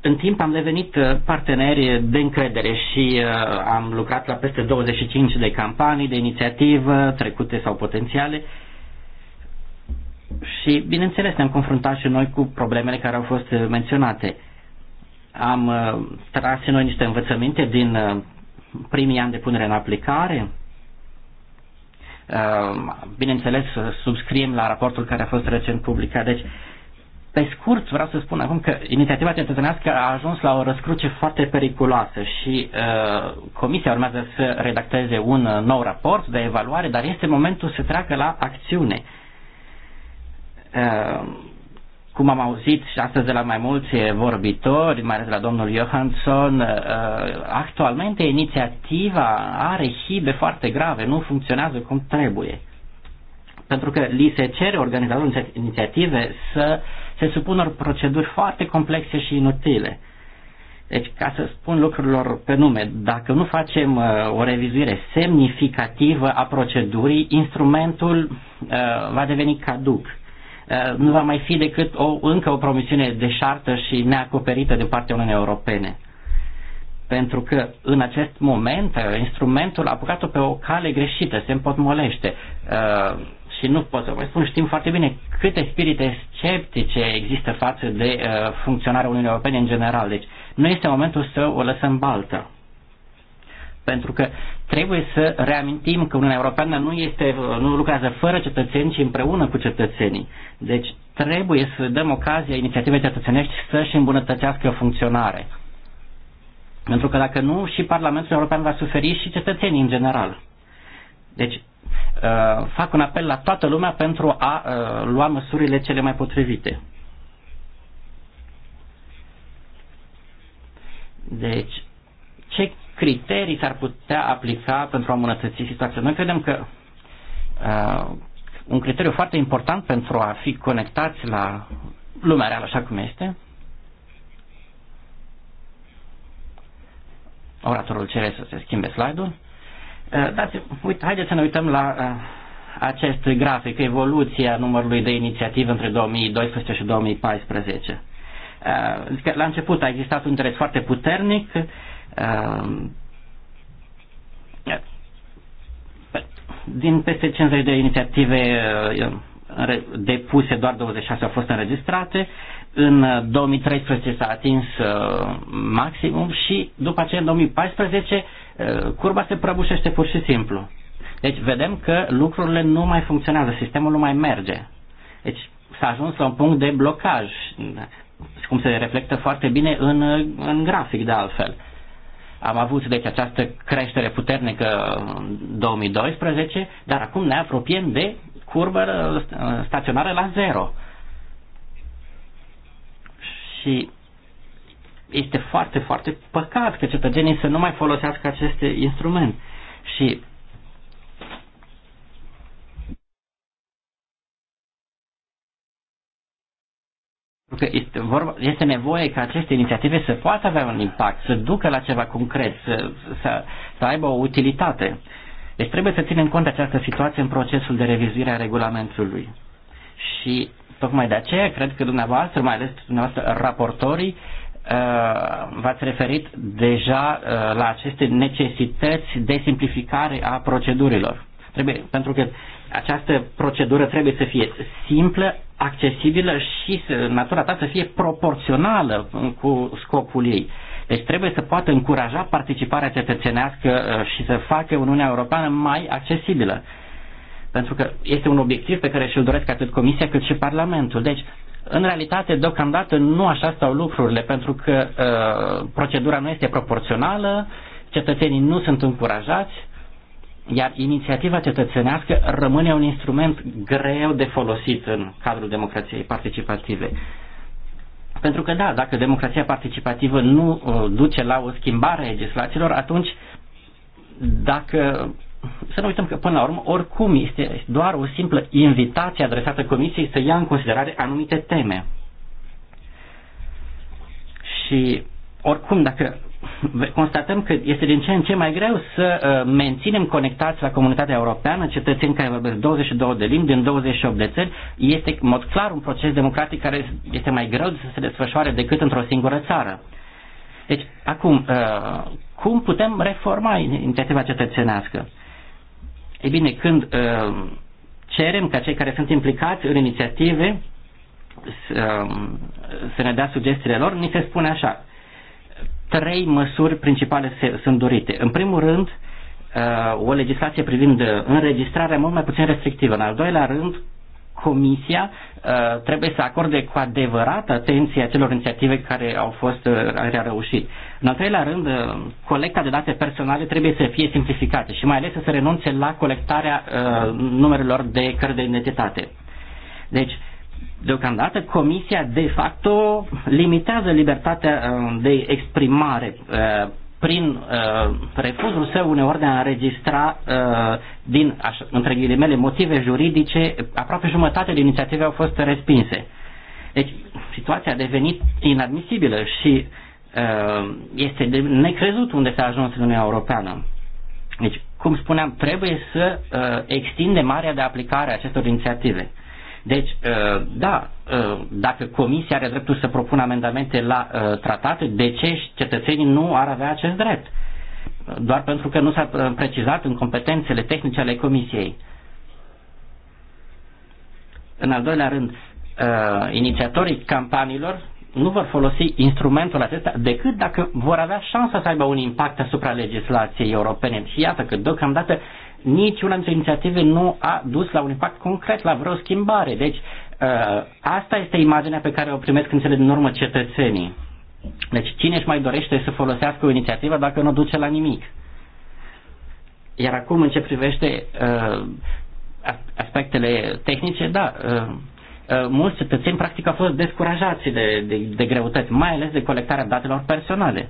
În timp am devenit parteneri de încredere și uh, am lucrat la peste 25 de campanii, de inițiativă, trecute sau potențiale. Și, bineînțeles, ne-am confruntat și noi cu problemele care au fost menționate. Uh, am uh, tras noi niște învățăminte din uh, primii ani de punere în aplicare. Uh, bineînțeles, uh, subscriem la raportul care a fost recent publicat. Deci, pe scurt, vreau să spun acum că inițiativa cetățenească a ajuns la o răscruce foarte periculoasă și uh, Comisia urmează să redacteze un uh, nou raport de evaluare, dar este momentul să treacă la acțiune. Uh, cum am auzit și astăzi de la mai mulți vorbitori, mai ales de la domnul Johansson, uh, actualmente inițiativa are hibe foarte grave, nu funcționează cum trebuie. Pentru că li se cere organizatorul inițiative să se supună proceduri foarte complexe și inutile. Deci, ca să spun lucrurilor pe nume, dacă nu facem uh, o revizuire semnificativă a procedurii, instrumentul uh, va deveni caduc. Uh, Eh, nu va mai fi decât o, încă o promisiune deșartă și neacoperită de partea Uniunii Europene. Pentru că în acest moment eh, instrumentul a apucat-o pe o cale greșită, se împotmolește. Eh, și nu pot să vă spun, știm foarte bine câte spirite sceptice există față de funcționarea Uniunii Europene în general. Deci nu este momentul să o lăsăm baltă. Pentru că Trebuie să reamintim că Uniunea Europeană nu, este, nu lucrează fără cetățeni, ci împreună cu cetățenii. Deci trebuie să dăm ocazia inițiativei cetățenești să-și îmbunătățească funcționare. Pentru că dacă nu, și Parlamentul European va suferi și cetățenii în general. Deci uh, fac un apel la toată lumea pentru a uh, lua măsurile cele mai potrivite. Deci, ce criterii s-ar putea aplica pentru a îmbunătăți situația? Noi credem că uh, un criteriu foarte important pentru a fi conectați la lumea reală așa cum este, oratorul cere să se schimbe slide-ul, uh, dați, uite, haideți să ne uităm la uh, acest grafic, evoluția numărului de inițiative între 2012 și 2014. Uh, la început a existat un interes foarte puternic, Um, din peste 50 de inițiative uh, depuse, doar 26 au fost înregistrate. În 2013 uh, s-a atins uh, maximum și după aceea în 2014 curba se prăbușește pur și simplu. Deci vedem că lucrurile nu mai funcționează, sistemul nu mai merge. Deci s-a ajuns la un punct de blocaj, cum se reflectă foarte bine în, în grafic de altfel. Am avut deci această creștere puternică în 2012, dar acum ne apropiem de curbă staționară la zero. Și este foarte, foarte păcat că cetățenii să nu mai folosească acest instrument. Și că este, vorba, este nevoie ca aceste inițiative să poată avea un impact, să ducă la ceva concret, să, să, să aibă o utilitate. Deci trebuie să ținem cont de această situație în procesul de revizuire a regulamentului. Și tocmai de aceea cred că dumneavoastră, mai ales dumneavoastră raportorii, uh, v-ați referit deja uh, la aceste necesități de simplificare a procedurilor. Trebuie, pentru că această procedură trebuie să fie simplă, accesibilă și să, natura ta să fie proporțională cu scopul ei. Deci trebuie să poată încuraja participarea cetățenească uh, și să facă Uniunea Europeană mai accesibilă. Pentru că este un obiectiv pe care și-l doresc atât Comisia cât și Parlamentul. Deci, în realitate, deocamdată nu așa stau lucrurile, pentru că uh, procedura nu este proporțională, cetățenii nu sunt încurajați iar inițiativa cetățenească rămâne un instrument greu de folosit în cadrul democrației participative. Pentru că, da, dacă democrația participativă nu uh, duce la o schimbare a legislațiilor, atunci, dacă să nu uităm că, până la urmă, oricum este doar o simplă invitație adresată Comisiei să ia în considerare anumite teme. Și, oricum, dacă constatăm că este din ce în ce mai greu să uh, menținem conectați la comunitatea europeană cetățeni care vorbesc 22 de limbi din 28 de țări. Este în mod clar un proces democratic care este mai greu să se desfășoare decât într-o singură țară. Deci, acum, uh, cum putem reforma inițiativa cetățenească? E bine, când uh, cerem ca cei care sunt implicați în inițiative să ne dea sugestiile lor, ni se spune așa Trei măsuri principale se, sunt dorite. În primul rând, uh, o legislație privind uh, înregistrarea mult mai puțin restrictivă. În al doilea rând, Comisia uh, trebuie să acorde cu adevărat atenție acelor inițiative care au fost uh, care reușit. În al treilea rând, uh, colecta de date personale trebuie să fie simplificată și mai ales să se renunțe la colectarea uh, numerelor de cărți de identitate. Deci, deocamdată Comisia de facto limitează libertatea uh, de exprimare uh, prin uh, refuzul său uneori de a înregistra din, așa, între ghilimele, motive juridice, aproape jumătate de inițiative au fost respinse. Deci situația a devenit inadmisibilă și este de necrezut unde s-a ajuns în Uniunea Europeană. Deci, cum spuneam, trebuie să extindem marea de aplicare a acestor inițiative. Deci, uh, da, uh, dacă Comisia are dreptul să propună amendamente la uh, tratate, de ce cetățenii nu ar avea acest drept? Doar pentru că nu s-a precizat în competențele tehnice ale Comisiei. În al doilea rând, inițiatorii campaniilor nu vor folosi instrumentul acesta decât dacă vor avea șansa să aibă un impact asupra legislației europene. Și iată că deocamdată niciuna dintre inițiative nu a dus la un impact concret, la vreo schimbare. Deci uh, asta este imaginea pe care o primesc în cele din urmă cetățenii. Deci cine își mai dorește să folosească o inițiativă dacă nu duce la nimic? Iar acum în ce privește uh, aspectele tehnice, da, uh, Eh, mulți cetățeni practic au fost descurajați de, de, de greutăți, mai ales de colectarea datelor personale.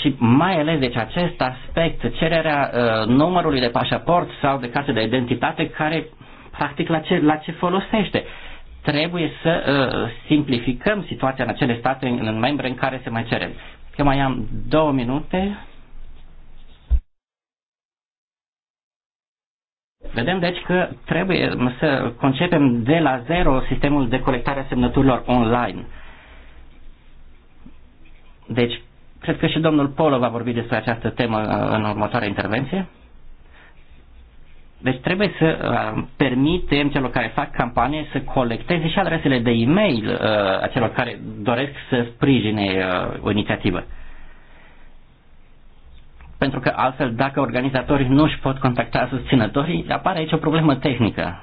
și mai ales deci acest aspect, cererea uh, numărului de pașaport sau de carte de identitate care practic la ce, la ce folosește. Trebuie să uh, simplificăm situația în acele state în, în membre în care se mai cerem. Că mai am două minute. Vedem deci că trebuie să concepem de la zero sistemul de colectare a semnăturilor online. Deci, cred că și domnul Polo va vorbi despre această temă uh, în următoarea intervenție. Deci trebuie să uh, permitem celor care fac campanie să colecteze și adresele de e-mail uh, a celor care doresc să sprijine uh, o inițiativă pentru că altfel dacă organizatorii nu își pot contacta susținătorii, apare aici o problemă tehnică.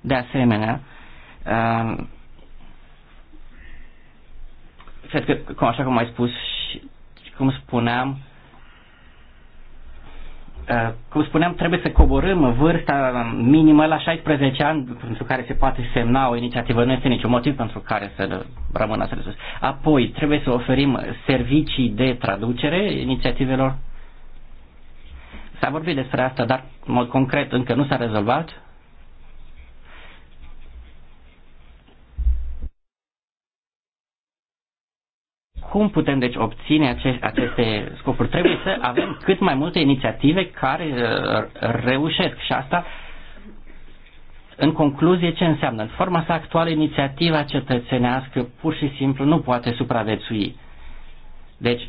De asemenea, uh, cred că, cum așa cum ai spus și cum spuneam, Eh, cum spuneam, trebuie să coborâm vârsta minimă la 16 ani pentru care se poate semna o inițiativă. Nu este niciun motiv pentru care să rămână atât sus. Apoi, trebuie să oferim servicii de traducere inițiativelor. S-a vorbit despre asta, dar în mod concret încă nu s-a rezolvat. Cum putem deci obține aceste, aceste scopuri? Trebuie să avem cât mai multe inițiative care uh, reușesc și asta în concluzie, ce înseamnă? În forma sa actuală, inițiativa cetățenească pur și simplu nu poate supraviețui. Deci,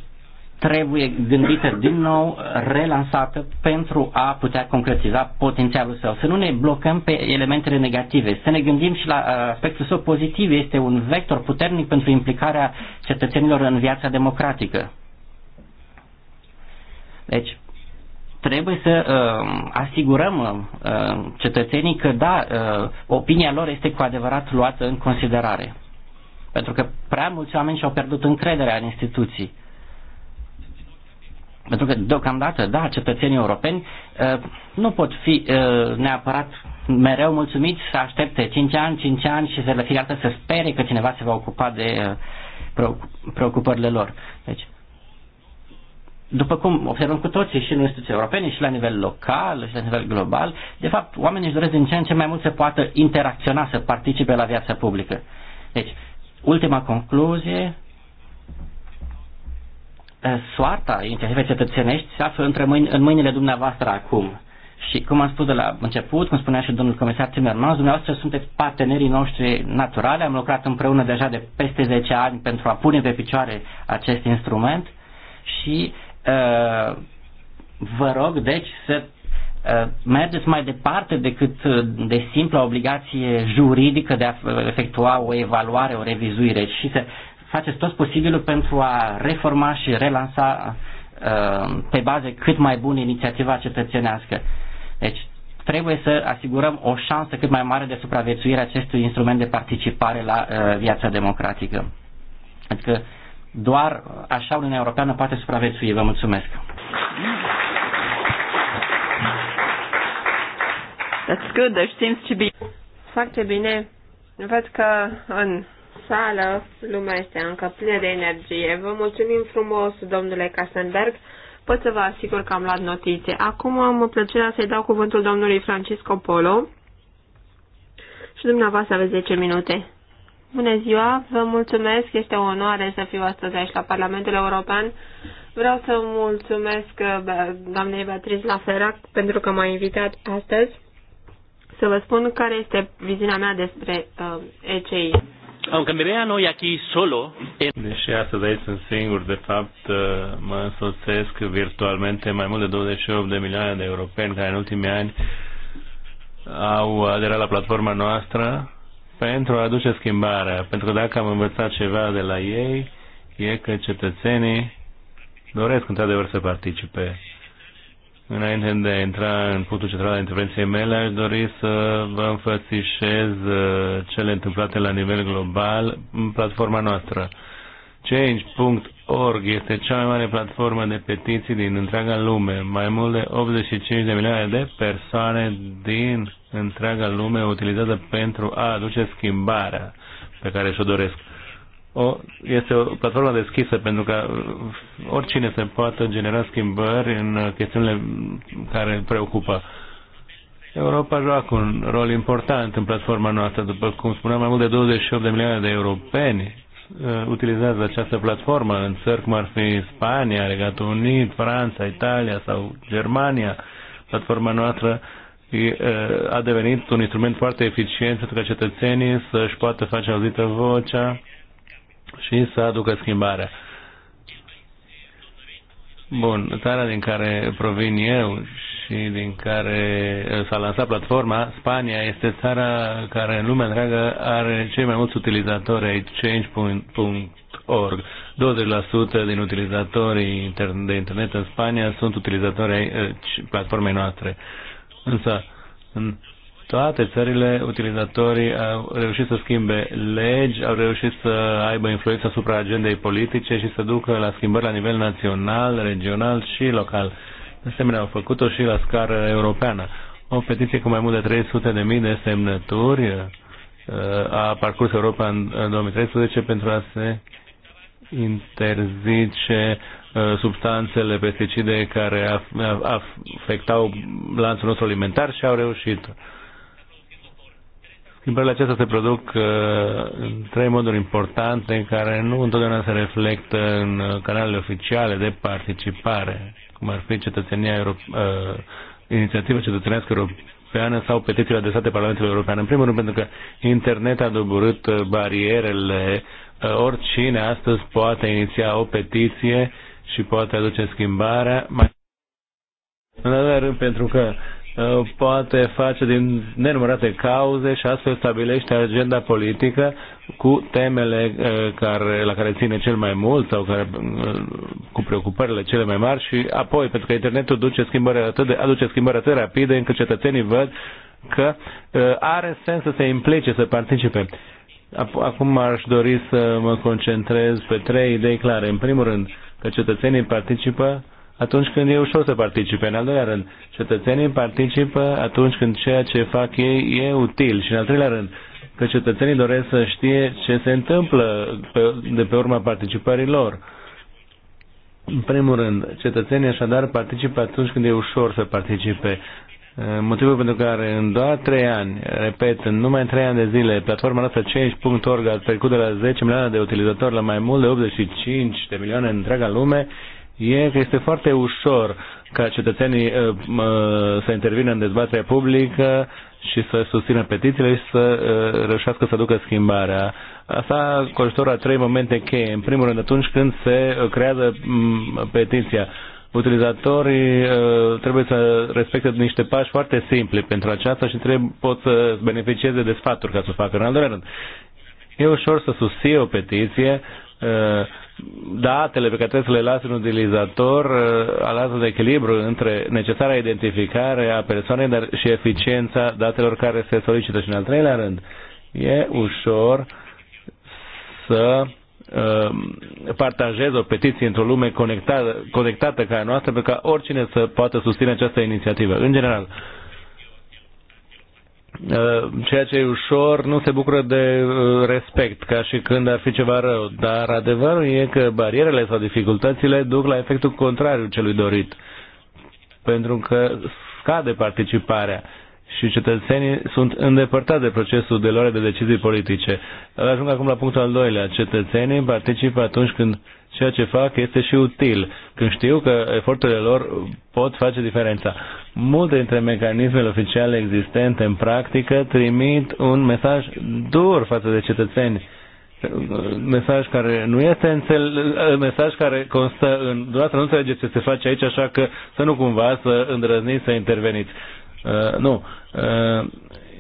trebuie gândită din nou, relansată pentru a putea concretiza potențialul său. Să nu ne blocăm pe elementele negative, să ne gândim și la uh, aspectul său pozitiv. Este un vector puternic pentru implicarea cetățenilor în viața democratică. Deci, trebuie să uh, asigurăm uh, cetățenii că, da, uh, opinia lor este cu adevărat luată în considerare. Pentru că prea mulți oameni și-au pierdut încrederea în instituții. Uh, pentru că, deocamdată, da, cetățenii europeni uh, nu pot fi uh, neapărat mereu mulțumiți să aștepte 5 ani, 5 ani și să le fie altă să spere că cineva se va ocupa de uh, preocupările lor. Deci, după cum observăm cu toții și în instituții europene și la nivel local și la nivel global, de fapt oamenii își doresc din ce în ce mai mult să poată interacționa, să participe la viața publică. Deci, ultima concluzie Eh, soarta inițiativei cetățenești se află între mâini, în mâinile dumneavoastră acum. Și cum am spus de la început, cum spunea și domnul comisar Timmermans, dumneavoastră sunteți partenerii noștri naturale, am lucrat împreună deja de peste 10 ani pentru a pune pe picioare acest instrument și uh, vă rog deci să uh, mergeți mai departe decât de simpla obligație juridică de a efectua o evaluare, o revizuire și să faceți tot posibilul pentru a reforma și relansa uh, pe baze cât mai bune inițiativa cetățenească. Deci trebuie să asigurăm o șansă cât mai mare de supraviețuire acestui instrument de participare la uh, viața democratică. Adică doar așa Uniunea Europeană poate supraviețui. Vă mulțumesc! That's good. There seems to be... Foarte bine. Văd că în sală, lumea este încă plină de energie. Vă mulțumim frumos, domnule Kastenberg. Pot să vă asigur că am luat notițe. Acum am plăcerea să-i dau cuvântul domnului Francisco Polo. Și dumneavoastră aveți 10 minute. Bună ziua, vă mulțumesc, este o onoare să fiu astăzi aici la Parlamentul European. Vreau să mulțumesc uh, doamnei Beatriz Laferac pentru că m-a invitat astăzi să vă spun care este viziunea mea despre uh, ECI aunque me vean hoy aquí solo. Deși astăzi sunt singur, de fapt uh, mă însoțesc virtualmente mai mult de 28 de milioane de europeni care în ultimii ani au aderat la platforma noastră pentru a aduce schimbarea. Pentru că dacă am învățat ceva de la ei, e că cetățenii doresc într-adevăr să participe Înainte de a intra în punctul central al intervenției mele, aș dori să vă înfățișez uh, cele întâmplate la nivel global în platforma noastră. Change.org este cea mai mare platformă de petiții din întreaga lume. Mai mult de 85 de milioane de persoane din întreaga lume utilizează pentru a aduce schimbarea pe care și-o doresc o, este o platformă deschisă pentru că uh, oricine se poate genera schimbări în uh, chestiunile care îl preocupă. Europa joacă un rol important în platforma noastră. După cum spuneam, mai mult de 28 de milioane de europeni uh, utilizează această platformă în țări cum ar fi Spania, Regatul Unit, Franța, Italia sau Germania. Platforma noastră a devenit un instrument foarte eficient pentru ca cetățenii să-și poată face auzită vocea și să aducă schimbarea. Bun, țara din care provin eu și din care s-a lansat platforma, Spania, este țara care în lumea întreagă are cei mai mulți utilizatori ai change.org. 20% din utilizatorii de internet în Spania sunt utilizatori ai platformei noastre. Însă, în toate țările utilizatorii au reușit să schimbe legi, au reușit să aibă influență asupra agendei politice și să ducă la schimbări la nivel național, regional și local. De asemenea, au făcut-o și la scară europeană. O petiție cu mai mult de 300.000 de, mii de semnături uh, a parcurs Europa în 2013 pentru a se interzice uh, substanțele, pesticide care afectau lanțul nostru alimentar și au reușit. Schimbările acestea se produc uh, în trei moduri importante în care nu întotdeauna se reflectă în uh, canalele oficiale de participare, cum ar fi cetățenia Europe, uh, inițiativa cetățenească europeană sau petițiile adresate Parlamentului European. În primul rând pentru că internet a doborât barierele. Oricine astăzi poate iniția o petiție și poate aduce schimbarea. Mai în al rând pentru că Ă, poate face din nenumărate cauze și astfel stabilește agenda politică cu temele ă, care, la care ține cel mai mult sau care, ă, cu preocupările cele mai mari și apoi, pentru că internetul duce schimbări atât de, aduce schimbări atât de rapide încât cetățenii văd că are sens să se implice, să participe. Acum aș dori să mă concentrez pe trei idei clare. În primul rând, că cetățenii participă atunci când e ușor să participe. În al doilea rând, cetățenii participă atunci când ceea ce fac ei e util. Și în al treilea rând, că cetățenii doresc să știe ce se întâmplă pe, de pe urma participării lor. În primul rând, cetățenii așadar participă atunci când e ușor să participe. Eh, motivul pentru care în doar trei ani, repet, în numai trei ani de zile, platforma noastră change.org a trecut de la 10 milioane de utilizatori la mai mult de 85 de milioane în întreaga lume e că este foarte ușor ca cetățenii uh, să intervină în dezbaterea publică și să susțină petițiile și să uh, reușească să ducă schimbarea. Asta conjutoră trei momente cheie. În primul rând, atunci când se creează petiția, utilizatorii uh, trebuie să respecte niște pași foarte simple pentru aceasta și trebuie, pot să beneficieze de sfaturi ca să o facă. În al doilea rând, e ușor să susții o petiție datele pe care trebuie să le lase un utilizator uh, alată de echilibru între necesarea identificare a persoanei dar și eficiența datelor care se solicită. Și în al treilea rând, e ușor să uh, partajez o petiție într-o lume conectată, conectată ca a noastră, pe ca oricine să poată susține această inițiativă. În general, Eh, ceea ce e ușor nu se bucură de eh, respect, ca și când ar fi ceva rău. Dar adevărul e că barierele sau dificultățile duc la efectul contrariu celui dorit, pentru că scade participarea și cetățenii sunt îndepărtați de procesul de luare de decizii politice. Ajung acum la punctul al doilea. Cetățenii participă atunci când ceea ce fac este și util, când știu că eforturile lor pot face diferența. Multe dintre mecanismele oficiale existente în practică trimit un mesaj dur față de cetățeni mesaj care nu este înțel, mesaj care constă în, dumneavoastră nu înțelegeți ce se face aici, așa că să nu cumva să îndrăzniți să interveniți. Uh, nu. Uh,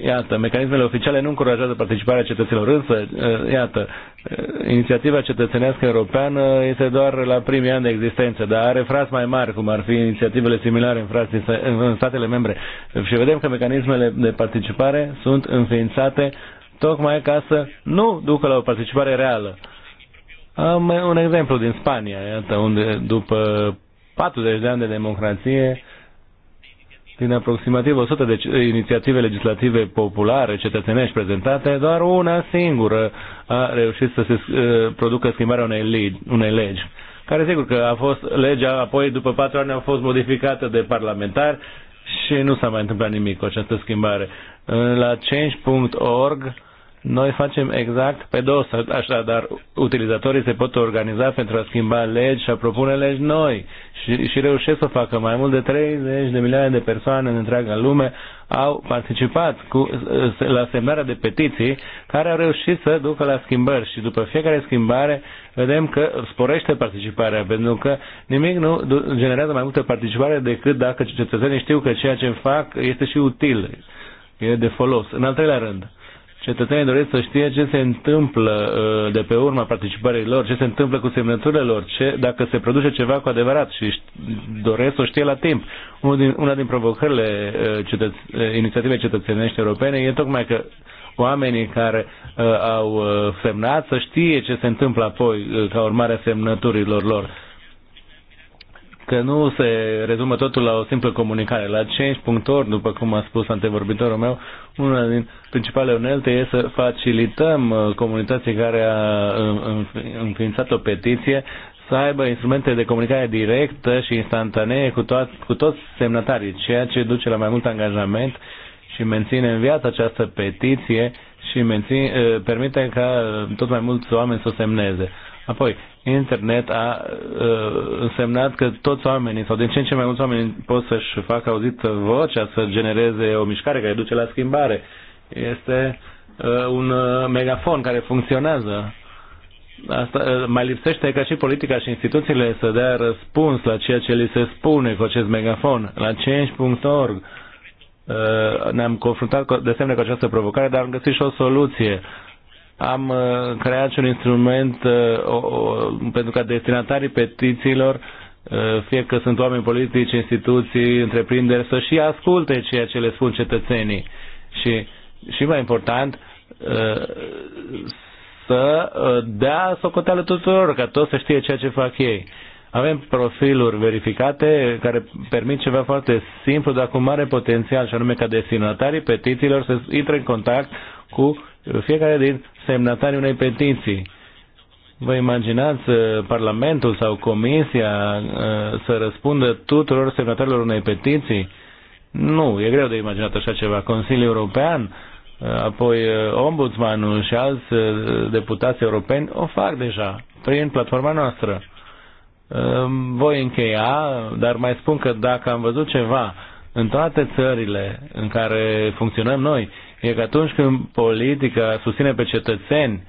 iată, mecanismele oficiale nu încurajează participarea cetățenilor, însă, uh, iată, uh, inițiativa cetățenească europeană este doar la primii ani de existență, dar are frați mai mari, cum ar fi inițiativele similare în, frați, în statele membre. Și vedem că mecanismele de participare sunt înființate tocmai ca să nu ducă la o participare reală. Am un exemplu din Spania, iată, unde după 40 de ani de democrație, din aproximativ 100 de inițiative legislative populare cetățenești prezentate, doar una singură a reușit să se uh, producă schimbarea unei, unei legi care sigur că a fost legea, apoi după patru ani a fost modificată de parlamentari și nu s-a mai întâmplat nimic cu această schimbare. Uh, la change.org noi facem exact pe dos, așa, dar utilizatorii se pot organiza pentru a schimba legi și a propune legi noi și, și reușesc să facă. Mai mult de 30 de milioane de persoane în întreaga lume au participat cu, la semnarea de petiții care au reușit să ducă la schimbări și după fiecare schimbare vedem că sporește participarea pentru că nimic nu generează mai multă participare decât dacă cetățenii știu că ceea ce fac este și util, e de folos. În al treilea rând, cetățenii doresc să știe ce se întâmplă uh, de pe urma participării lor, ce se întâmplă cu semnăturile lor, ce, dacă se produce ceva cu adevărat și doresc să o știe la timp. Una din, una din provocările uh, cetăț, uh, inițiativei cetățenești europene e tocmai că oamenii care uh, au semnat să știe ce se întâmplă apoi uh, ca urmare a semnăturilor lor că nu se rezumă totul la o simplă comunicare. La 5.8, după cum a spus antevorbitorul meu, una din principalele unelte este să facilităm uh, comunității care a uh, înființat o petiție să aibă instrumente de comunicare directă și instantanee cu, toat, cu toți semnatarii, ceea ce duce la mai mult angajament și menține în viață această petiție și menține, uh, permite ca tot mai mulți oameni să o semneze. Apoi, internet a uh, însemnat că toți oamenii, sau din ce în ce mai mulți oameni pot să-și facă auzit vocea, să genereze o mișcare care duce la schimbare. Este uh, un uh, megafon care funcționează. Asta uh, mai lipsește ca și politica și instituțiile să dea răspuns la ceea ce li se spune cu acest megafon. La change.org uh, ne-am confruntat cu, de semne cu această provocare, dar am găsit și o soluție. Uh, am uh, creat și un instrument uh, pentru ca destinatarii petițiilor uh, fie că sunt oameni politici, instituții, întreprinderi, să și asculte ceea ce le spun cetățenii. Și, și mai important, să dea socoteală tuturor, ca toți să știe ceea ce fac ei. Avem profiluri verificate care permit ceva foarte simplu, dar cu mare potențial, și anume ca destinatarii petițiilor să intre în contact cu fiecare din semnatarii unei petiții. Vă imaginați uh, Parlamentul sau Comisia uh, să răspundă tuturor semnatarilor unei petiții? Nu, e greu de imaginat așa ceva. Consiliul European, uh, apoi Ombudsmanul și alți deputați europeni o fac deja prin platforma noastră. Voi încheia, dar mai spun că dacă am văzut ceva în toate țările în care funcționăm noi, e că atunci când politica susține pe cetățeni,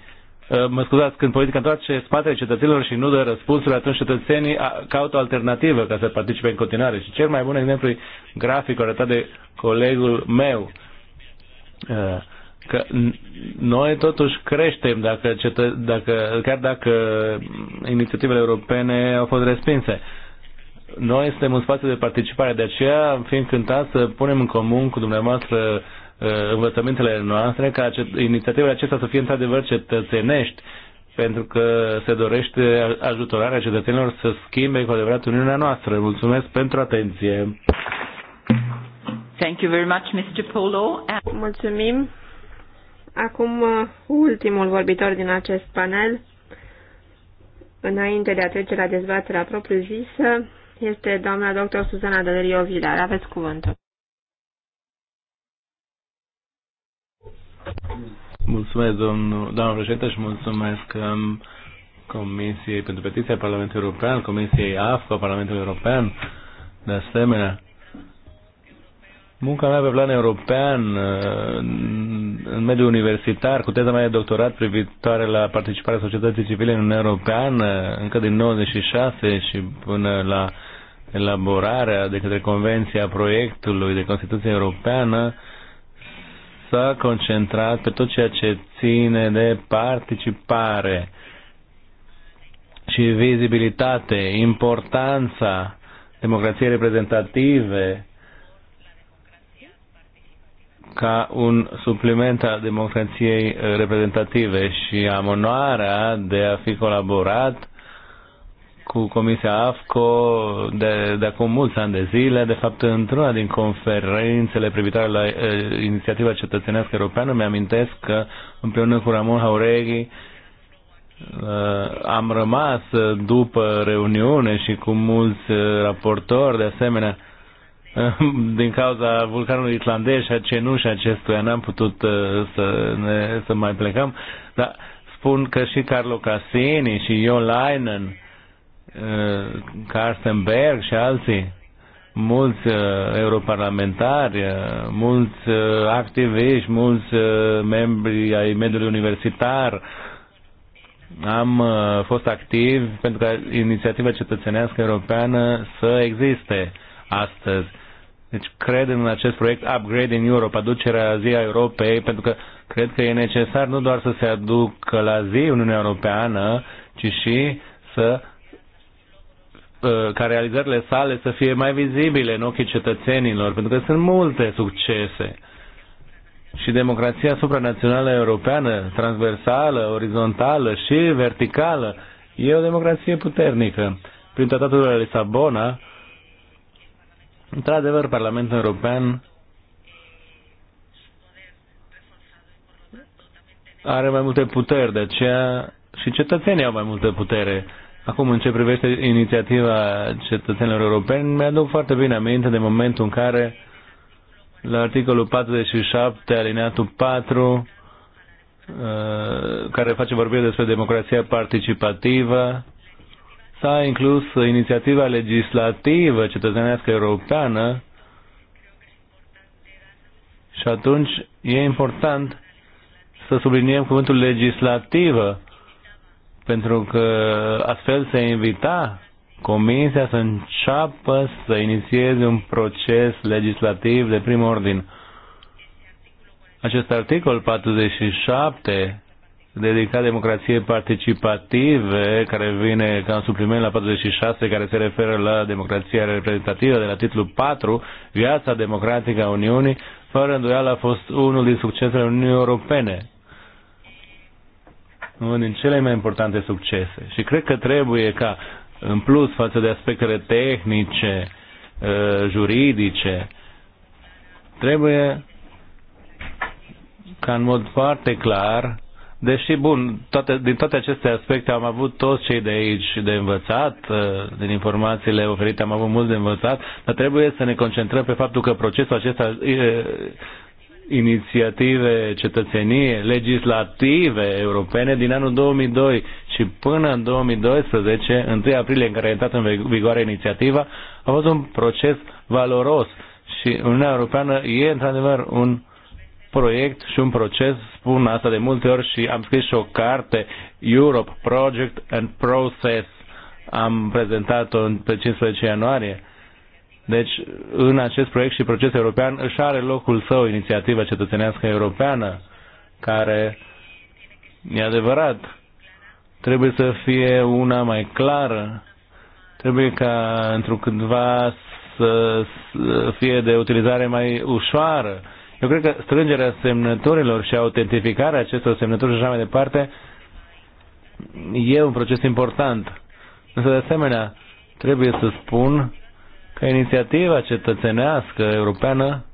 ă, mă scuzați, când politica întoarce spatele cetățenilor și nu dă răspunsuri, atunci cetățenii caută o alternativă ca să participe în continuare. Și cel mai bun exemplu e graficul arătat de colegul meu. Ă, că noi totuși creștem dacă, cetă, dacă, chiar dacă inițiativele europene au fost respinse. Noi suntem un spațiu de participare, de aceea am fi încântat să punem în comun cu dumneavoastră uh, Uh, învățămintele noastre ca inițiativele acestea să fie într-adevăr cetățenești, pentru că se dorește ajutorarea cetățenilor să schimbe cu adevărat Uniunea noastră. Mulțumesc pentru atenție! Thank you very much, Mr. Polo. Mulțumim! Acum uh, ultimul vorbitor din acest panel, înainte de a trece la dezbaterea propriu-zisă, este doamna dr. Suzana Dălărio Vilar. Aveți cuvântul. Mulțumesc, domnul, doamnă președinte, și mulțumesc um, Comisiei pentru Petiția Parlamentului European, Comisiei AFCO, Parlamentul European, de asemenea. Munca mea pe plan european, uh, în mediul universitar, cu teza mea de doctorat privitoare la participarea societății civile în Uniunea Europeană, încă din 96 și până la elaborarea de către Convenția proiectului de Constituție Europeană, s-a concentrat pe tot ceea ce ține de participare și vizibilitate, importanța democrației reprezentative ca un supliment al democrației reprezentative și am onoarea de a fi colaborat cu Comisia AFCO de, de acum mulți ani de zile. De fapt, într-una din conferințele privitoare la uh, inițiativa cetățenească europeană, mi-amintesc că împreună cu Ramon Haureghi uh, am rămas după reuniune și cu mulți uh, raportori de asemenea din cauza vulcanului islandez și a cenușii acestuia n-am putut să, ne, să mai plecăm, dar spun că și Carlo Cassini și Ion Leinen Carstenberg uh, și alții, mulți uh, europarlamentari, uh, mulți activiști, mulți membri ai mediului universitar. Am fost activ pentru ca inițiativa cetățenească europeană să existe astăzi. Deci cred în acest proiect Upgrade in Europe, aducerea zi a Europei, pentru că cred că e necesar nu doar să se aducă la zi Uniunea Europeană, ci și să Uh, ca realizările sale să fie mai vizibile în ochii cetățenilor, pentru că sunt multe succese. Și democrația supranațională europeană, transversală, orizontală și verticală, e o democrație puternică. Prin tratatul de la Lisabona, într-adevăr, Parlamentul European are mai multe puteri, de aceea și cetățenii au mai multe putere. Acum, în ce privește inițiativa cetățenilor europeni, mi-aduc foarte bine aminte de momentul în care, la articolul 47, alineatul 4, uh, care face vorbire despre democrația participativă, s-a inclus inițiativa legislativă cetățenească europeană și atunci e important să subliniem cuvântul legislativă pentru că astfel se invita Comisia să înceapă să inițieze un proces legislativ de prim ordin. Acest articol 47 dedicat democrației participative, care vine ca un supliment la 46, care se referă la democrația reprezentativă de la titlul 4, viața democratică a Uniunii, fără îndoială a fost unul din succesele Uniunii Europene unul din cele mai importante succese. Și cred că trebuie ca, în plus față de aspectele tehnice, uh, juridice, trebuie ca în mod foarte clar, deși, bun, toate, din toate aceste aspecte am avut toți cei de aici de învățat, uh, din informațiile oferite am avut mult de învățat, dar trebuie să ne concentrăm pe faptul că procesul acesta uh, inițiative cetățenie legislative europene din anul 2002 și până în 2012, 1 aprilie în care a intrat în vigoare inițiativa, a fost un proces valoros și Uniunea Europeană e într-adevăr un proiect și un proces, spun asta de multe ori și am scris și o carte, Europe Project and Process, am prezentat-o pe 15 ianuarie deci, în acest proiect și proces european își are locul său inițiativa cetățenească europeană, care, e adevărat, trebuie să fie una mai clară, trebuie ca întrucâtva să fie de utilizare mai ușoară. Eu cred că strângerea semnăturilor și autentificarea acestor semnături și așa mai departe e un proces important. Însă, de asemenea, trebuie să spun că inițiativa cetățenească europeană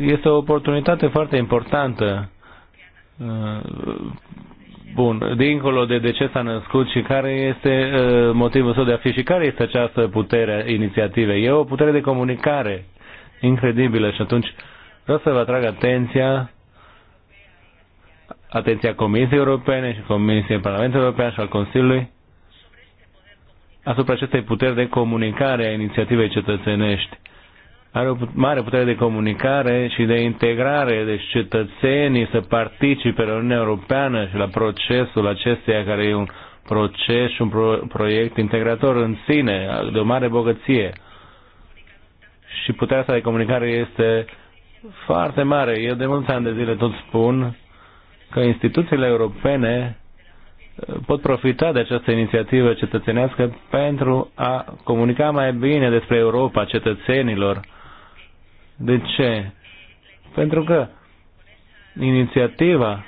este o oportunitate foarte importantă. Uh, bun, dincolo de de ce s-a născut și care este uh, motivul său de a fi și care este această putere a inițiativei. E o putere de comunicare incredibilă și atunci vreau să vă atrag atenția atenția Comisiei Europene și Comisiei Parlamentului European și al Consiliului asupra acestei puteri de comunicare a inițiativei cetățenești. Are o mare putere de comunicare și de integrare, deci cetățenii să participe la Uniunea Europeană și la procesul acesteia care e un proces și un pro- proiect integrator în sine, de o mare bogăție. Și puterea asta de comunicare este foarte mare. Eu de mulți ani de zile tot spun că instituțiile europene pot profita de această inițiativă cetățenească pentru a comunica mai bine despre Europa cetățenilor. De ce? Pentru că inițiativa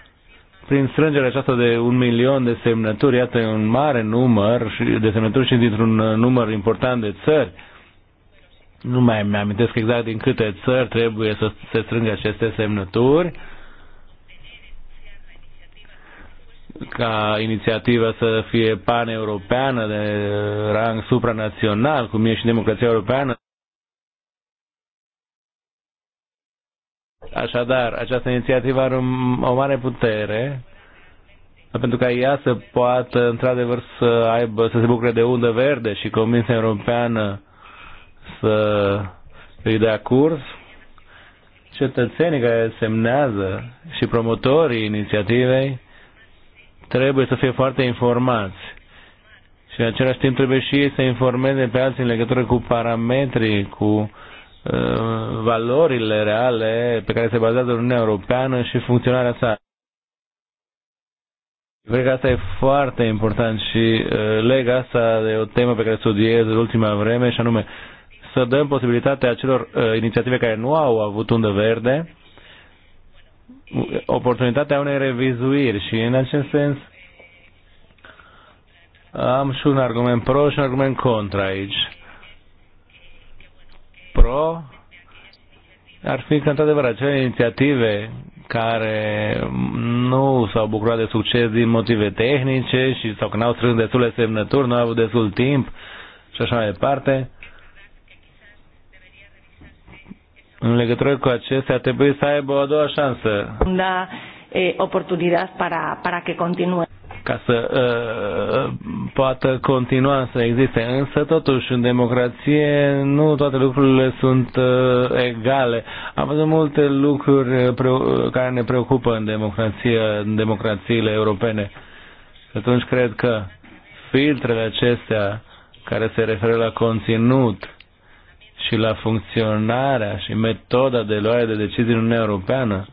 prin strângerea aceasta de un milion de semnături, iată un mare număr de semnături și dintr-un număr important de țări, nu mai mi-amintesc exact din câte țări trebuie să se strângă aceste semnături, uh, ca inițiativa să fie europeană de rang supranațional, cum e și democrația europeană. Așadar, această inițiativă are o mare putere pentru ca ea să poată, într-adevăr, să aibă, să se bucure de undă verde și Comisia Europeană să îi dea curs, cetățenii care semnează și promotorii inițiativei trebuie să fie foarte informați. Și în același timp trebuie și ei să informeze pe alții în legătură cu parametrii, cu uh, valorile reale pe care se bazează Uniunea Europeană și funcționarea sa. Cred că asta e foarte important și uh, leg asta de o temă pe care studiez în ultima vreme și anume să dăm posibilitatea acelor uh, inițiative care nu au avut undă verde oportunitatea unei revizuiri și în acest sens am și un argument pro și un argument contra aici. Pro ar fi că, într-adevăr, acele inițiative care nu s-au bucurat de succes din motive tehnice și sau că n-au strâns destule semnături, nu au avut destul timp și așa mai departe, în legătură cu acestea trebuie să aibă o a doua șansă. Da, oportunități para, para que continue ca să uh, poată continua să existe. Însă, totuși, în democrație nu toate lucrurile sunt uh, egale. Am văzut multe lucruri uh, uh, care ne preocupă în democrație, în democrațiile europene. Și atunci cred că filtrele acestea care se referă la conținut și la funcționarea și metoda de luare de decizii în Uniunea Europeană,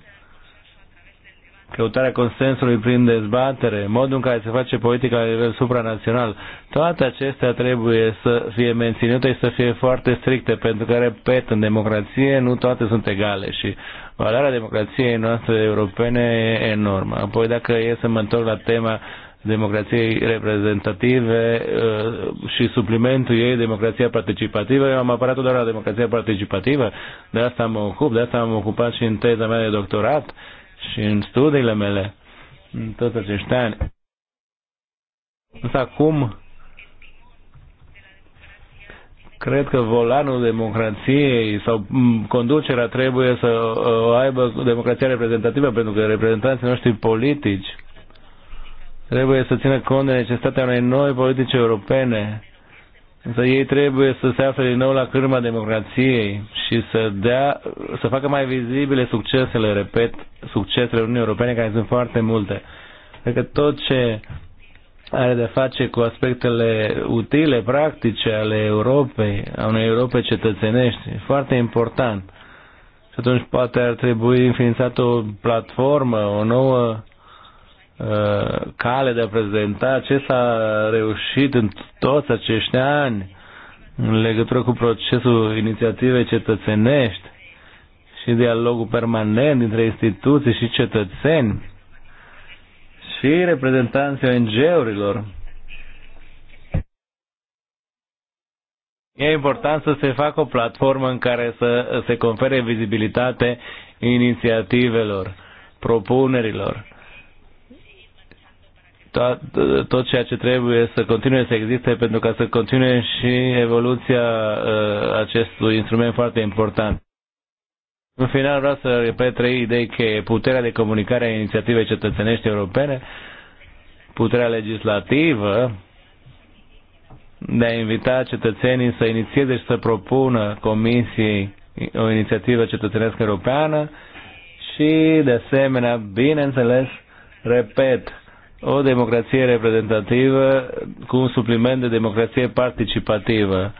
căutarea consensului prin dezbatere, modul în care se face politica la nivel supranațional, toate acestea trebuie să fie menținute și să fie foarte stricte, pentru că, repet, în democrație nu toate sunt egale și valoarea democrației noastre europene e enormă. Apoi, dacă e să mă întorc la tema democrației reprezentative uh, și suplimentul ei democrația participativă. Eu am apărat doar la democrația participativă, de asta mă ocup, de asta am ocupat și în teza mea de doctorat și în studiile mele în toți acești ani. Însă acum cred că volanul democrației sau conducerea trebuie să uh, o aibă democrația reprezentativă, pentru că reprezentanții noștri politici trebuie să țină cont de necesitatea unei noi politici europene. Însă ei trebuie să se afle din nou la cârma democrației și să, dea, să facă mai vizibile succesele, repet, succesele Uniunii Europene, care sunt foarte multe. Cred că tot ce are de face cu aspectele utile, practice ale Europei, a unei Europe cetățenești, e foarte important. Și atunci poate ar trebui înființată o platformă, o nouă Uh, cale de a prezenta ce s-a reușit în toți acești ani în legătură cu procesul inițiativei cetățenești și dialogul permanent dintre instituții și cetățeni și reprezentanții ONG-urilor. E important să se facă o platformă în care să se confere vizibilitate inițiativelor, propunerilor tot tot ceea ce trebuie să continue să existe pentru ca să continue și evoluția uh, acestui instrument foarte important. În final vreau să repet trei idei că Puterea de comunicare a inițiativei cetățenești europene, puterea legislativă de a invita cetățenii să inițieze și să propună Comisiei o inițiativă cetățenească europeană și, de asemenea, bineînțeles, repet, o democrație reprezentativă cu un supliment de democrație participativă.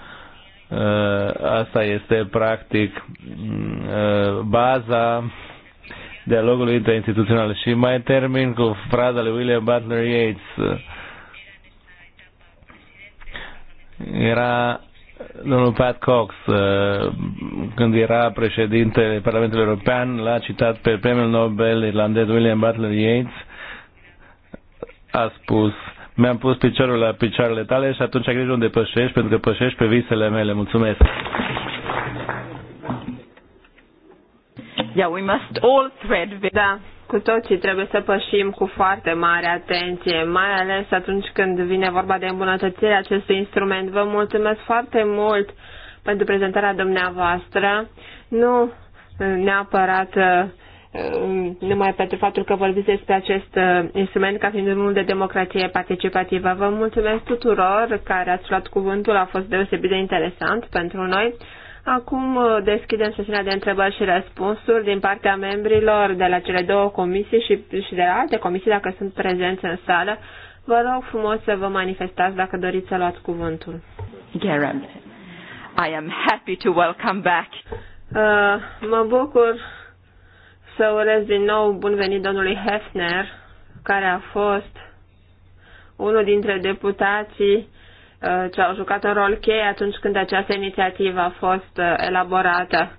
Uh, asta este practic uh, baza dialogului interinstituțional. Și mai termin cu fraza lui William Butler Yeats. Era domnul Pat Cox, uh, când era președintele Parlamentului European, l-a citat pe premiul Nobel irlandez William Butler Yeats a spus mi-am pus piciorul la picioarele tale și atunci ai grijă unde pășești, pentru că pășești pe visele mele. Mulțumesc! Yeah, we must all thread with... Da, cu toții trebuie să pășim cu foarte mare atenție, mai ales atunci când vine vorba de îmbunătățirea acestui instrument. Vă mulțumesc foarte mult pentru prezentarea dumneavoastră. Nu neapărat uh, Uh, numai pentru faptul că vorbiți despre acest uh, instrument ca fiind unul de democrație participativă. Vă mulțumesc tuturor care ați luat cuvântul, a fost deosebit de interesant pentru noi. Acum uh, deschidem sesiunea de întrebări și răspunsuri din partea membrilor de la cele două comisii și, și de la alte comisii dacă sunt prezenți în sală. Vă rog frumos să vă manifestați dacă doriți să luați cuvântul. Gerard, I am happy to welcome back. Uh, mă bucur să urez din nou bun venit domnului Hefner, care a fost unul dintre deputații uh, ce au jucat un rol cheie atunci când această inițiativă a fost uh, elaborată.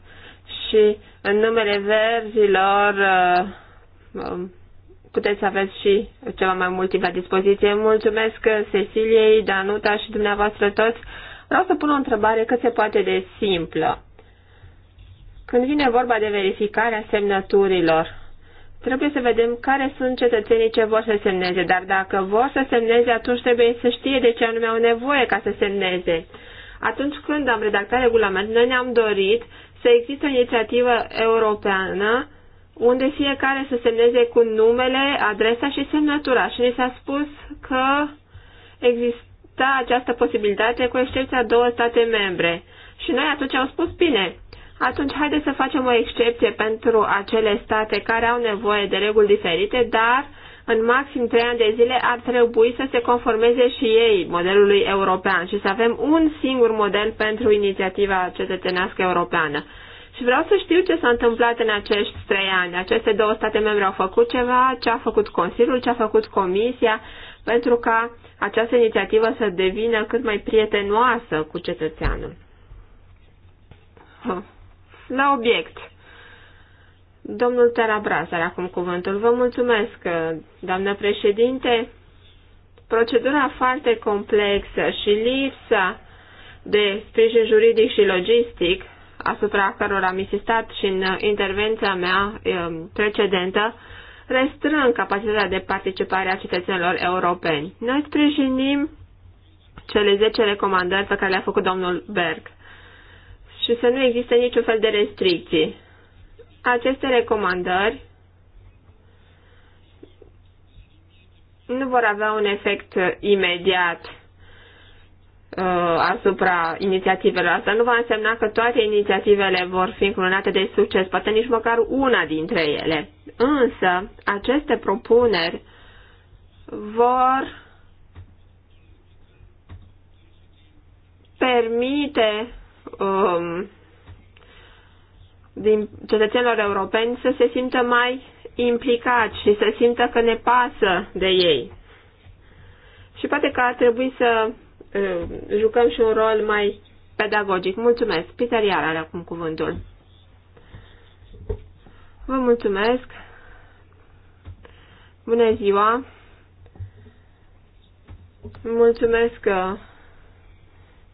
Și în numele verzilor uh, um, puteți să aveți și ceva mai mult timp la dispoziție. Mulțumesc Ceciliei, Danuta și dumneavoastră toți. Vreau să pun o întrebare cât se poate de simplă. Când vine vorba de verificarea semnăturilor, trebuie să vedem care sunt cetățenii ce vor să semneze, dar dacă vor să semneze, atunci trebuie să știe de ce anume au nevoie ca să semneze. Atunci când am redactat regulamentul, noi ne-am dorit să există o inițiativă europeană unde fiecare să semneze cu numele, adresa și semnătura. Și ni s-a spus că exista această posibilitate cu excepția două state membre. Și noi atunci am spus, bine, atunci haideți să facem o excepție pentru acele state care au nevoie de reguli diferite, dar în maxim 3 ani de zile ar trebui să se conformeze și ei modelului european și să avem un singur model pentru inițiativa cetățenească europeană. Și vreau să știu ce s-a întâmplat în acești trei ani. Aceste două state membre au făcut ceva, ce a făcut Consiliul, ce a făcut Comisia, pentru ca această inițiativă să devină cât mai prietenoasă cu cetățeanul. Huh la obiect. Domnul Terabras are acum cuvântul. Vă mulțumesc, doamnă președinte. Procedura foarte complexă și lipsa de sprijin juridic și logistic, asupra cărora am insistat și în intervenția mea precedentă, restrâng capacitatea de participare a cetățenilor europeni. Noi sprijinim cele 10 recomandări pe care le-a făcut domnul Berg și să nu existe niciun fel de restricții. Aceste recomandări nu vor avea un efect imediat uh, asupra inițiativelor. astea. nu va însemna că toate inițiativele vor fi înclunate de succes, poate nici măcar una dintre ele. Însă, aceste propuneri vor permite um, din cetățenilor europeni să se simtă mai implicați și să simtă că ne pasă de ei. Și poate că ar trebui să uh, jucăm și un rol mai pedagogic. Mulțumesc. Peter Iar are acum cuvântul. Vă mulțumesc. Bună ziua. Mulțumesc uh,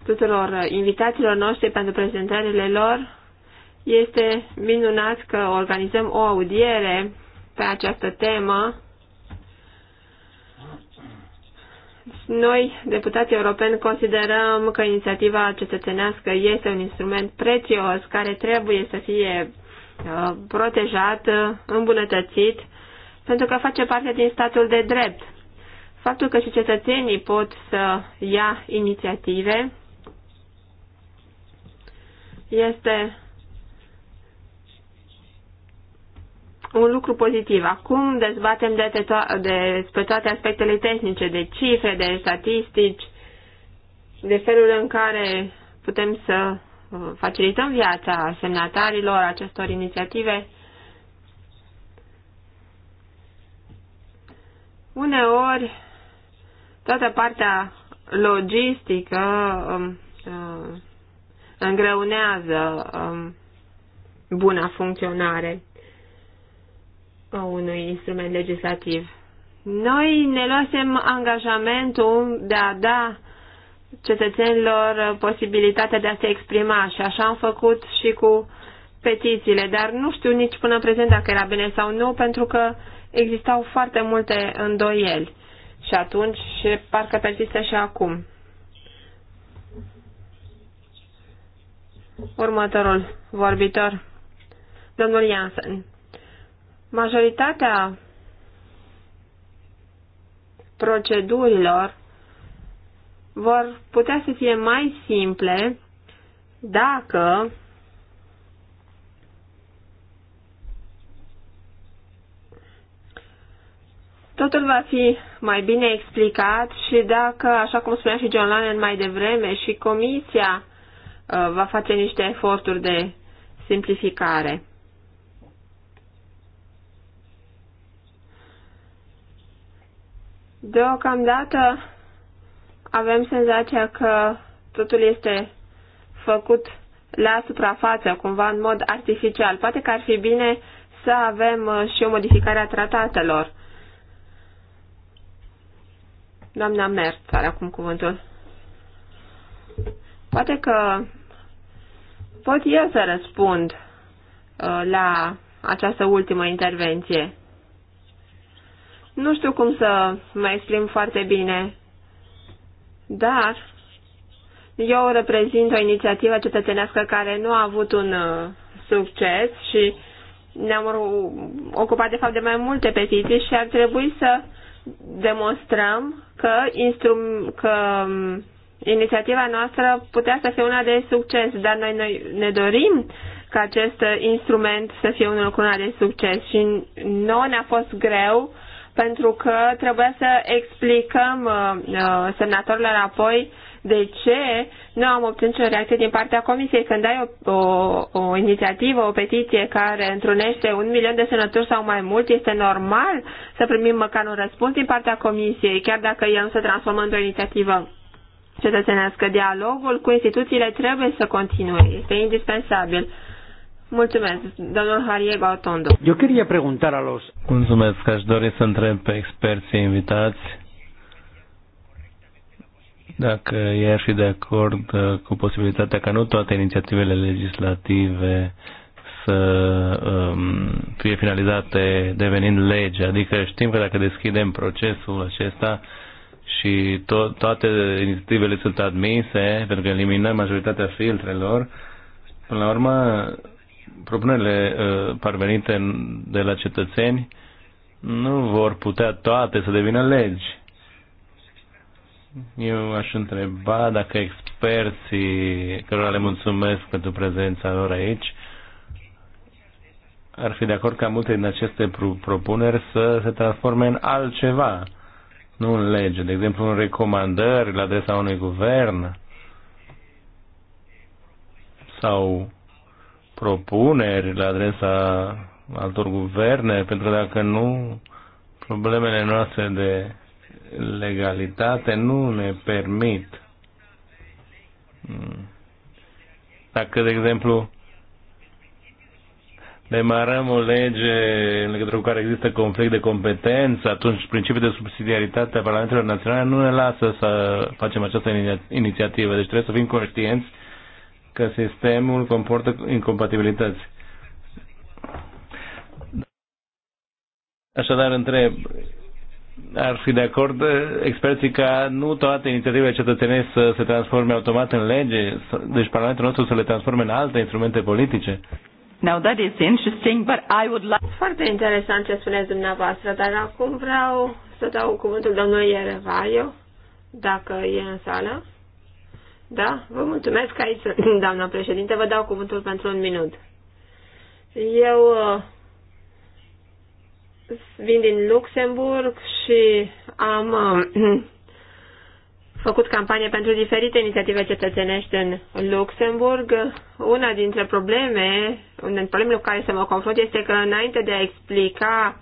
tuturor uh, invitațiilor noștri pentru prezentările lor. Este minunat că organizăm o audiere pe această temă. Noi, deputații europeni, considerăm că inițiativa cetățenească este un instrument prețios care trebuie să fie uh, protejat, uh, îmbunătățit, pentru că face parte din statul de drept. Faptul că și cetățenii pot să ia inițiative este un lucru pozitiv. Acum dezbatem de to- despre toate aspectele tehnice, de cifre, de statistici, de felul în care putem să uh, facilităm viața semnatarilor acestor inițiative. Uneori, toată partea logistică um, uh, îngreunează um, buna funcționare a unui instrument legislativ. Noi ne luasem angajamentul de a da cetățenilor posibilitatea de a se exprima și așa am făcut și cu petițiile, dar nu știu nici până prezent dacă era bine sau nu, pentru că existau foarte multe îndoieli și atunci și parcă persistă și acum. Următorul vorbitor, domnul Jansen. Majoritatea procedurilor vor putea să fie mai simple dacă Totul va fi mai bine explicat și dacă, așa cum spunea și John Lennon mai devreme, și comisia Uh, va face niște eforturi de simplificare. Deocamdată avem senzația că totul este făcut la suprafață, cumva în mod artificial. Poate că ar fi bine să avem uh, și o modificare a tratatelor. Doamna Mert are acum cuvântul. Poate că Pot eu să răspund uh, la această ultimă intervenție. Nu știu cum să mă exprim foarte bine, dar eu reprezint o inițiativă cetățenească care nu a avut un uh, succes și ne-am ocupat de fapt de mai multe petiții și ar trebui să demonstrăm că, instrum, că um, Inițiativa noastră putea să fie una de succes, dar noi, noi ne dorim ca acest instrument să fie unul cu una de succes și nouă ne-a fost greu pentru că trebuia să explicăm uh, uh, semnatorilor apoi de ce nu am obținut o reacție din partea Comisiei când ai o, o, o inițiativă, o petiție care întrunește un milion de semnături sau mai mult? Este normal să primim măcar un răspuns din partea Comisiei, chiar dacă el nu se transformă într-o inițiativă cetățenească. Dialogul cu instituțiile trebuie să continue. Este indispensabil. Mulțumesc, domnul Hariego Otondo. Eu quería preguntar a los... Mulțumesc, aș dori să întreb pe experții invitați dacă ei ar fi de acord uh, cu posibilitatea ca nu toate inițiativele legislative să um, fie finalizate devenind lege. Adică știm că dacă deschidem procesul acesta, și to- toate inițiativele sunt admise pentru că eliminăm majoritatea filtrelor. Până la urmă, propunerile uh, parvenite de la cetățeni nu vor putea toate să devină legi. Eu aș întreba dacă experții cărora le mulțumesc pentru prezența lor aici ar fi de acord ca multe din aceste propuneri să se transforme în altceva nu în lege, de exemplu în recomandări la adresa unui guvern sau propuneri la adresa altor guverne, pentru că dacă nu, problemele noastre de legalitate nu ne permit. Hmm. Dacă, de exemplu, demarăm o lege în legătură cu care există conflict de competență, atunci principiul de subsidiaritate a Parlamentelor Naționale nu ne lasă să facem această inițiativă. Deci trebuie să fim conștienți că sistemul comportă incompatibilități. Așadar, întreb, ar fi de acord experții ca nu toate inițiativele cetățenești să se transforme automat în lege, deci Parlamentul nostru să le transforme în alte instrumente politice? Now that is interesting, but I would like... Foarte interesant ce spuneți dumneavoastră, dar acum vreau să dau cuvântul domnului Erevaio, dacă e în sală. Da, vă mulțumesc că aici, doamna președinte, vă dau cuvântul pentru un minut. Eu uh, vin din Luxemburg și am uh, făcut campanie pentru diferite inițiative cetățenești în Luxemburg. Una dintre probleme, un dintre problemele cu care să mă confrunt este că înainte de a explica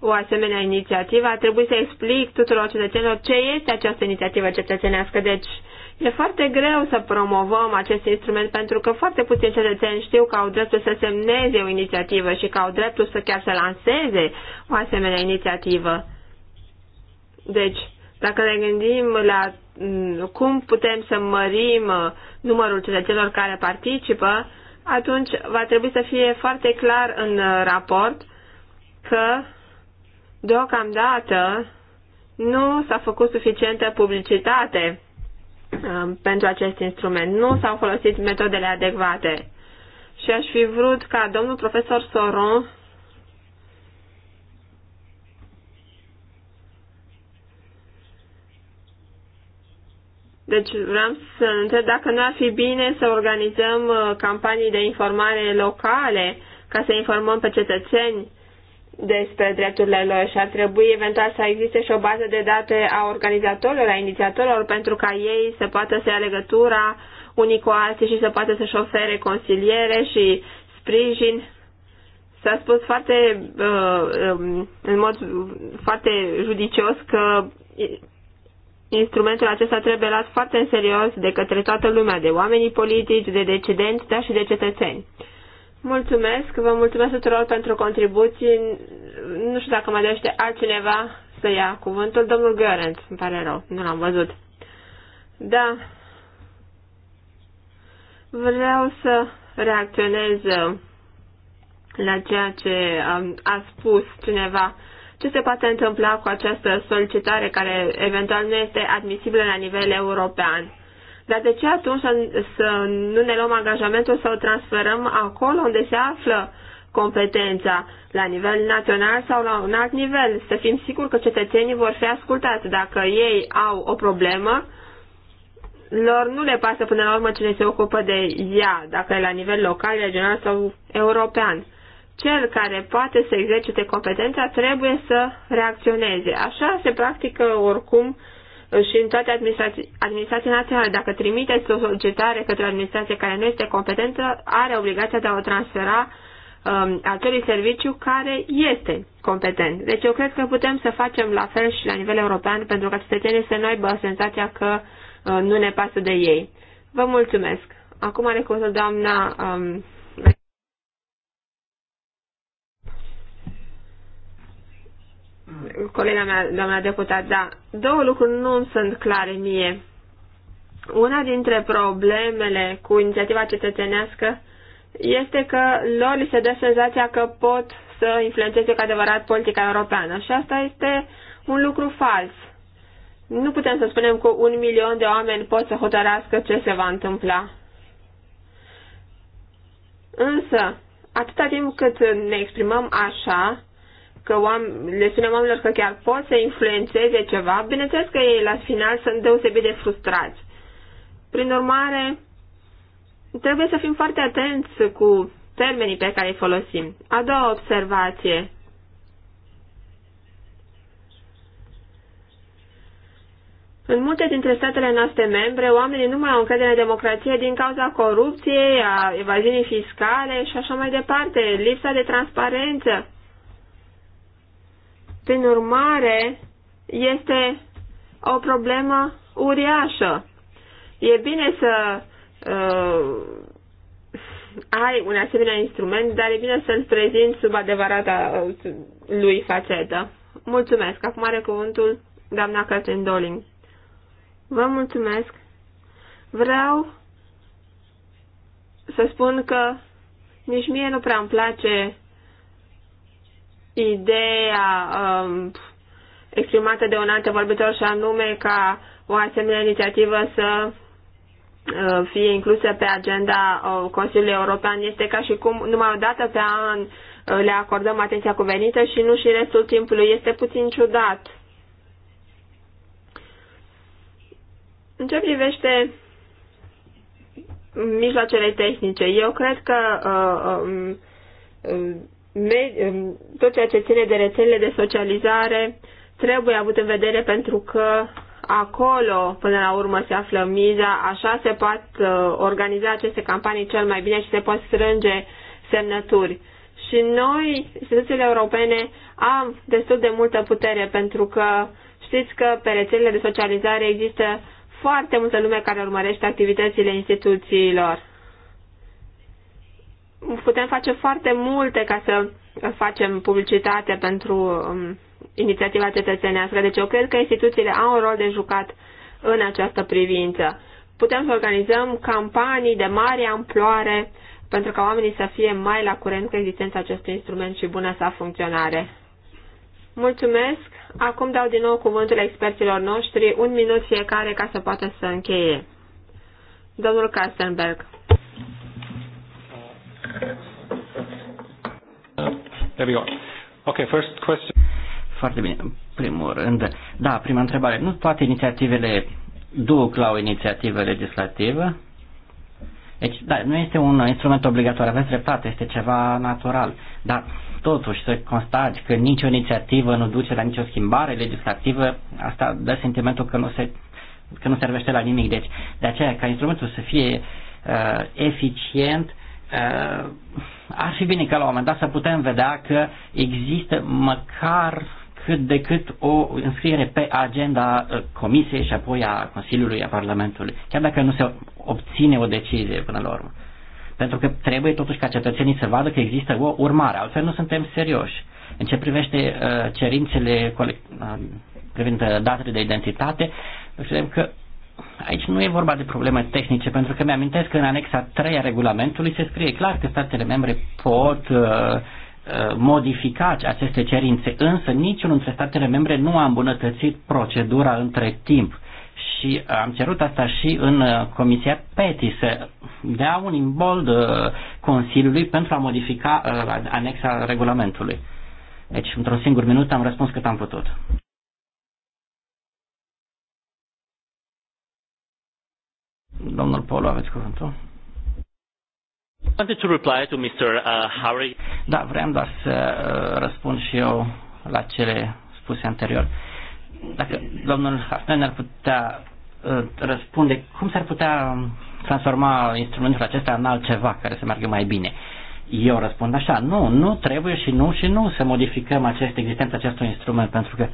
o asemenea inițiativă, a trebuit să explic tuturor cetățenilor ce este această inițiativă cetățenească. Deci e foarte greu să promovăm acest instrument pentru că foarte puțini cetățeni știu că au dreptul să semneze o inițiativă și că au dreptul să chiar să lanseze o asemenea inițiativă. Deci, dacă ne gândim la mm, cum putem să mărim uh, numărul cetățenilor care participă, atunci va trebui să fie foarte clar în uh, raport că deocamdată nu s-a făcut suficientă publicitate um, pentru acest instrument. Nu s-au folosit metodele adecvate. Și aș fi vrut ca domnul profesor Soron Deci vreau să întreb dacă nu ar fi bine să organizăm uh, campanii de informare locale ca să informăm pe cetățeni despre drepturile lor și ar trebui eventual să existe și o bază de date a organizatorilor, a inițiatorilor, pentru ca ei să poată să ia legătura unii cu alții și să poată să-și ofere consiliere și sprijin. S-a spus foarte, uh, um, în mod foarte judicios că Instrumentul acesta trebuie luat foarte în serios de către toată lumea, de oamenii politici, de decidenți, dar și de cetățeni. Mulțumesc, vă mulțumesc tuturor pentru contribuții. Nu știu dacă mai dorește altcineva să ia cuvântul. Domnul Gărenț, îmi pare rău, nu l-am văzut. Da. Vreau să reacționez la ceea ce a spus cineva ce se poate întâmpla cu această solicitare care eventual nu este admisibilă la nivel european. Dar de ce atunci să nu ne luăm angajamentul să o transferăm acolo unde se află competența, la nivel național sau la un alt nivel? Să fim siguri că cetățenii vor fi ascultați. Dacă ei au o problemă, lor nu le pasă până la urmă cine se ocupă de ea, dacă e la nivel local, regional sau european cel care poate să exercite competența trebuie să reacționeze. Așa se practică oricum și în toate administrații, administrații naționale. Dacă trimiteți o solicitare către o administrație care nu este competentă, are obligația de a o transfera um, acelui serviciu care este competent. Deci eu cred că putem să facem la fel și la nivel european pentru ca cetățenii să nu aibă senzația că uh, nu ne pasă de ei. Vă mulțumesc! Acum are cuvântul doamna um, colega mea, doamna deputat, da, două lucruri nu îmi sunt clare mie. Una dintre problemele cu inițiativa cetățenească este că lor li se dă senzația că pot să influențeze cu adevărat politica europeană și asta este un lucru fals. Nu putem să spunem că un milion de oameni pot să hotărască ce se va întâmpla. Însă, atâta timp cât ne exprimăm așa, că oameni, le spunem oamenilor că chiar pot să influențeze ceva, bineînțeles că ei la final sunt deosebit de frustrați. Prin urmare, trebuie să fim foarte atenți cu termenii pe care îi folosim. A doua observație. În multe dintre statele noastre membre, oamenii nu mai au încredere în democrație din cauza corupției, a evaziunii fiscale și așa mai departe, lipsa de transparență prin urmare, este o problemă uriașă. E bine să uh, ai un asemenea instrument, dar e bine să-l prezint sub adevărata uh, lui facetă. Mulțumesc. Acum are cuvântul doamna Catherine Doling. Vă mulțumesc. Vreau să spun că nici mie nu prea îmi place ideea um, exprimată de un antevorbitor și anume ca o asemenea inițiativă să uh, fie inclusă pe agenda uh, Consiliului European este ca și cum numai o dată pe an uh, le acordăm atenția cuvenită și nu și restul timpului. Este puțin ciudat. În ce privește mijloacele tehnice, eu cred că uh, um, um tot ceea ce ține de rețelele de socializare trebuie avut în vedere pentru că acolo, până la urmă, se află miza, așa se pot uh, organiza aceste campanii cel mai bine și se pot strânge semnături. Și noi, instituțiile europene, am destul de multă putere pentru că știți că pe rețelele de socializare există foarte multă lume care urmărește activitățile instituțiilor putem face foarte multe ca să facem publicitate pentru um, inițiativa cetățenească. Deci eu cred că instituțiile au un rol de jucat în această privință. Putem să organizăm campanii de mare amploare pentru ca oamenii să fie mai la curent cu existența acestui instrument și bună sa funcționare. Mulțumesc! Acum dau din nou cuvântul experților noștri, un minut fiecare ca să poată să încheie. Domnul Kastenberg. There we go. Okay, first question. Foarte bine. Primul rând, da, prima întrebare. Nu toate inițiativele duc la o inițiativă legislativă? Deci, da, nu este un instrument obligatoriu, aveți dreptate, este ceva natural. Dar, totuși, să constați că nicio inițiativă nu duce la nicio schimbare legislativă, asta dă sentimentul că nu, se, că nu servește la nimic. Deci, de aceea, ca instrumentul să fie uh, eficient, uh, Eh, ar fi bine ca la un moment dat să putem vedea că există măcar cât de cât o înscriere pe agenda eh, Comisiei și apoi a Consiliului, a Parlamentului, chiar dacă nu se obține o decizie până la urmă. Pentru că trebuie totuși ca cetățenii să vadă că există o urmare, altfel nu suntem serioși. În ce privește eh, cerințele privind datele de identitate, credem că Aici nu e vorba de probleme tehnice, pentru că mi-amintesc că în anexa 3 a regulamentului se scrie clar că statele membre pot uh, uh, modifica aceste cerințe, însă niciunul dintre statele membre nu a îmbunătățit procedura între timp. Și am cerut asta și în uh, Comisia PETI să dea un imbold uh, Consiliului pentru a modifica anexa regulamentului. Deci, într-un singur minut am răspuns cât am putut. Domnul Polo, aveți cuvântul? to reply to Mr. Uh, Harry. Da, vreau doar să uh, răspund și eu la cele spuse anterior. Dacă domnul Hartman ar putea uh, răspunde, cum s-ar putea um, transforma instrumentul acesta în altceva care să meargă mai bine? Eu răspund așa, nu, nu trebuie și nu și nu să modificăm acest existența acestui instrument, pentru că,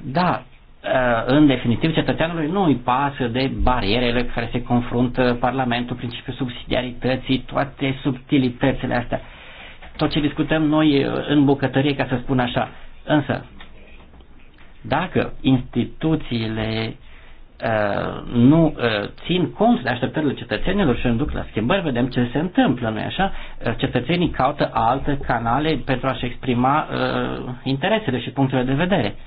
da, Uh, în definitiv, cetățeanului nu îi pasă de barierele care se confruntă Parlamentul, principiul subsidiarității, toate subtilitățile astea. Tot ce discutăm noi uh, în bucătărie, ca să spun așa. Însă, dacă instituțiile uh, nu uh, țin cont de așteptările cetățenilor și duc la schimbări, vedem ce se întâmplă, nu așa? Uh, cetățenii caută alte canale pentru a-și exprima uh, interesele și punctele de vedere. Uh,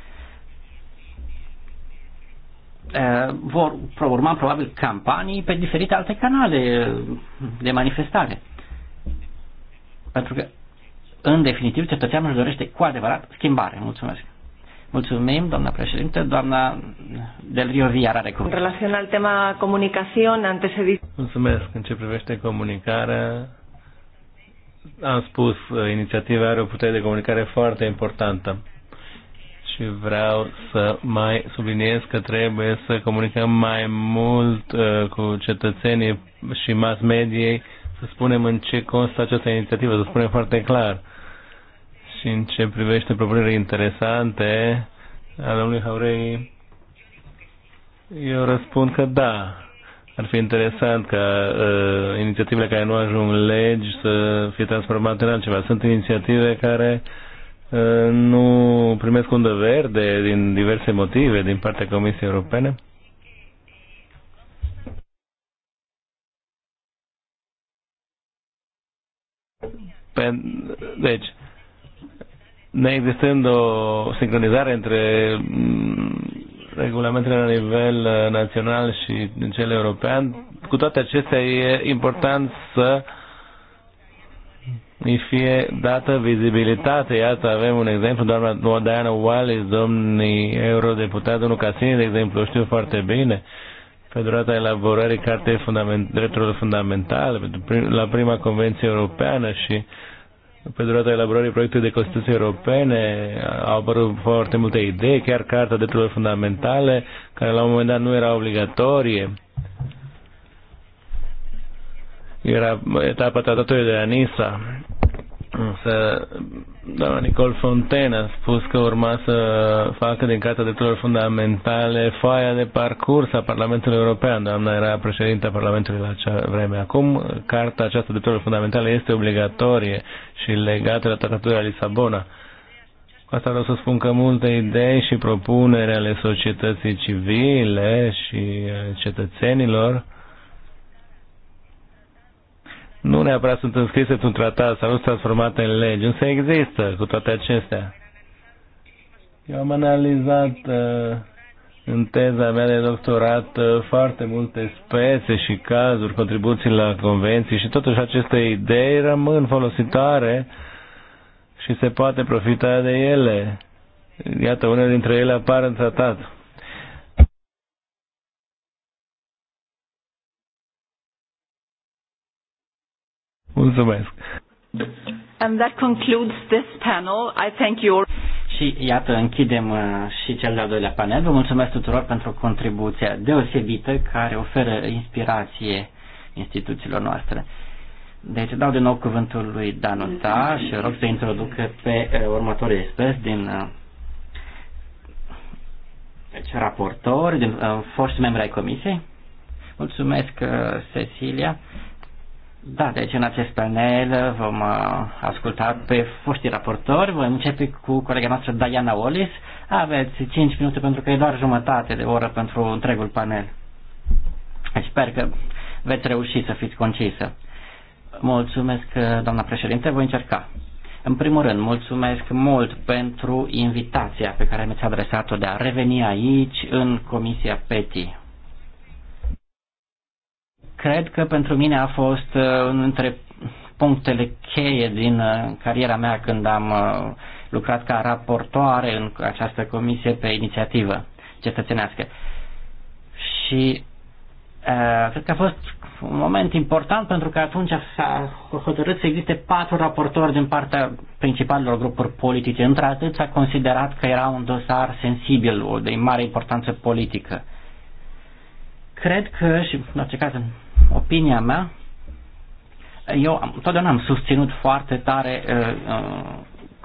Eh, vor urma probabil campanii pe diferite alte canale de manifestare. Pentru că, în definitiv, cetățeanul își dorește cu adevărat schimbare. Mulțumesc! Mulțumim, doamna președinte. Doamna Del Rio Viar are cuvânt. În relație al tema comunicație, antes de. Mulțumesc. În ce privește comunicarea, am spus, inițiativa are o putere de comunicare foarte importantă și vreau să mai subliniez că trebuie să comunicăm mai mult uh, cu cetățenii și mass mediei, să spunem în ce constă această inițiativă, să spunem foarte clar. Și în ce privește propunerile interesante ale domnului Haurei, eu răspund că da. Ar fi interesant ca uh, inițiativele care nu ajung legi să fie transformate în altceva. Sunt inițiative care uh, Eh, nu primesc undă verde din diverse motive din partea Comisiei Europene? deci, neexistând o sincronizare între mm, regulamentele la nivel eh, național și cel european, cu toate acestea e important să uh, îi fie dată vizibilitate. Iată, avem un exemplu, doamna Diana Wallis, domnii eurodeputat, domnul Casini, de exemplu, știu foarte bine, pe durata elaborării Cartei fundament, Drepturilor Fundamentale, la prima convenție europeană și pe durata elaborării proiectului de Constituție Europene au apărut foarte multe idei, chiar Carta Drepturilor Fundamentale, care la un moment dat nu era obligatorie era etapa tratatului de la Nisa. Însă, doamna Nicole Fontaine a spus că urma să facă din Carta Drepturilor Fundamentale foaia de parcurs a Parlamentului European. Doamna era președinta Parlamentului la acea vreme. Acum, Carta aceasta Drepturilor Fundamentale este obligatorie și legată la Tratatul de la Lisabona. Cu asta vreau să spun că multe idei și propuneri ale societății civile și cetățenilor nu neapărat sunt înscrise într-un tratat sau nu sunt transformate în legi, însă există cu toate acestea. Eu am analizat uh, în teza mea de doctorat uh, foarte multe spețe și cazuri, contribuții la convenții și totuși aceste idei rămân folositoare și se poate profita de ele. Iată, unele dintre ele apar în tratat. Mulțumesc. And that concludes this panel. I thank you Și iată, închidem uh, și cel de-al doilea panel. Vă mulțumesc tuturor pentru contribuția deosebită care oferă inspirație instituțiilor noastre. Deci dau din nou cuvântul lui Danuta și rog să introducă pe uh, următorul expres din uh, deci, raportor, din foști membri ai comisiei. Mulțumesc, Cecilia. Da, deci în acest panel uh, vom uh, asculta pe foștii raportori. Vom începe cu colega noastră Diana Wallis. Aveți 5 minute pentru că e doar jumătate de oră pentru întregul panel. Sper că veți reuși să fiți concisă. Mulțumesc, uh, doamna președinte, voi încerca. În primul rând, mulțumesc mult pentru invitația pe care mi-ați adresat-o de a reveni aici, în Comisia PETI. Cred că pentru mine a fost uh, unul dintre punctele cheie din uh, cariera mea când am uh, lucrat ca raportoare în această comisie pe inițiativă cetățenească. Și uh, cred că a fost un moment important pentru că atunci s-a hotărât să existe patru raportori din partea principalilor grupuri politice. Într-atât s-a considerat că era un dosar sensibil, o de mare importanță politică. Cred că, și în orice caz opinia mea, eu totdeauna am susținut foarte tare uh, uh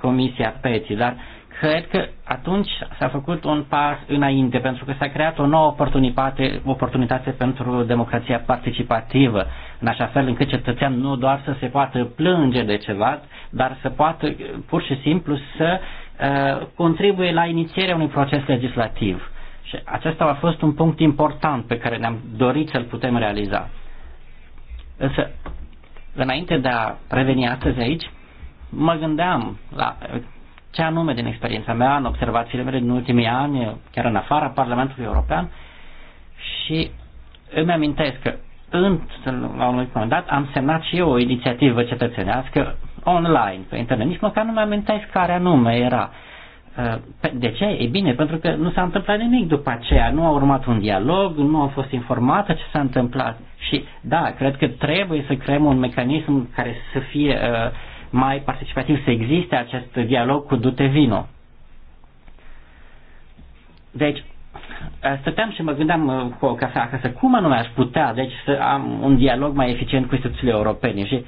Comisia PETI, dar cred că atunci s-a făcut un pas înainte, pentru că s-a creat o nouă oportunitate, oportunitate pentru democrația participativă, în așa fel încât cetățean nu doar să se poată plânge de ceva, dar să poată uh, pur și simplu să uh, contribuie la inițierea unui proces legislativ. Și acesta a fost un punct important pe care ne-am dorit să-l putem realiza. Însă, înainte de a reveni astăzi aici, mă gândeam la uh, ce anume din experiența mea, în observațiile mele din ultimii ani, chiar în afara Parlamentului European, și îmi amintesc că în, la un moment dat am semnat și eu o inițiativă cetățenească online pe internet, nici măcar nu mi amintesc care anume era. Uh, de ce? E bine, pentru că nu s-a întâmplat nimic după aceea, nu a urmat un dialog, nu a fost informată ce s-a întâmplat. Și da, cred că trebuie să creăm un mecanism care să fie uh, mai participativ, să existe acest dialog cu Dute Vino. Deci, uh, stăteam și mă gândeam uh, cu o cafea acasă, cum anume aș putea, deci, să am un dialog mai eficient cu instituțiile europene și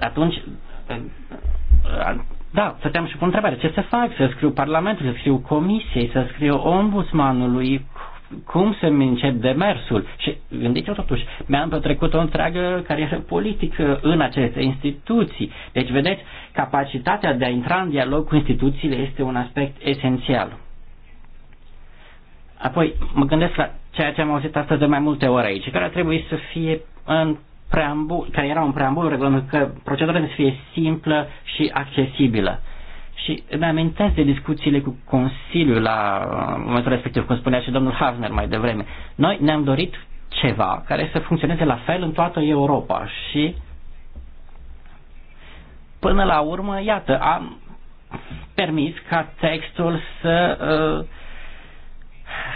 atunci uh, da, stăteam și pun întrebare. Ce să fac? Să scriu Parlamentului, să scriu Comisiei, să scriu Ombudsmanului, cum să-mi încep demersul? Și gândiți-vă totuși, mi-am petrecut o întreagă carieră politică în aceste instituții. Deci, vedeți, capacitatea de a intra în dialog cu instituțiile este un aspect esențial. Apoi, mă gândesc la ceea ce am auzit astăzi de mai multe ori aici, care ar trebui să fie în preambul, care era un preambul regulând că procedura trebuie să fie simplă și accesibilă. Și îmi amintesc de discuțiile cu Consiliul la momentul respectiv, cum spunea și domnul Hafner mai devreme. Noi ne-am dorit ceva care să funcționeze la fel în toată Europa și până la urmă, iată, am permis ca textul să, uh,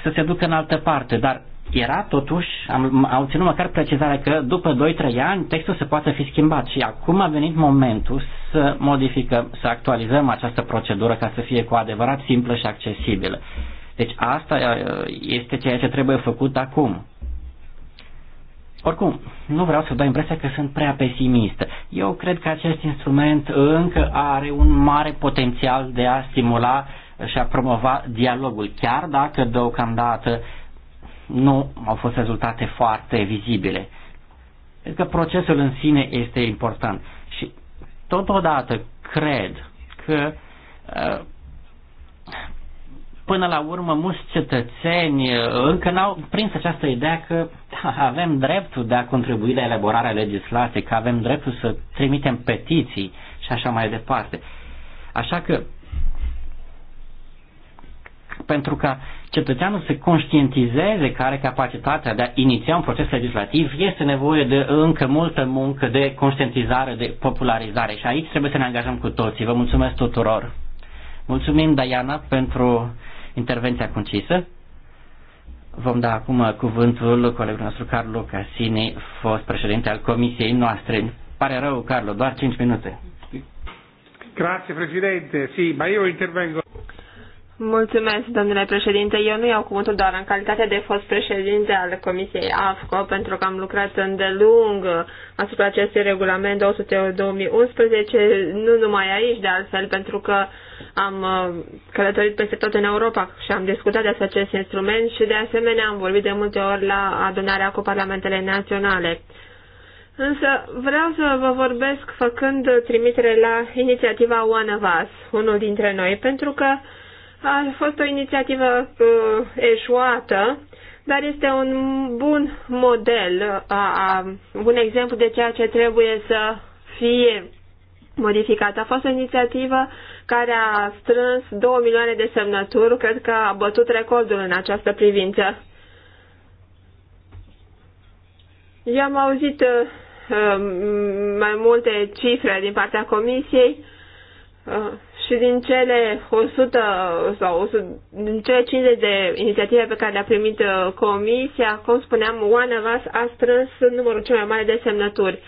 să se ducă în altă parte, dar era totuși, am, au ținut măcar precizarea că după 2-3 ani textul se poate fi schimbat și acum a venit momentul să modificăm, să actualizăm această procedură ca să fie cu adevărat simplă și accesibilă. Deci asta uh, este ceea ce trebuie făcut acum. Oricum, nu vreau să dau impresia că sunt prea pesimistă. Eu cred că acest instrument încă are un mare potențial de a stimula și a promova dialogul, chiar dacă deocamdată uh, nu au fost rezultate foarte vizibile. Cred că procesul în sine este important și totodată cred că uh, până la urmă mulți cetățeni uh, încă n-au prins această idee că da, avem dreptul de a contribui la elaborarea legislației, că avem dreptul să trimitem petiții și așa mai departe. Așa că pentru ca cetățeanul să conștientizeze că are capacitatea de a iniția un proces legislativ, este nevoie de încă multă muncă de conștientizare, de popularizare și aici trebuie să ne angajăm cu toții. Vă mulțumesc tuturor! Mulțumim, Diana, pentru intervenția concisă. Vom da acum cuvântul colegului nostru, Carlo Casini, fost președinte al comisiei noastre. Pare rău, Carlo, doar 5 minute. Grazie Presidente, sì, ma io intervengo. Mulțumesc, domnule președinte. Eu nu iau cuvântul doar în calitate de fost președinte al Comisiei AFCO, pentru că am lucrat îndelung asupra acestui regulament 200-2011, nu numai aici, de altfel, pentru că am uh, călătorit peste tot în Europa și am discutat despre acest instrument și, de asemenea, am vorbit de multe ori la adunarea cu parlamentele naționale. Însă vreau să vă vorbesc făcând trimitere la inițiativa One of Us, unul dintre noi, pentru că a fost o inițiativă uh, eșuată, dar este un bun model, uh, un exemplu de ceea ce trebuie să fie modificat. A fost o inițiativă care a strâns 2 milioane de semnături, cred că a bătut recordul în această privință. Eu am auzit uh, uh, mai multe cifre din partea comisiei. Uh, și din cele 100 sau 100, din cele 50 de inițiative pe care le-a primit uh, comisia, cum spuneam, One of Us a strâns numărul cel mai mare de semnături.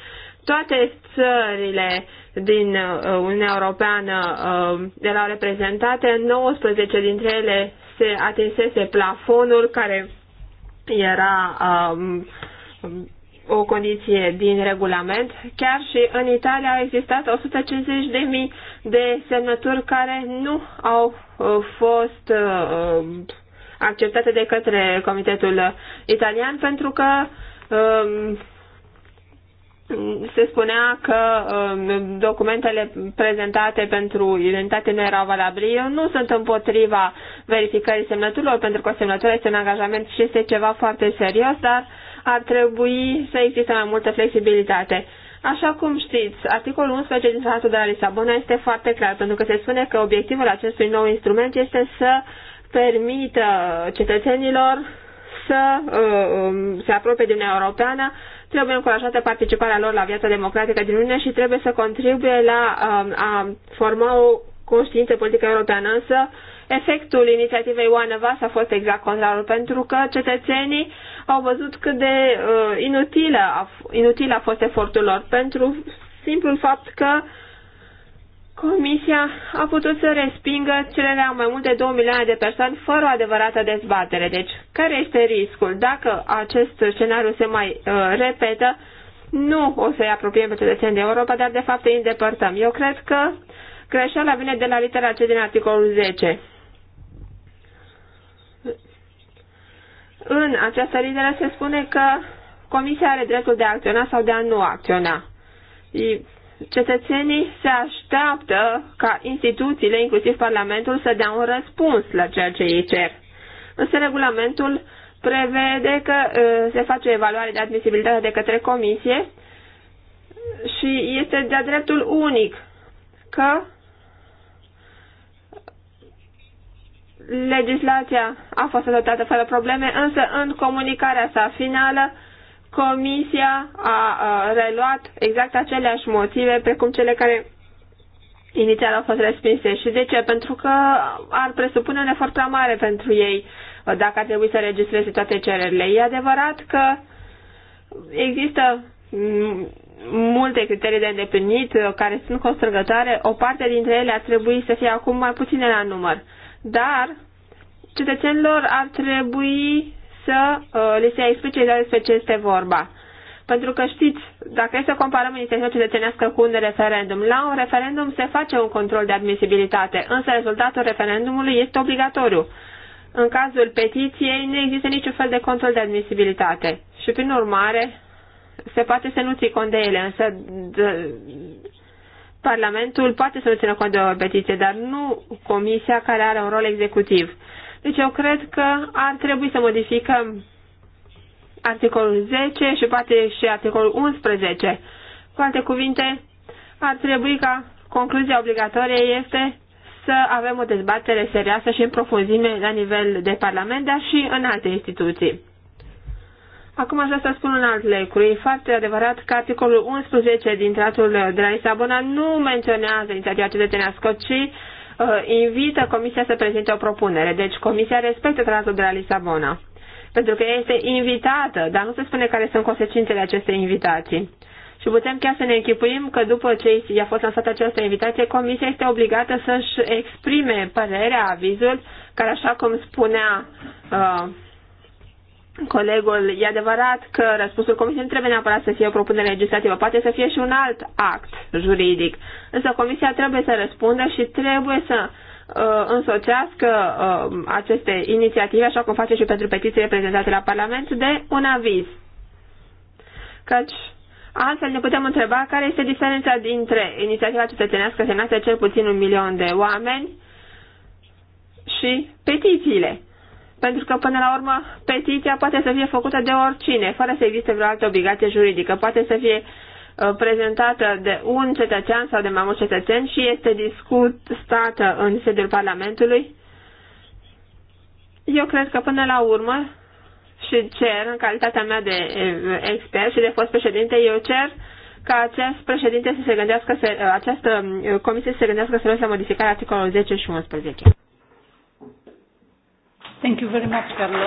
Toate țările din uh, Uniunea Europeană uh, erau reprezentate, 19 dintre ele se atinsese plafonul care era um, o condiție din regulament. Chiar și în Italia au existat 150.000 de semnături care nu au uh, fost uh, um, acceptate de către Comitetul Italian pentru că um, se spunea că um, documentele prezentate pentru identitate nu erau valabile. Eu nu sunt împotriva verificării semnăturilor, pentru că o semnătură este un angajament și este ceva foarte serios, dar uh, ar trebui să existe mai multă flexibilitate. Așa cum știți, articolul 11 din Tratatul de la Lisabona este foarte clar, pentru că se spune că obiectivul acestui nou instrument este să permită cetățenilor să uh, um, se apropie de Uniunea Europeană, trebuie încurajată participarea lor la viața democratică din Uniune și trebuie să contribuie la uh, a forma o conștiință politică europeană, însă Efectul inițiativei One of Us a fost exact contrarul, pentru că cetățenii au văzut cât de uh, inutilă a, inutil a fost efortul lor, pentru simplul fapt că Comisia a putut să respingă celele mai mult de 2 milioane de persoane fără o adevărată dezbatere. Deci, care este riscul? Dacă acest scenariu se mai uh, repetă, nu o să-i apropiem pe cetățenii de Europa, dar de fapt îi îndepărtăm. Eu cred că greșeala vine de la litera C din articolul 10. În această lideră se spune că Comisia are dreptul de a acționa sau de a nu acționa. Cetățenii se așteaptă ca instituțiile, inclusiv Parlamentul, să dea un răspuns la ceea ce ei cer. Însă regulamentul prevede că se face o evaluare de admisibilitate de către comisie și este de-a dreptul unic că legislația a fost adoptată fără probleme, însă în comunicarea sa finală, Comisia a reluat exact aceleași motive precum cele care inițial au fost respinse. Și de ce? Pentru că ar presupune un efort prea mare pentru ei dacă ar trebui să registreze toate cererile. E adevărat că există multe criterii de îndeplinit uh, care sunt constrângătoare, o parte dintre ele ar trebui să fie acum mai puține la număr dar cetățenilor ar trebui să uh, le se explice despre ce este vorba. Pentru că știți, dacă e să comparăm inițiativa cetățenească cu un referendum, la un referendum se face un control de admisibilitate, însă rezultatul referendumului este obligatoriu. În cazul petiției nu există niciun fel de control de admisibilitate și, prin urmare, se poate să nu ții cont de ele, însă Parlamentul poate să nu țină cont de o petiție, dar nu Comisia care are un rol executiv. Deci eu cred că ar trebui să modificăm articolul 10 și poate și articolul 11. Cu alte cuvinte, ar trebui ca concluzia obligatorie este să avem o dezbatere serioasă și în profunzime la nivel de Parlament, dar și în alte instituții. Acum aș vrea să spun un alt lucru. E foarte adevărat că articolul 11 din tratul de la Lisabona nu menționează inițiativa cetățenească, ci uh, invită Comisia să prezinte o propunere. Deci Comisia respectă tratul de la Lisabona. Pentru că ea este invitată, dar nu se spune care sunt consecințele acestei invitații. Și putem chiar să ne închipuim că după ce i-a fost lansată această invitație, Comisia este obligată să-și exprime părerea, avizul, care așa cum spunea uh, colegul, e adevărat că răspunsul Comisiei nu trebuie neapărat să fie o propunere legislativă, poate să fie și un alt act juridic. Însă Comisia trebuie să răspundă și trebuie să uh, însoțească uh, aceste inițiative, așa cum face și pentru petițiile prezentate la Parlament, de un aviz. Căci altfel ne putem întreba care este diferența dintre inițiativa cetățenească semnată cel puțin un milion de oameni și petițiile pentru că, până la urmă, petiția poate să fie făcută de oricine, fără să existe vreo altă obligație juridică. Poate să fie uh, prezentată de un cetățean sau de mai mulți cetățeni și este discutată în sediul Parlamentului. Eu cred că până la urmă și cer, în calitatea mea de uh, expert și de fost președinte, eu cer ca acest președinte să se gândească, să, uh, această comisie să se gândească să la modificarea articolului 10 și 11. Thank you very much, Carlo.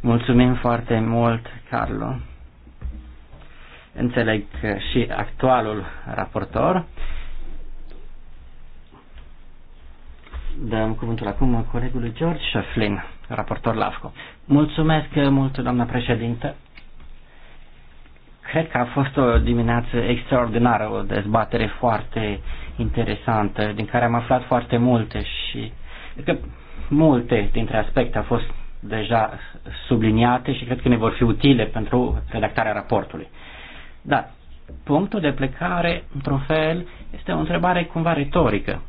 Mulțumim foarte mult, Carlo. Înțeleg că și actualul raportor. Dăm cuvântul acum colegului George Șeflin, raportor LAFCO. Mulțumesc mult, doamna președintă. Cred că a fost o dimineață extraordinară, o dezbatere foarte uh, interesantă, din care am aflat foarte multe și cred că multe dintre aspecte au fost deja subliniate și cred că ne vor fi utile pentru redactarea raportului. Dar punctul de plecare, într-un fel, este o întrebare cumva retorică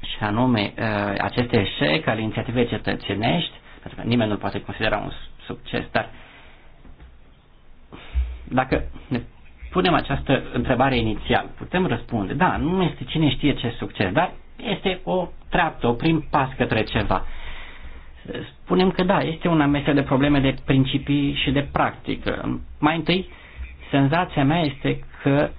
și anume uh, acest eșec al inițiativei cetățenești, pentru că nimeni nu poate considera un succes, dar dacă ne punem această întrebare inițial. Putem răspunde, da, nu este cine știe ce succes, dar este o treaptă, o prim pas către ceva. Spunem că da, este un amestec de probleme de principii și de practică. Mai întâi, senzația mea este că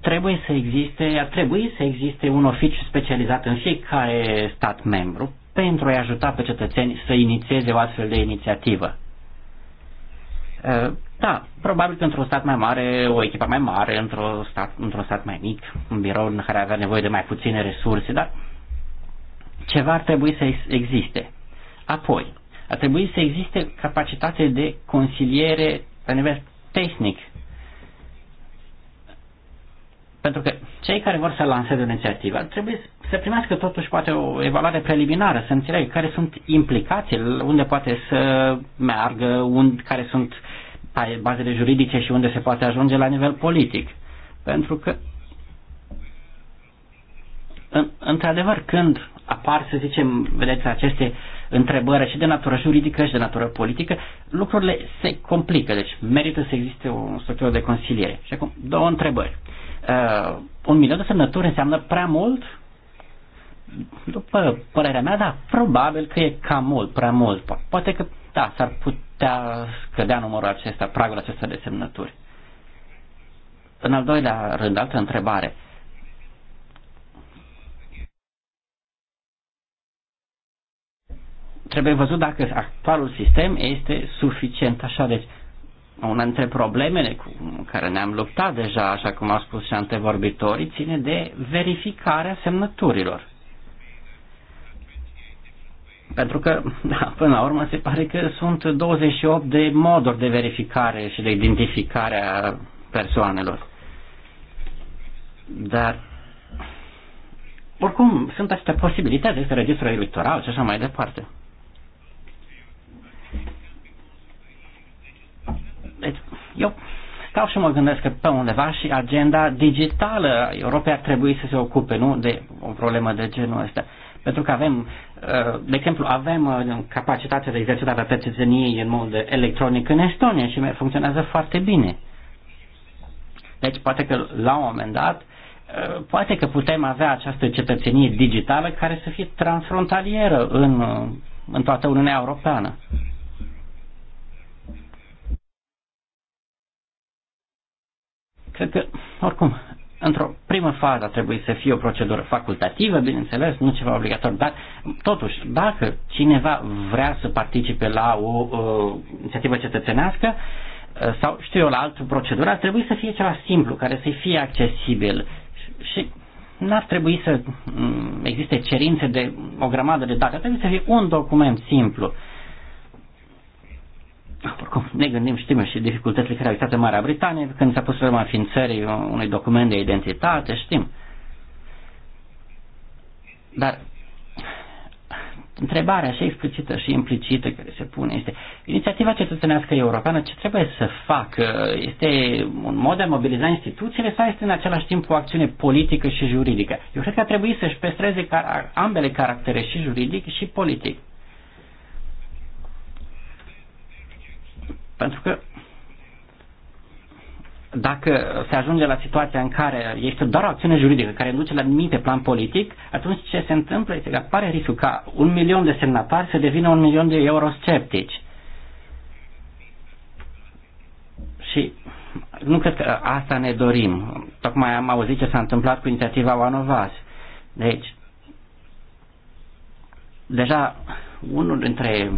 trebuie să existe, ar trebui să existe un oficiu specializat în fiecare stat membru pentru a-i ajuta pe cetățeni să inițieze o astfel de inițiativă. Eh, da, probabil că într-un stat mai mare, o echipă mai mare, într-un stat, într stat mai mic, un birou în care avea nevoie de mai puține resurse, dar ceva ar trebui să existe. Apoi, ar trebui să existe capacitate de consiliere la nivel tehnic pentru că cei care vor să lanseze o inițiativă trebuie să primească totuși poate o evaluare preliminară, să înțeleagă care sunt implicațiile, unde poate să meargă, unde, care sunt bazele juridice și unde se poate ajunge la nivel politic. Pentru că, în, într-adevăr, când apar, să zicem, vedeți, aceste întrebări și de natură juridică și de natură politică, lucrurile se complică, deci merită să existe o structură de consiliere. Și acum, două întrebări. Uh, un milion de semnături înseamnă prea mult? După părerea mea, da, probabil că e cam mult, prea mult. Poate că, da, s-ar putea scădea numărul acesta, pragul acesta de semnături. În al doilea rând, altă întrebare. Trebuie văzut dacă actualul sistem este suficient. Așa, deci una dintre problemele cu care ne-am luptat deja, așa cum au spus și antevorbitorii, ține de verificarea semnăturilor. Pentru că, da, până la urmă, se pare că sunt 28 de moduri de verificare și de identificare a persoanelor. Dar, oricum, sunt aceste posibilități, este registrul electoral și așa mai departe. Deci, eu stau și mă gândesc că pe undeva și agenda digitală Europei ar trebui să se ocupe, nu? De o problemă de genul ăsta. Pentru că avem, uh, de exemplu, avem uh, capacitatea de exercitare a cetățeniei în mod electronic în Estonia și funcționează foarte bine. Deci poate că la un moment dat, uh, poate că putem avea această cetățenie digitală care să fie transfrontalieră în, în toată Uniunea Europeană. Cred că, oricum, într-o primă fază trebuie să fie o procedură facultativă, bineînțeles, nu ceva obligatoriu, dar totuși, dacă cineva vrea să participe la o, uh, inițiativă cetățenească ă, sau știu eu la altă procedură, ar trebui să fie ceva simplu, care să fie accesibil și n-ar trebui să existe cerințe de o grămadă de date, trebuie să fie un document simplu oricum, ne gândim, știm și dificultățile care au existat în Marea Britanie când s-a pus problema înființării unui document de identitate, știm. Dar întrebarea și explicită și implicită care se pune este inițiativa cetățenească europeană ce trebuie să facă? Este un mod de a mobiliza instituțiile sau este în același timp o acțiune politică și juridică? Eu cred că ar trebui să-și păstreze ambele caractere și juridic și politic. Pentru că dacă se ajunge la situația în care este doar o acțiune juridică care duce la anumite plan politic, atunci ce se întâmplă este că apare riscul ca un milion de semnatari să devină un milion de eurosceptici. Și nu cred că asta ne dorim. Tocmai am auzit ce s-a întâmplat cu inițiativa Oanovas. Deci, deja unul dintre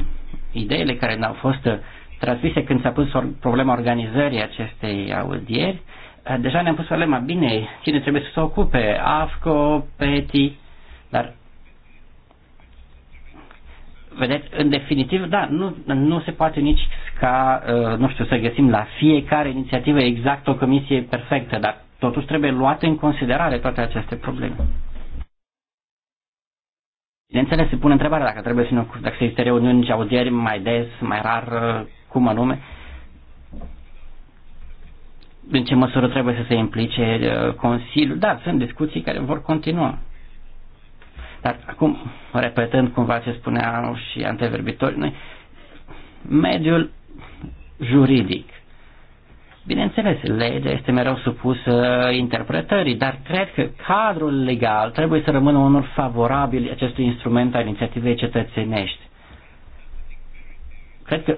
ideile care ne-au fost transmise când s-a pus problema organizării acestei audieri. Eh, deja ne-am pus problema, bine, cine trebuie să se ocupe? AFCO, PETI, dar vedeți, în definitiv, da, nu, nu se poate nici ca, eh, nu știu, să găsim la fiecare inițiativă exact o comisie perfectă, dar totuși trebuie luate în considerare toate aceste probleme. Bineînțeles, se pune întrebarea dacă trebuie să, ne, dacă se existe reuniuni și audieri mai des, mai rar, eh, cum anume, în ce măsură trebuie să se implice uh, Consiliul. Dar sunt discuții care vor continua. Dar acum, repetând cumva ce spuneau și anteverbitorii, noi, mediul juridic. Bineînțeles, legea este mereu supusă interpretării, dar cred că cadrul legal trebuie să rămână unul favorabil acestui instrument al inițiativei cetățenești. Cred că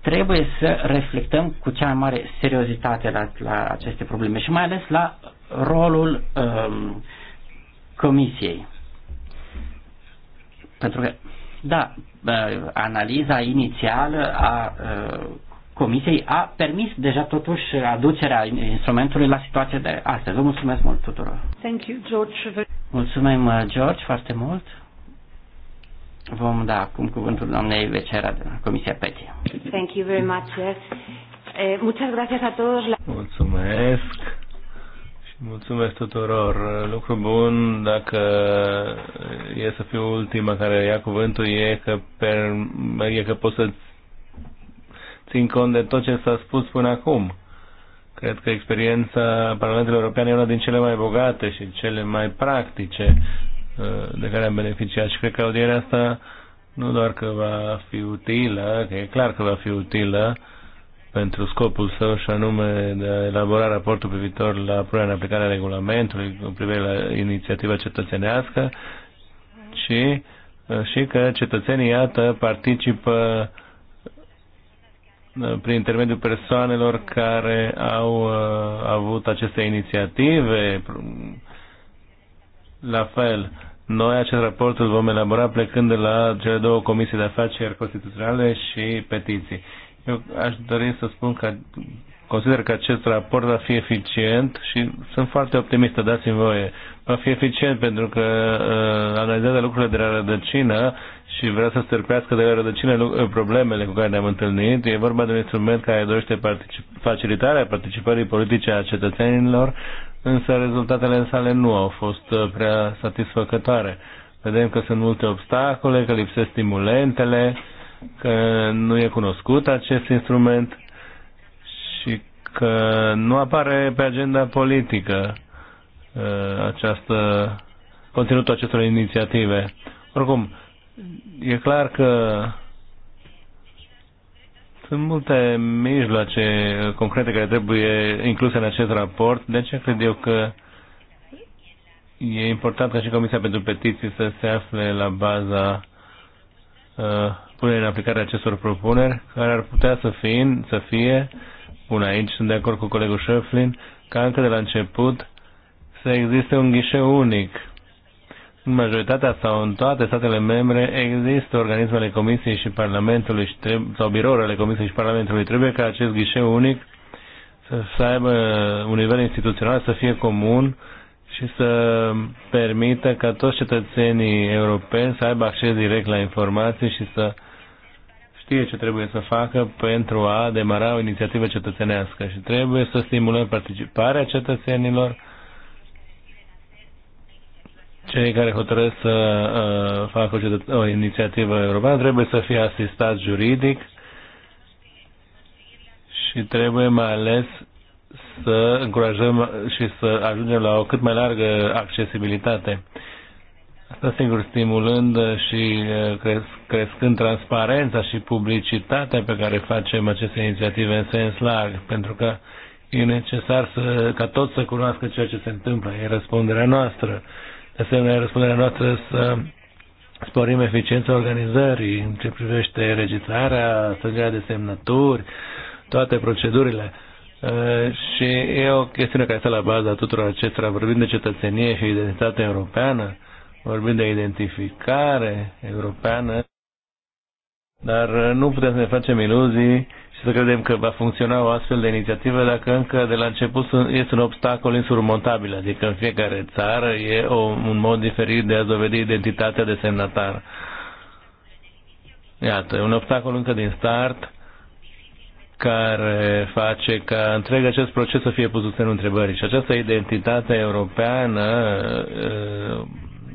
trebuie să reflectăm cu cea mai mare seriozitate la, la aceste probleme și mai ales la rolul um, comisiei. Pentru că, da, analiza inițială a uh, comisiei a permis deja totuși aducerea instrumentului la situația de astăzi. Vă mulțumesc mult tuturor. Thank you, George. Mulțumim, uh, George, foarte mult. Vom da acum cuvântul doamnei Vecera de la Comisia PETI. Thank you very much. Yes. Eh, muchas gracias a todos. Mulțumesc. Și mulțumesc tuturor. Lucru bun, dacă e să fiu ultima care ia cuvântul, e că, per, e că pot să țin cont de tot ce s-a spus până acum. Cred că experiența Parlamentului European e una din cele mai bogate și cele mai practice de care am beneficiat și cred că audierea asta nu doar că va fi utilă, că e clar că va fi utilă pentru scopul său și anume de a elabora raportul privitor la punerea în aplicare a regulamentului cu privire la inițiativa cetățenească, și, și că cetățenii, iată, participă uh, prin intermediul persoanelor care au uh, avut aceste inițiative. La fel, noi acest raport îl vom elabora plecând de la cele două comisii de afaceri constituționale și petiții. Eu aș dori să spun că consider că acest raport va fi eficient și sunt foarte optimistă, dați-mi voie. Va fi eficient pentru că uh, analizează lucrurile de la rădăcină și vrea să stârpească de la rădăcină uh, problemele cu care ne-am întâlnit. E vorba de un instrument care dorește particip- facilitarea participării politice a cetățenilor însă rezultatele sale nu au fost uh, prea satisfăcătoare. Vedem că sunt multe obstacole, că lipsesc stimulentele, că nu e cunoscut acest instrument și că nu apare pe agenda politică uh, această, conținutul acestor inițiative. Oricum, e clar că sunt multe mijloace concrete care trebuie incluse în acest raport, de aceea cred eu că e important ca și Comisia pentru Petiții să se afle la baza uh, punerii în aplicare acestor propuneri, care ar putea să, fiin, să fie, până aici sunt de acord cu colegul Șeflin, ca încă de la început să existe un ghișeu unic în majoritatea sau în toate statele membre există organismele Comisiei și Parlamentului și trebuie, sau birourile Comisiei și Parlamentului. Trebuie ca acest ghișeu unic să, să aibă un nivel instituțional, să fie comun și să permită ca toți cetățenii europeni să aibă acces direct la informații și să știe ce trebuie să facă pentru a demara o inițiativă cetățenească și trebuie să stimulăm participarea cetățenilor cei care hotărăsc să uh, facă o, o inițiativă europeană trebuie să fie asistați juridic și trebuie mai ales să încurajăm și să ajungem la o cât mai largă accesibilitate. Asta, sigur, stimulând și uh, cresc, crescând transparența și publicitatea pe care facem aceste inițiative în sens larg, pentru că e necesar să, ca toți să cunoască ceea ce se întâmplă, e răspunderea noastră. De asemenea, răspunderea noastră să sporim eficiența organizării în ce privește registrarea, strângerea de semnături, toate procedurile. Uh, și e o chestiune care stă la baza tuturor acestora. Vorbim de cetățenie și identitate europeană, vorbim de identificare europeană, dar nu putem să ne facem iluzii și să credem că va funcționa o astfel de inițiativă dacă încă de la început este un obstacol insurmontabil, adică în fiecare țară e o, un mod diferit de a dovedi identitatea de semnatar. Iată, un obstacol încă din start care face ca întreg acest proces să fie pus în întrebări. Și această identitate europeană uh,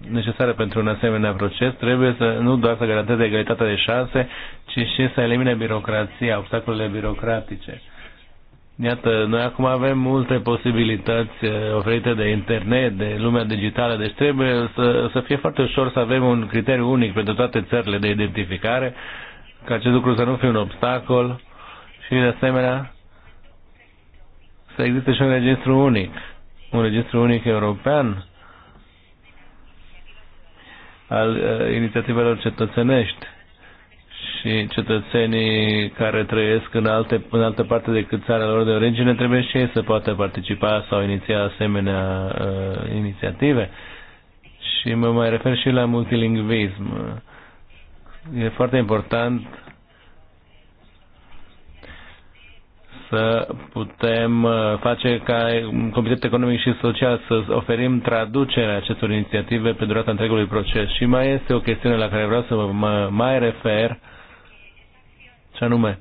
necesară pentru un asemenea proces trebuie să nu doar să garanteze egalitatea de șanse, ci și să elimine birocrația, obstacolele birocratice. Iată, noi acum avem multe posibilități eh, oferite de internet, de lumea digitală, deci trebuie să, să fie foarte ușor să avem un criteriu unic pentru toate țările de identificare, ca acest lucru să nu fie un obstacol și, de asemenea, să existe și un registru unic, un registru unic european al uh, inițiativelor cetățenești și cetățenii care trăiesc în, alte, în altă parte decât țara lor de origine trebuie și ei să poată participa sau iniția asemenea uh, inițiative. Și mă mai refer și la multilingvism. E foarte important să putem uh, face ca Comitetul Economic și Social să oferim traducerea acestor inițiative pe durata întregului proces. Și mai este o chestiune la care vreau să mă mai refer și anume,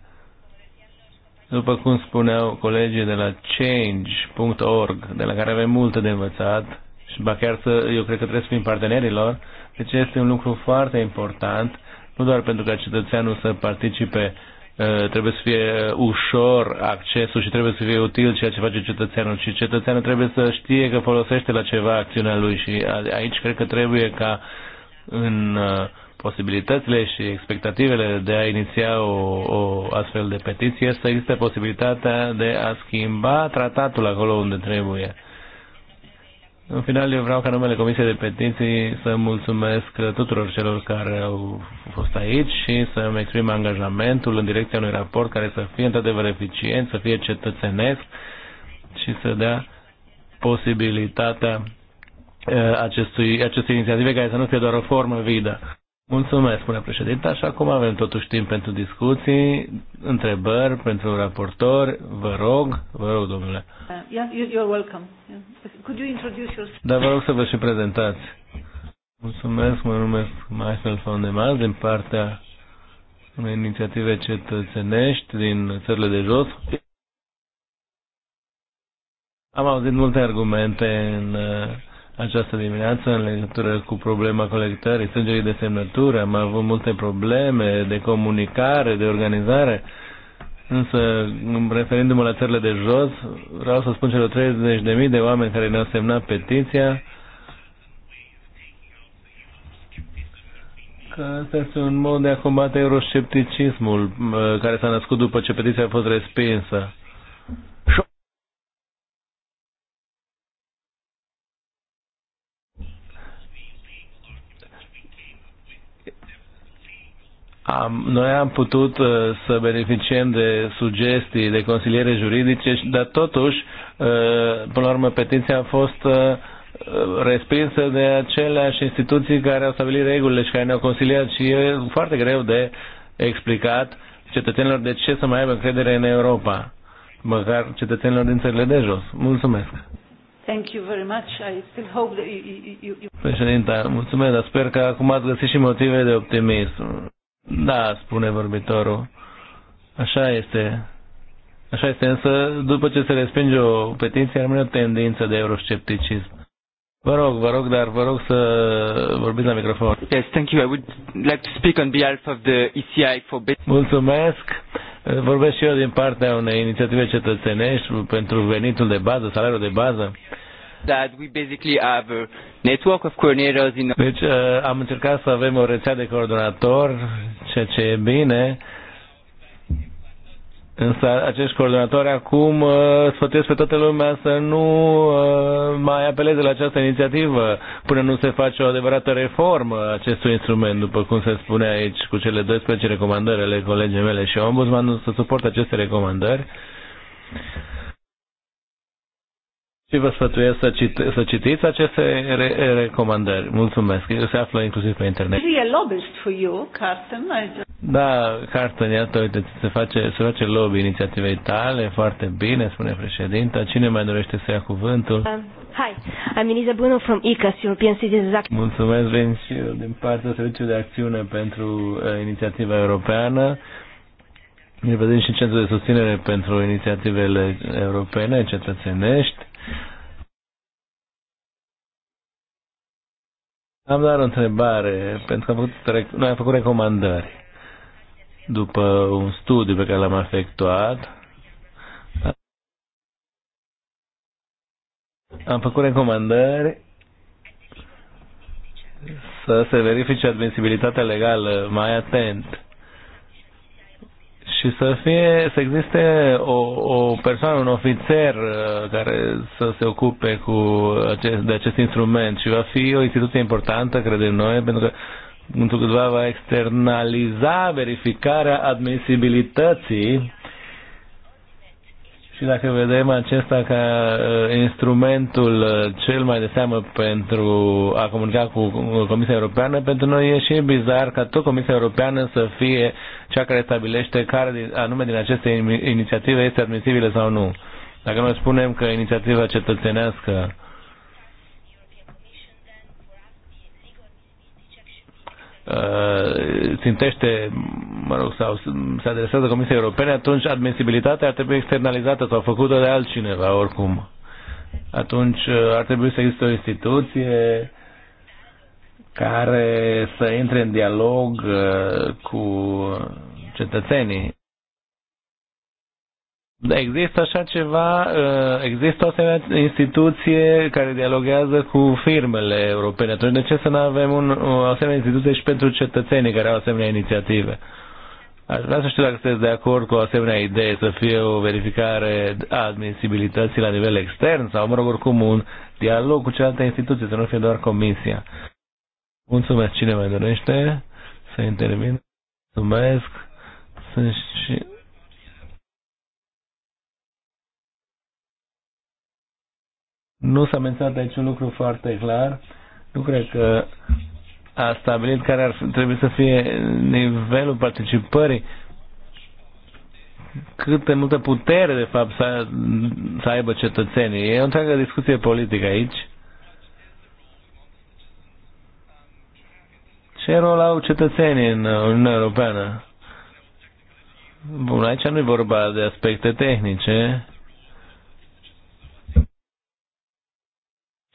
după cum spuneau colegii de la change.org, de la care avem multe de învățat, și ba chiar să, eu cred că trebuie să fim partenerilor, deci este un lucru foarte important, nu doar pentru ca cetățeanul să participe, ă, trebuie să fie ușor accesul și trebuie să fie util ceea ce face cetățeanul, ci cetățeanul trebuie să știe că folosește la ceva acțiunea lui și aici cred că trebuie ca în uh, posibilitățile și expectativele de a iniția o, o astfel de petiție, să existe posibilitatea de a schimba tratatul acolo unde trebuie. În final, eu vreau ca numele Comisiei de Petiții să mulțumesc tuturor celor care au fost aici și să-mi exprim angajamentul în direcția unui raport care să fie într-adevăr eficient, să fie cetățenesc și să dea posibilitatea uh, acestui, acestei inițiative care să nu fie doar o formă vidă. Mulțumesc, spune președinte. Așa cum avem totuși timp pentru discuții, întrebări pentru raportori, vă rog, vă rog, domnule. Uh, yeah, you're welcome. Could you introduce yourself? Da, vă rog să vă și prezentați. Mulțumesc, mă numesc Michael Fondemal din partea unei inițiative cetățenești din țările de jos. Am auzit multe argumente în uh, această dimineață în legătură cu problema colectării sângerii de semnătură. Am avut multe probleme de comunicare, de organizare. Însă, referindu-mă la țările de jos, vreau să spun celor 30.000 de oameni care ne-au semnat petiția că ăsta este un mod de a combate euroscepticismul uh, care s-a născut după ce petiția a fost respinsă. am, noi am putut uh, să beneficiem de sugestii, de consiliere juridice, dar totuși, uh, până la urmă, petiția a fost uh, respinsă de aceleași instituții care au stabilit regulile și care ne-au consiliat și e foarte greu de explicat cetățenilor de ce să mai aibă încredere în Europa, măcar cetățenilor din țările de jos. Mulțumesc! Thank you very much. I still hope that you, you, you... Președinta, mulțumesc, dar sper că acum ați găsit și motive de optimism. Da, spune vorbitorul. Așa este. Așa este, însă după ce se respinge o petiție, rămâne o tendință de euroscepticism. Vă rog, vă rog, dar vă rog să vorbiți la microfon. Yes, thank you. I would like to speak on behalf of the ECI for Better. Mulțumesc. Vorbesc și eu din partea unei inițiative cetățenești pentru venitul de bază, salariul de bază. Deci uh, am încercat să avem o rețea de coordonatori, ceea ce e bine. Însă acești coordonatori acum uh, sfătuiesc pe toată lumea să nu uh, mai apeleze la această inițiativă până nu se face o adevărată reformă acestui instrument, după cum se spune aici cu cele 12 recomandări ale colegii mele și ombudsmanul să suportă aceste recomandări. Și vă sfătuiesc să, cite, să citiți aceste re- recomandări. Mulțumesc. Eu Se află inclusiv pe internet. Da, Carton, iată, uite, se face, se face lobby inițiativei tale, foarte bine, spune președinta. Cine mai dorește să ia cuvântul? Um, hi, I'm Elisa Bruno from ICAS, European Citizens Act. Mulțumesc, vin și eu din partea Serviciului de Acțiune pentru uh, Inițiativa Europeană. vedem și Centrul de Susținere pentru Inițiativele Europene Cetățenești Am doar o întrebare, pentru că am făcut, noi am făcut recomandări după un studiu pe care l-am efectuat. Am făcut recomandări să se verifice admisibilitatea legală mai atent și să fie, să existe o, o persoană, un ofițer uh, care să se ocupe cu acest, de acest instrument și va fi o instituție importantă, credem noi, pentru că într-o va externaliza verificarea admisibilității și dacă vedem acesta ca uh, instrumentul uh, cel mai de seamă pentru a comunica cu Comisia Europeană, pentru noi e și bizar ca tot Comisia Europeană să fie cea care stabilește care anume din aceste inițiative este admisibilă sau nu. Dacă noi spunem că inițiativa cetățenească Uh, țintește, mă rog, sau se adresează Comisiei Europene, atunci admisibilitatea ar trebui externalizată sau făcută de altcineva, oricum. Atunci uh, ar trebui să existe o instituție care să intre în dialog uh, cu cetățenii. Există așa ceva, uh, există o asemenea instituție care dialoguează cu firmele europene. Atunci de ce să nu avem un, o asemenea instituție și pentru cetățenii care au asemenea inițiative? Aș vrea să știu dacă sunteți de acord cu o asemenea idee să fie o verificare a admisibilității la nivel extern sau, mă rog, oricum un dialog cu celelalte instituții, să nu fie doar comisia. Mulțumesc. Cine mai dorește să intervină? Mulțumesc. Sunt și Nu s-a menționat aici un lucru foarte clar. Nu cred că a stabilit care ar trebui să fie nivelul participării cât de multă putere, de fapt, să, să aibă cetățenii. E o întreagă discuție politică aici. Ce rol au cetățenii în Uniunea Europeană? Bun, aici nu e vorba de aspecte tehnice,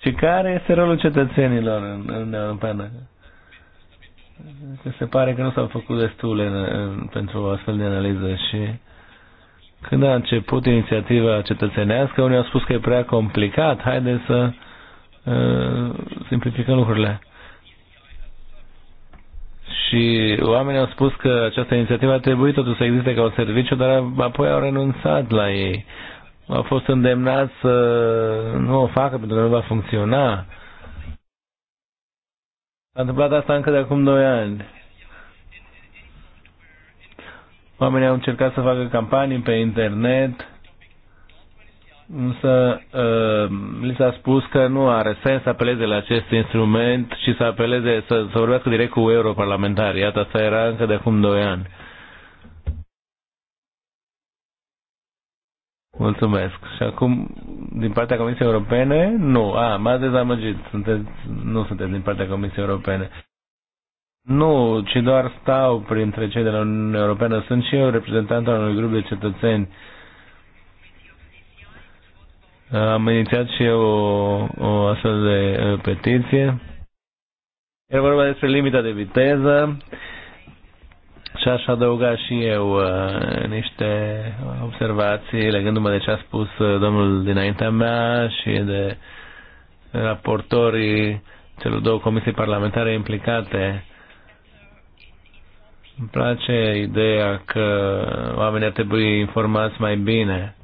Și care este rolul cetățenilor în Uniunea Europeană? Că se pare că nu s-au făcut destule în, în, pentru o astfel de analiză și când a început inițiativa cetățenească, unii au spus că e prea complicat, haideți să uh, simplificăm lucrurile. Și oamenii au spus că această inițiativă a trebuit totuși să existe ca un serviciu, dar apoi au renunțat la ei. Uh, au fost îndemnați să nu o facă pentru că nu va funcționa. S-a întâmplat asta încă de acum 2 ani. Oamenii au încercat să facă campanii pe internet, însă uh, li s-a spus că nu are sens să apeleze la acest instrument și să apeleze, să, să vorbească direct cu europarlamentarii. Iată, asta era încă de acum 2 ani. Mulțumesc. Și acum, din partea Comisiei Europene? Nu. A, ah, m-ați dezamăgit. Sunteți, nu sunteți din partea Comisiei Europene. Nu, ci doar stau printre cei de la Uniunea Europeană. Sunt și eu reprezentant al unui grup de cetățeni. Am inițiat și eu o, o astfel de uh, petiție. E vorba despre limita de viteză. Uh, și aș adăuga și eu uh, niște observații legându-mă de ce a spus uh, domnul dinaintea mea și de raportorii celor două comisii parlamentare implicate. Îmi place ideea că oamenii ar trebui informați mai bine.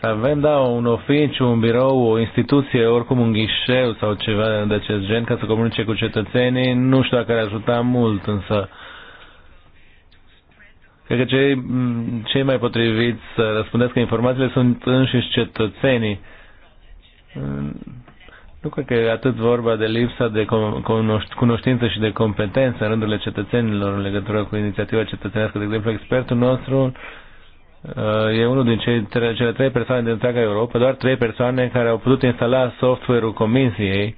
Să avem, da, un oficiu, un birou, o instituție, oricum un ghișeu sau ceva de acest gen ca să comunice cu cetățenii, nu știu dacă ar ajuta mult, însă Cred că cei, cei mai potriviți să răspundesc că informațiile sunt înșiși cetățenii. Nu cred că e atât vorba de lipsa de cunoștință și de competență în rândurile cetățenilor în legătură cu inițiativa cetățenească. De exemplu, expertul nostru uh, e unul din cei, cele trei persoane din întreaga Europa, doar trei persoane care au putut instala software-ul comisiei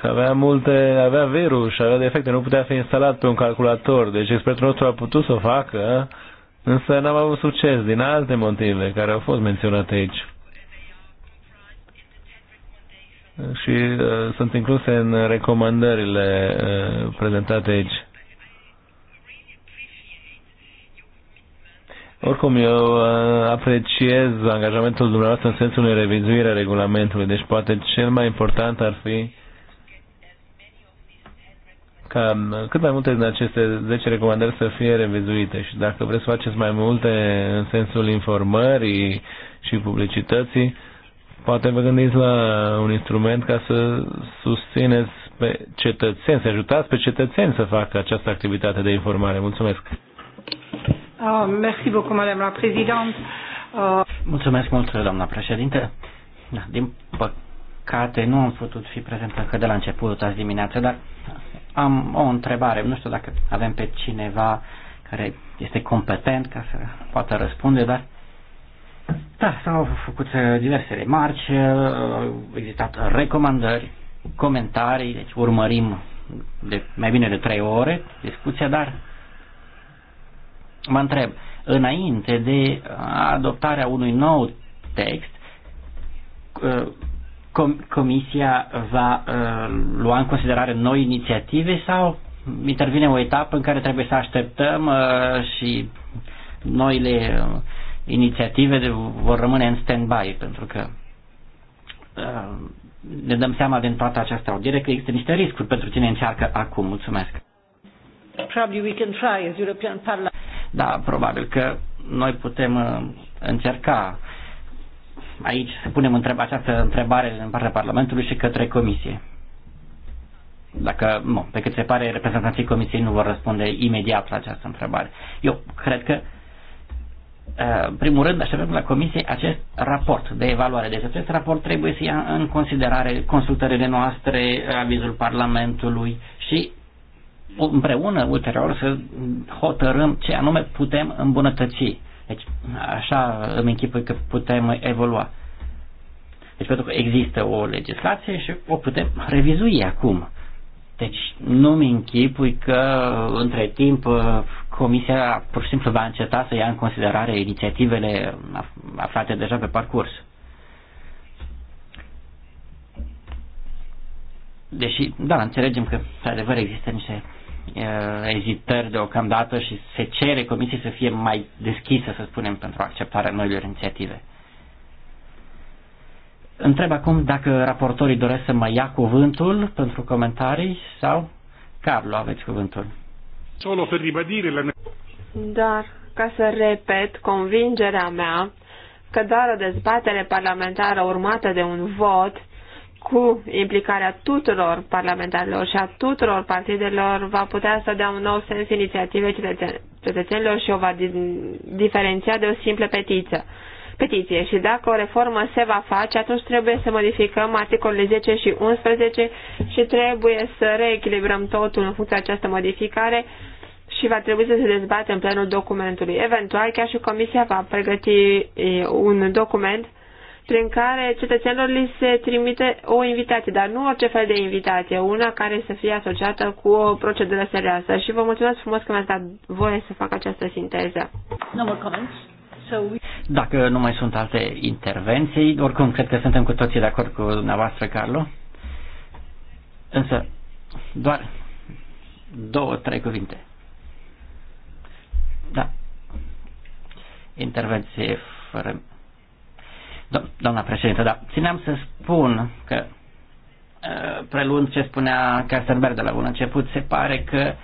că avea multe, avea virus și avea defecte, nu putea fi instalat pe un calculator. Deci expertul nostru a putut să o facă, însă n-am avut succes din alte motive care au fost menționate aici. Și uh, sunt incluse în recomandările uh, prezentate aici. Oricum, eu uh, apreciez angajamentul dumneavoastră în sensul unei revizuire a regulamentului, deci poate cel mai important ar fi ca cât mai multe din aceste 10 recomandări să fie revizuite și dacă vreți să faceți mai multe în sensul informării și publicității, poate vă gândiți la un instrument ca să susțineți pe cetățeni, să ajutați pe cetățeni să facă această activitate de informare. Mulțumesc! Ah, merci beaucoup, madame la présidente. Ah. Mulțumesc mult, doamna președinte. Da, din păcate nu am putut fi prezent încă de la început azi dimineață, dar am o întrebare, nu știu dacă avem pe cineva care este competent ca să poată răspunde, dar da, s-au făcut uh, diverse remarci, uh, au existat recomandări, comentarii, deci urmărim de mai bine de trei ore discuția, dar mă întreb, înainte de adoptarea unui nou text, uh, Com- comisia va uh, lua în considerare noi inițiative sau intervine o etapă în care trebuie să așteptăm uh, și noile uh, inițiative de, vor rămâne în stand-by pentru că uh, ne dăm seama din toată această audiere că există niște riscuri pentru cine încearcă acum. Mulțumesc. we can try as Da, probabil că noi putem uh, încerca aici punem întreb, această întrebare în partea Parlamentului și către Comisie. Dacă, nu, pe cât se pare, reprezentanții Comisiei nu vor răspunde imediat la această întrebare. Eu cred că uh, în primul rând, așteptăm la comisie acest raport de evaluare. Deci acest raport trebuie să ia în considerare consultările noastre, avizul Parlamentului și împreună, ulterior, să hotărâm ce anume putem îmbunătăți. Deci, așa îmi închipui că putem evolua. Deci, pentru că există o legislație și o putem revizui acum. Deci, nu-mi închipui că, între timp, Comisia pur și simplu va înceta să ia în considerare inițiativele aflate deja pe parcurs. Deși, da, înțelegem că, de adevăr există niște Uh, ezitări deocamdată și se cere comisiei să fie mai deschisă, să spunem, pentru acceptarea noilor inițiative. Întreb acum dacă raportorii doresc să mai ia cuvântul pentru comentarii sau... Carlo, aveți cuvântul. Solo per ribadire la... Dar, ca să repet convingerea mea că doar o dezbatere parlamentară urmată de un vot cu implicarea tuturor parlamentarilor și a tuturor partidelor va putea să dea un nou sens inițiativei cetățenilor și o va diferenția de o simplă petiță. petiție. Și dacă o reformă se va face, atunci trebuie să modificăm articolele 10 și 11 și trebuie să reechilibrăm totul în funcție de această modificare și va trebui să se dezbate în plenul documentului. Eventual, chiar și Comisia va pregăti un document prin care cetățenilor li se trimite o invitație, dar nu orice fel de invitație, una care să fie asociată cu o procedură serioasă. Și vă mulțumesc frumos că mi-ați dat voie să fac această sinteză. No more comments. Dacă nu mai sunt alte intervenții, oricum cred că suntem cu toții de acord cu dumneavoastră, Carlo. Însă, doar două, trei cuvinte. Da. Intervenție fără Do doamna președinte, da, țineam să spun că preluând ce spunea Castenberg de la bun început, se pare că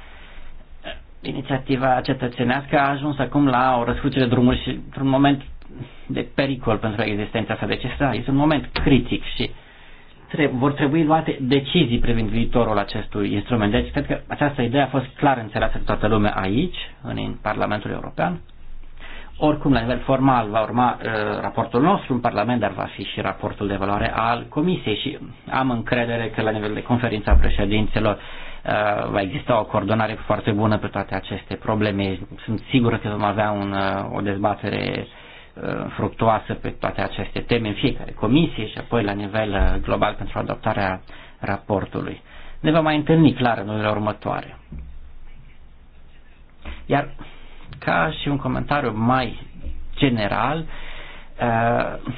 inițiativa cetățenească a ajuns acum la o răscrucere de drumuri și într-un moment de pericol pentru existența sa. Deci da, este un moment critic și tre- vor trebui luate decizii privind viitorul acestui instrument. Deci cred că această idee a fost clar înțeleasă de toată lumea aici, în Parlamentul European oricum, la nivel formal, va urma uh, raportul nostru în Parlament, dar va fi și raportul de valoare al Comisiei și am încredere că la nivel de conferința președinților uh, va exista o coordonare foarte bună pe toate aceste probleme. Sunt sigur că vom avea un, uh, o dezbatere uh, fructuoasă pe toate aceste teme în fiecare comisie și apoi la nivel uh, global pentru adoptarea raportului. Ne vom mai întâlni clar în următoare. Iar ca și un comentariu mai general, uh,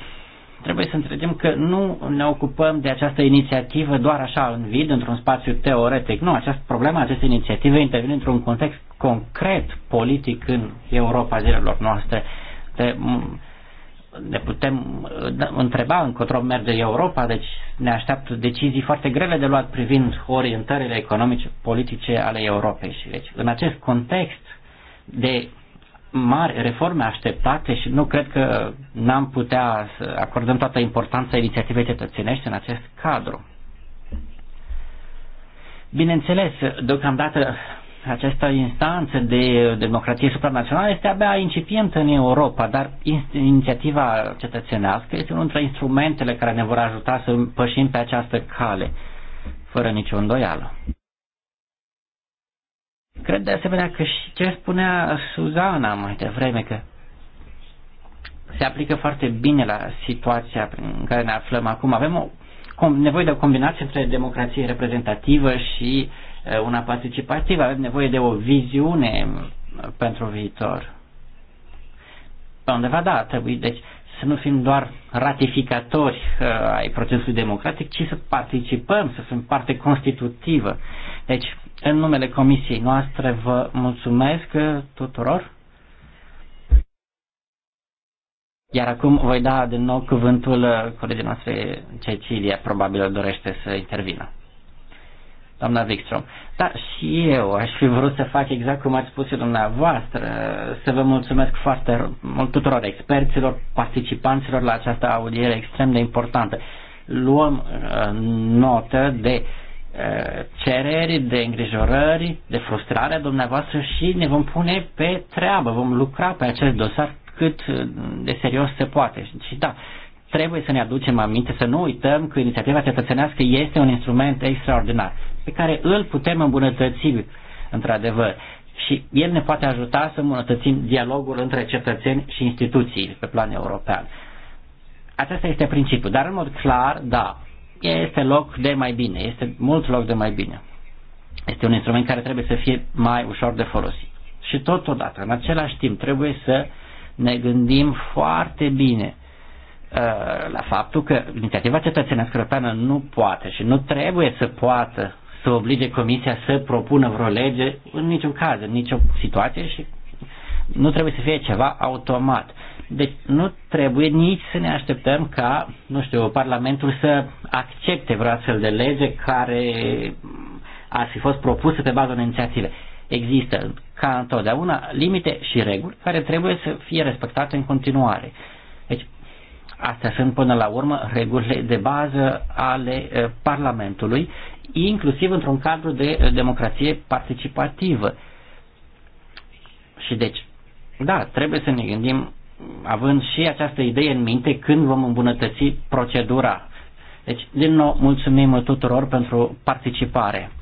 trebuie să înțelegem că nu ne ocupăm de această inițiativă doar așa în vid, într-un spațiu teoretic. Nu, această problemă, această inițiativă intervine într-un context concret politic în Europa zilelor noastre. De, ne putem da, întreba încotro merge Europa, deci ne așteaptă decizii foarte grele de luat privind orientările economice, politice ale Europei. Și deci, în acest context, de mari reforme așteptate și nu cred că n-am putea să acordăm toată importanța inițiativei cetățenești în acest cadru. Bineînțeles, deocamdată această instanță de democrație supranațională este abia incipientă în Europa, dar inițiativa cetățenească este unul dintre instrumentele care ne vor ajuta să pășim pe această cale, fără nicio îndoială. Cred de asemenea că și ce spunea Suzana mai devreme, că se aplică foarte bine la situația prin care ne aflăm acum. Avem o nevoie de o combinație între democrație reprezentativă și uh, una participativă. Avem nevoie de o viziune pentru viitor. Pe undeva, da, trebuie, deci, să nu fim doar ratificatori uh, ai procesului democratic, ci să participăm, să fim parte constitutivă. Deci, în numele comisiei noastre vă mulțumesc tuturor. Iar acum voi da din nou cuvântul colegii noastre Cecilia, probabil dorește să intervină. Doamna Wikström. Da, și eu aș fi vrut să fac exact cum ați spus și dumneavoastră, să vă mulțumesc foarte mult tuturor experților, participanților la această audiere extrem de importantă. Luăm uh, notă de uh, cereri, de îngrijorări, de frustrare a dumneavoastră și ne vom pune pe treabă, vom lucra pe acest dosar cât de serios se poate. Și da, trebuie să ne aducem aminte, să nu uităm că inițiativa cetățenească este un instrument extraordinar pe care îl putem îmbunătăți, într-adevăr. Și el ne poate ajuta să îmbunătățim dialogul între cetățeni și instituții pe plan european. Acesta este principiul. Dar în mod clar, da, este loc de mai bine, este mult loc de mai bine. Este un instrument care trebuie să fie mai ușor de folosit. Și totodată, în același timp, trebuie să ne gândim foarte bine uh, la faptul că inițiativa cetățenească europeană nu poate și nu trebuie să poată să oblige Comisia să propună vreo lege în niciun caz, în nicio situație și nu trebuie să fie ceva automat. Deci nu trebuie nici să ne așteptăm ca, nu știu, Parlamentul să accepte vreo astfel de lege care ar fi fost propusă pe baza unei inițiative. Există, ca întotdeauna, limite și reguli care trebuie să fie respectate în continuare. Deci, astea sunt până la urmă regulile de bază ale Parlamentului, inclusiv într-un cadru de democrație participativă. Și deci, da, trebuie să ne gândim având și această idee în minte când vom îmbunătăți procedura. Deci, din nou, mulțumim tuturor pentru participare.